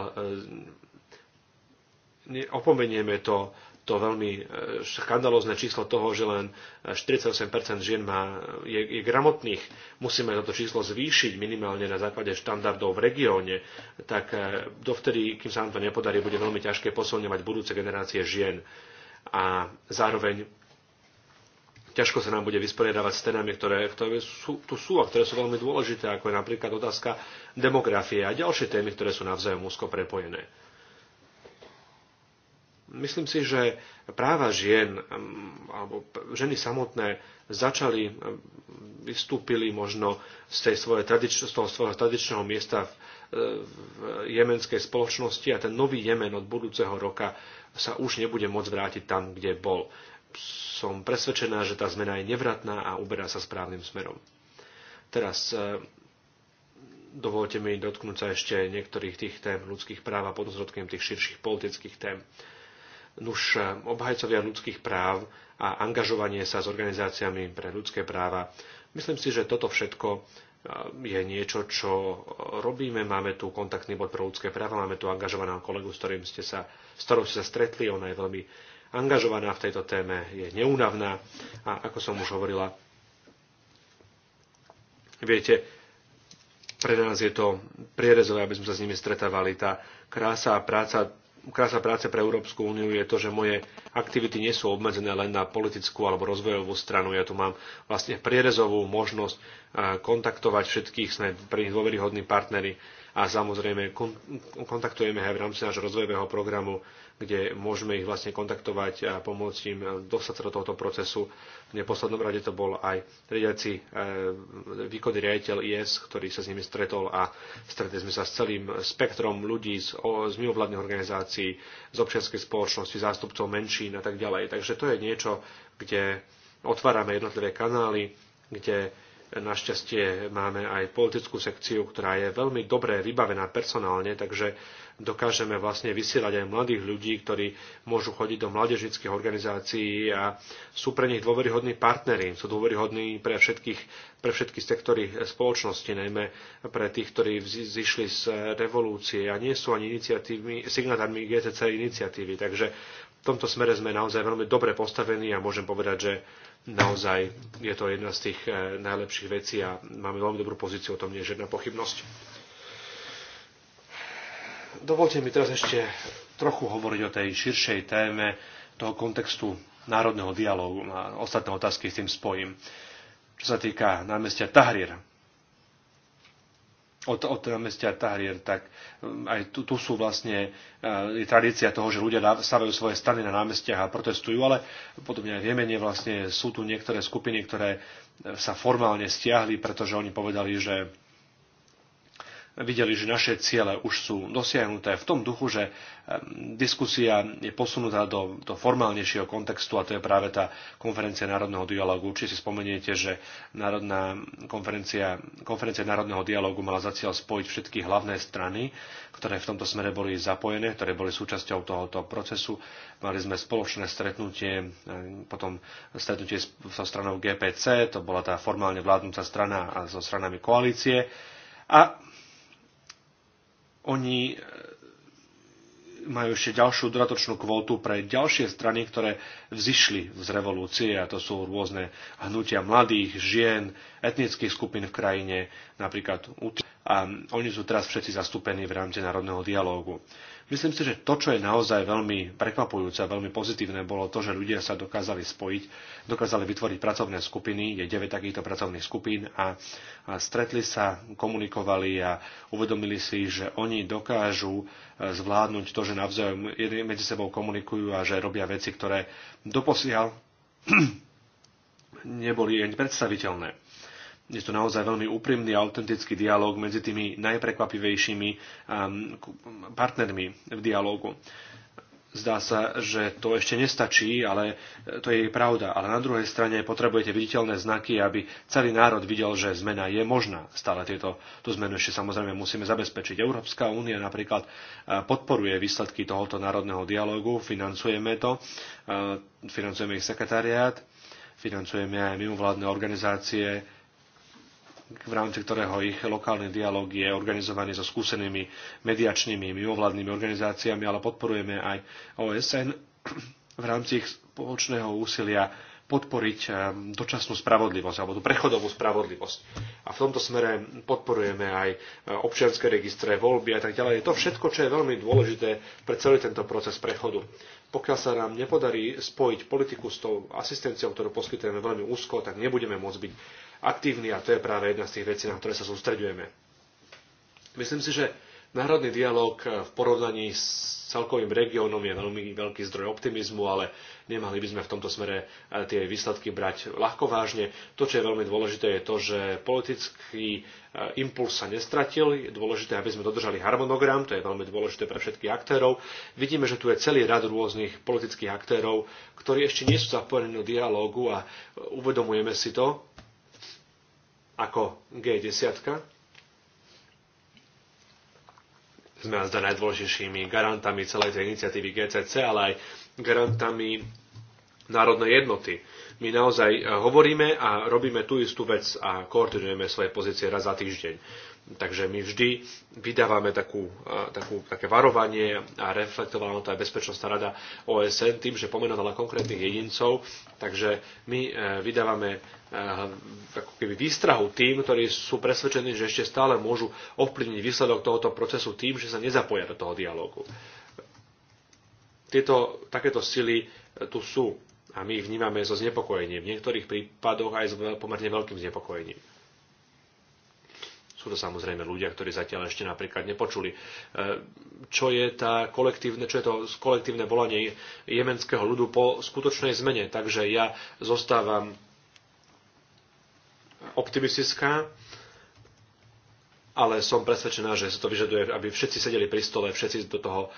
Speaker 2: eh, opomenieme to to veľmi e, škandalozne číslo toho, že len 48% e, žien má, je, je gramotných. Musíme toto číslo zvýšiť minimálne na základe štandardov v regióne. Tak e, dovtedy, kým sa nám to nepodarí, bude veľmi ťažké posilňovať budúce generácie žien. A zároveň ťažko sa nám bude vysporiadavať s témami, ktoré, ktoré sú, tu sú a ktoré sú veľmi dôležité, ako je napríklad otázka demografie a ďalšie témy, ktoré sú navzájom úzko prepojené. Myslím si, že práva žien mm, alebo ženy samotné začali, mm, vystúpili možno z, tej svoje, z toho svojho tradičného miesta v, e, v jemenskej spoločnosti a ten nový Jemen od budúceho roka sa už nebude môcť vrátiť tam, kde bol. Som presvedčená, že tá zmena je nevratná a uberá sa správnym smerom. Teraz e, dovolte mi dotknúť sa ešte niektorých tých tém ľudských práv a potom tých širších politických tém. Nuž eh, obhajcovia ľudských práv a angažovanie sa s organizáciami pre ľudské práva. Myslím si, že toto všetko eh, je niečo, čo eh, robíme. Máme tu kontaktný bod pre ľudské práva, máme tu angažovaného kolegu, s, ktorým ste sa, s ktorou ste sa stretli. Ona je veľmi angažovaná v tejto téme, je neúnavná a ako som už hovorila, viete, pre nás je to prierezové, aby sme sa s nimi stretávali. Tá krása a práca krása práce pre Európsku úniu je to, že moje aktivity nie sú obmedzené len na politickú alebo rozvojovú stranu. Ja tu mám vlastne prierezovú možnosť eh, kontaktovať všetkých, sme pre nich dôveryhodní partnery a samozrejme kontaktujeme aj v rámci nášho rozvojového programu, kde môžeme ich vlastne kontaktovať a pomôcť im dostať sa do tohoto procesu. V neposlednom rade to bol aj riadiaci e, výkonný riaditeľ IS, ktorý sa s nimi stretol a stretli sme sa s celým spektrom ľudí z, z mimovládnych organizácií, z občianskej spoločnosti, zástupcov menšín a tak ďalej. Takže to je niečo, kde otvárame jednotlivé kanály, kde Našťastie máme aj politickú sekciu, ktorá je veľmi dobre vybavená personálne, takže dokážeme vlastne vysielať aj mladých ľudí, ktorí môžu chodiť do mládežických organizácií a sú pre nich dôveryhodní partnery. Sú dôveryhodní pre, všetkých, pre všetky sektory spoločnosti, najmä pre tých, ktorí zišli z revolúcie a nie sú ani signatármi GCC iniciatívy. Takže v tomto smere sme naozaj veľmi dobre postavení a môžem povedať, že naozaj je to jedna z tých e, najlepších vecí a máme veľmi dobrú pozíciu, o tom nie je žiadna pochybnosť. Dovolte mi teraz ešte trochu hovoriť o tej širšej téme toho kontextu národného dialógu a ostatné otázky s tým spojím. Čo sa týka námestia Tahrir, od, od mestia Tahrir, tak mm, aj tu, tu sú vlastne eh, je tradícia toho, že ľudia stavajú svoje stany na námestiach a protestujú, ale podobne aj v Jemene vlastne sú tu niektoré skupiny, ktoré eh, sa formálne stiahli, pretože oni povedali, že videli, že naše ciele už sú dosiahnuté v tom duchu, že diskusia je posunutá do, do formálnejšieho kontextu a to je práve tá konferencia národného dialogu. Či si spomeniete, že národná konferencia, konferencia národného dialogu mala za cieľ spojiť všetky hlavné strany, ktoré v tomto smere boli zapojené, ktoré boli súčasťou tohoto procesu. Mali sme spoločné stretnutie, potom stretnutie so stranou GPC, to bola tá formálne vládnúca strana a so stranami koalície. A oni e, majú ešte ďalšiu dodatočnú kvótu pre ďalšie strany, ktoré vzišli z revolúcie, a to sú rôzne hnutia mladých, žien, etnických skupín v krajine, napríklad a oni sú teraz všetci zastúpení v rámci národného dialógu. Myslím si, že to, čo je naozaj veľmi prekvapujúce a veľmi pozitívne, bolo to, že ľudia sa dokázali spojiť, dokázali vytvoriť pracovné skupiny, je 9 takýchto pracovných skupín a, a stretli sa, komunikovali a uvedomili si, že oni dokážu e, zvládnuť to, že navzájom medzi sebou komunikujú a že robia veci, ktoré doposiaľ neboli ani predstaviteľné je to naozaj veľmi úprimný a autentický dialog medzi tými najprekvapivejšími ehm, partnermi v dialogu. Zdá sa, že to ešte nestačí, ale e, to je jej pravda. Ale na druhej strane potrebujete viditeľné znaky, aby celý národ videl, že zmena je možná. Stále tieto, tú zmenu ešte samozrejme musíme zabezpečiť. Európska únia napríklad e, podporuje výsledky tohoto národného dialogu, financujeme to, e, financujeme ich sekretariát, financujeme aj mimovládne organizácie, v rámci ktorého ich lokálny dialog je organizovaný so skúsenými mediačnými mimovládnymi organizáciami, ale podporujeme aj OSN v rámci ich spoločného úsilia podporiť eh, dočasnú spravodlivosť alebo tú prechodovú spravodlivosť. A v tomto smere podporujeme aj eh, občianske registre, voľby a tak ďalej. Je to všetko, čo je veľmi dôležité pre celý tento proces prechodu. Pokiaľ sa nám nepodarí spojiť politiku s tou asistenciou, ktorú poskytujeme veľmi úzko, tak nebudeme môcť byť aktívni a to je práve jedna z tých vecí, na ktoré sa sústreďujeme. Myslím si, že národný dialog v porovnaní s celkovým regiónom je veľmi veľký zdroj optimizmu, ale nemali by sme v tomto smere e, tie výsledky brať ľahko vážne. To, čo je veľmi dôležité, je to, že politický e, impuls sa nestratil. Je dôležité, aby sme dodržali harmonogram, to je veľmi dôležité pre všetkých aktérov. Vidíme, že tu je celý rad rôznych politických aktérov, ktorí ešte nie sú zapojení do dialógu a e, uvedomujeme si to, ako G10. Sme zda najdôležitejšími garantami celej tej iniciatívy GCC, ale aj garantami národnej jednoty. My naozaj e, hovoríme a robíme tú istú vec a koordinujeme svoje pozície raz za týždeň. Takže my vždy vydávame takú, takú, také varovanie a reflektovala to aj Bezpečnostná rada OSN tým, že pomenovala konkrétnych jedincov. Takže my e, vydávame e, ako keby výstrahu tým, ktorí sú presvedčení, že ešte stále môžu ovplyvniť výsledok tohoto procesu tým, že sa nezapoja do toho dialógu. Tieto, takéto sily e, tu sú a my ich vnímame so znepokojením, v niektorých prípadoch aj s pomerne veľkým znepokojením. Sú to samozrejme ľudia, ktorí zatiaľ ešte napríklad nepočuli. E, čo je, tá kolektívne, čo je to kolektívne volanie jemenského ľudu po skutočnej zmene? Takže ja zostávam optimistická ale som presvedčená, že sa to vyžaduje, aby všetci sedeli pri stole, všetci do toho e,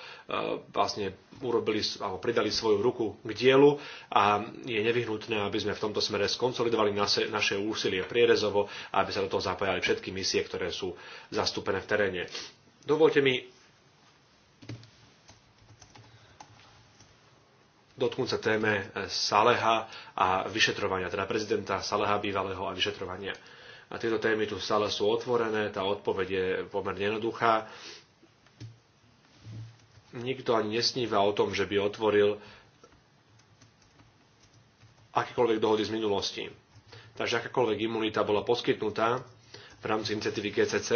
Speaker 2: vlastne urobili alebo pridali svoju ruku k dielu a je nevyhnutné, aby sme v tomto smere skonsolidovali naše, naše úsilie prierezovo a aby sa do toho zapájali všetky misie, ktoré sú zastúpené v teréne. Dovolte mi dotknúť sa téme Saleha a vyšetrovania, teda prezidenta Saleha bývalého a vyšetrovania. A tieto témy tu stále sú otvorené, tá odpoveď je pomerne jednoduchá. Nikto ani nesníva o tom, že by otvoril akékoľvek dohody z minulosti. Takže akákoľvek imunita bola poskytnutá v rámci iniciatívy GCC,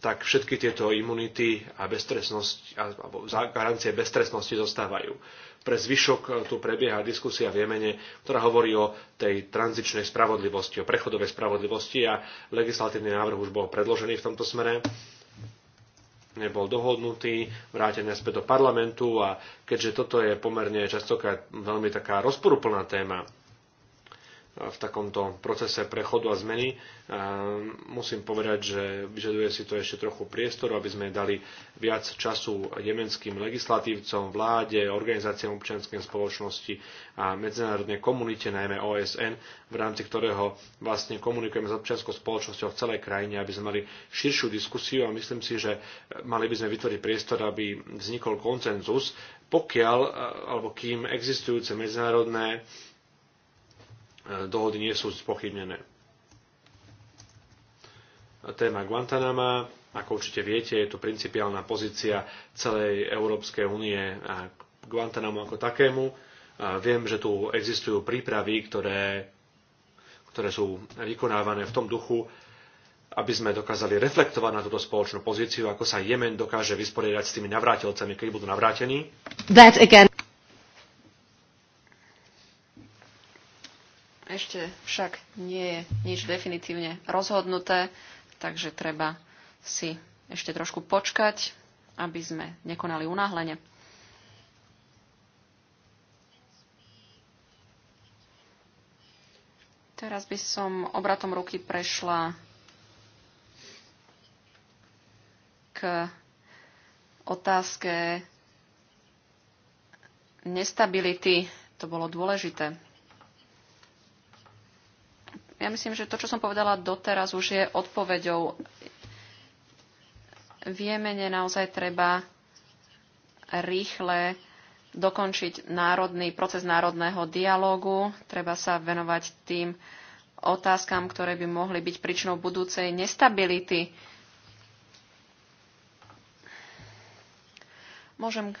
Speaker 2: tak všetky tieto imunity a, beztresnosť, alebo garancie bezstresnosti zostávajú pre zvyšok e, tu prebieha diskusia v Jemene, ktorá hovorí o tej tranzičnej spravodlivosti, o prechodovej spravodlivosti a legislatívny návrh už bol predložený v tomto smere nebol dohodnutý, vrátený späť do parlamentu a keďže toto je pomerne častokrát veľmi taká rozporuplná téma, v takomto procese prechodu a zmeny. E, musím povedať, že vyžaduje si to ešte trochu priestoru, aby sme dali viac času jemenským legislatívcom, vláde, organizáciám občianskej spoločnosti a medzinárodnej komunite, najmä OSN, v rámci ktorého vlastne komunikujeme s občianskou spoločnosťou v celej krajine, aby sme mali širšiu diskusiu a myslím si, že mali by sme vytvoriť priestor, aby vznikol koncenzus, pokiaľ alebo kým existujúce medzinárodné E, dohody nie sú spochybnené. Téma Guantanama, ako určite viete, je to principiálna pozícia celej Európskej únie a Guantanamo ako takému. A viem, že tu existujú prípravy, ktoré, ktoré sú vykonávané v tom duchu, aby sme dokázali reflektovať na túto spoločnú pozíciu, ako sa Jemen dokáže vysporiadať s tými navrátilcami, keď budú navrátení.
Speaker 3: That again.
Speaker 1: Ešte však nie je nič definitívne rozhodnuté, takže treba si ešte trošku počkať, aby sme nekonali unáhlenie. Teraz by som obratom ruky prešla k otázke nestability. To bolo dôležité ja myslím, že to, čo som povedala doteraz, už je odpoveďou. V Jemene naozaj treba rýchle dokončiť národný proces národného dialógu. Treba sa venovať tým otázkam, ktoré by mohli byť príčinou budúcej nestability. Môžem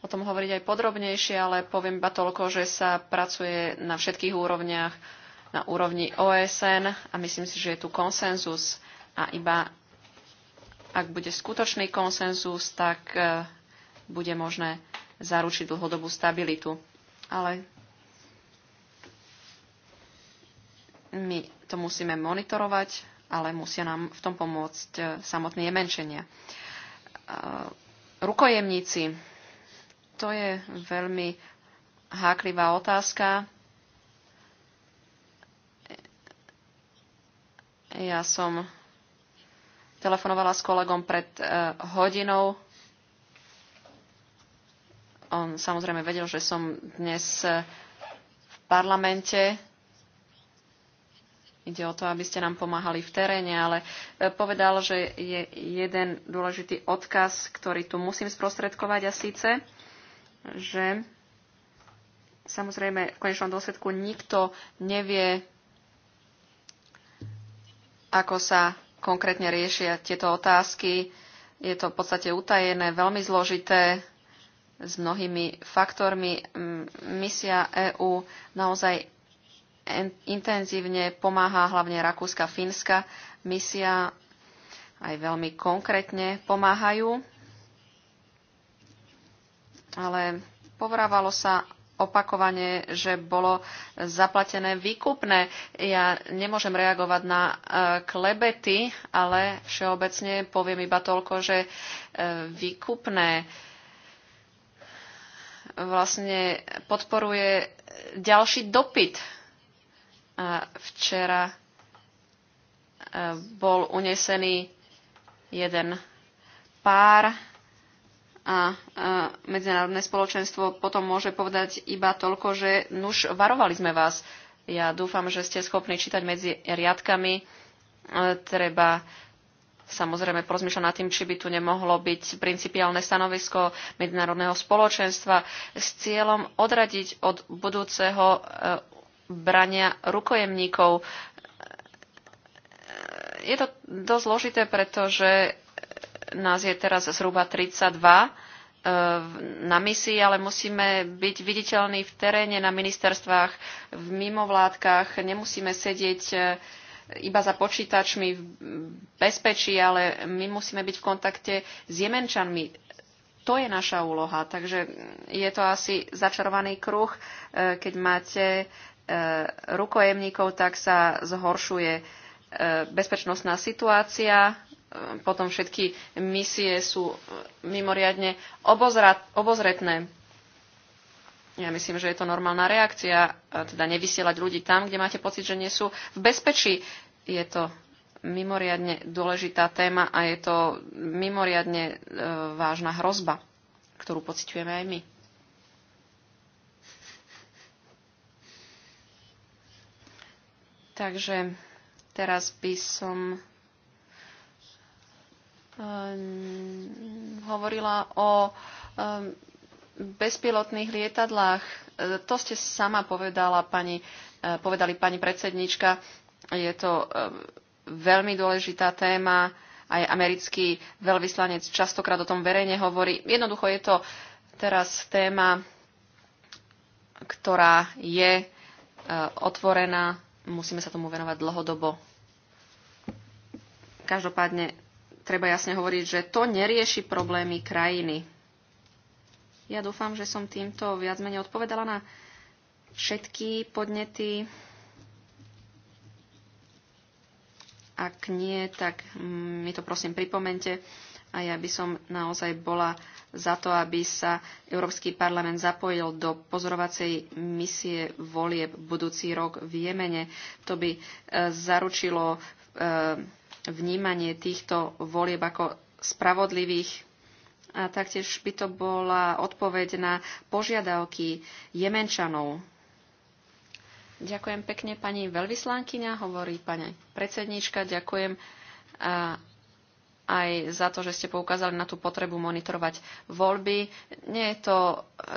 Speaker 1: o tom hovoriť aj podrobnejšie, ale poviem iba toľko, že sa pracuje na všetkých úrovniach na úrovni OSN a myslím si, že je tu konsenzus a iba ak bude skutočný konsenzus, tak e, bude možné zaručiť dlhodobú stabilitu. Ale my to musíme monitorovať, ale musia nám v tom pomôcť e, samotné jemenčenia. E, rukojemníci. To je veľmi háklivá otázka Ja som telefonovala s kolegom pred eh, hodinou. On samozrejme vedel, že som dnes eh, v parlamente. Ide o to, aby ste nám pomáhali v teréne, ale eh, povedal, že je jeden dôležitý odkaz, ktorý tu musím sprostredkovať a síce, že samozrejme v konečnom dôsledku nikto nevie ako sa konkrétne riešia tieto otázky. Je to v podstate utajené, veľmi zložité, s mnohými faktormi. Misia EÚ naozaj intenzívne pomáha hlavne Rakúska, Fínska. Misia aj veľmi konkrétne pomáhajú. Ale povrávalo sa opakovane, že bolo zaplatené výkupné. Ja nemôžem reagovať na e, klebety, ale všeobecne poviem iba toľko, že e, výkupné e, vlastne podporuje ďalší dopyt. A včera bol unesený jeden pár a, medzinárodné spoločenstvo potom môže povedať iba toľko, že nuž varovali sme vás. Ja dúfam, že ste schopní čítať medzi riadkami. E, treba samozrejme porozmýšľať nad tým, či by tu nemohlo byť principiálne stanovisko medzinárodného spoločenstva s cieľom odradiť od budúceho e, brania rukojemníkov. E, je to dosť zložité, pretože nás je teraz zhruba 32 na misii, ale musíme byť viditeľní v teréne, na ministerstvách, v mimovládkach. Nemusíme sedieť e, iba za počítačmi v bezpečí, ale my musíme byť v kontakte s jemenčanmi. To je naša úloha, takže je to asi začarovaný kruh. E, keď máte e, rukojemníkov, tak sa zhoršuje bezpečnostná situácia, potom všetky misie sú mimoriadne obozretné. Ja myslím, že je to normálna reakcia, teda nevysielať ľudí tam, kde máte pocit, že nie sú v bezpečí. Je to mimoriadne dôležitá téma a je to mimoriadne e, vážna hrozba, ktorú pociťujeme aj my. Takže teraz by som Ehm, hovorila o ehm, bezpilotných lietadlách. Ehm, to ste sama povedala, pani, povedali pani predsednička. Je to veľmi dôležitá téma. Aj americký veľvyslanec častokrát o tom verejne hovorí. Jednoducho je to teraz téma, ktorá je otvorená. Musíme sa tomu venovať dlhodobo. Každopádne treba jasne hovoriť, že to nerieši problémy krajiny. Ja dúfam, že som týmto viac menej odpovedala na všetky podnety. Ak nie, tak mi to prosím pripomente a ja by som naozaj bola za to, aby sa Európsky parlament zapojil do pozorovacej misie volieb budúci rok v Jemene. To by e, zaručilo e, vnímanie týchto volieb ako spravodlivých. A taktiež by to bola odpoveď na požiadavky Jemenčanov. Ďakujem pekne pani veľvyslankyňa, hovorí pani predsednička. Ďakujem aj za to, že ste poukázali na tú potrebu monitorovať voľby. Nie je to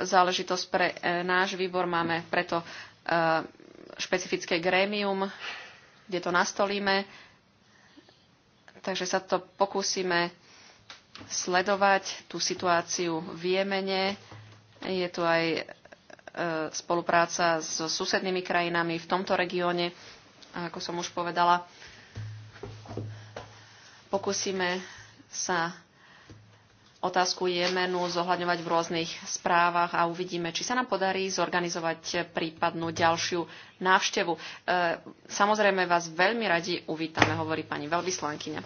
Speaker 1: záležitosť pre e, náš výbor, máme preto e, špecifické grémium, kde to nastolíme takže sa to pokúsime sledovať, tú situáciu v Jemene. Je tu aj e, spolupráca so susednými krajinami v tomto regióne. A ako som už povedala, pokúsime sa otázku Jemenu zohľadňovať v rôznych správach a uvidíme, či sa nám podarí zorganizovať prípadnú ďalšiu návštevu. E, samozrejme vás veľmi radi uvítame, hovorí pani veľvyslankyňa.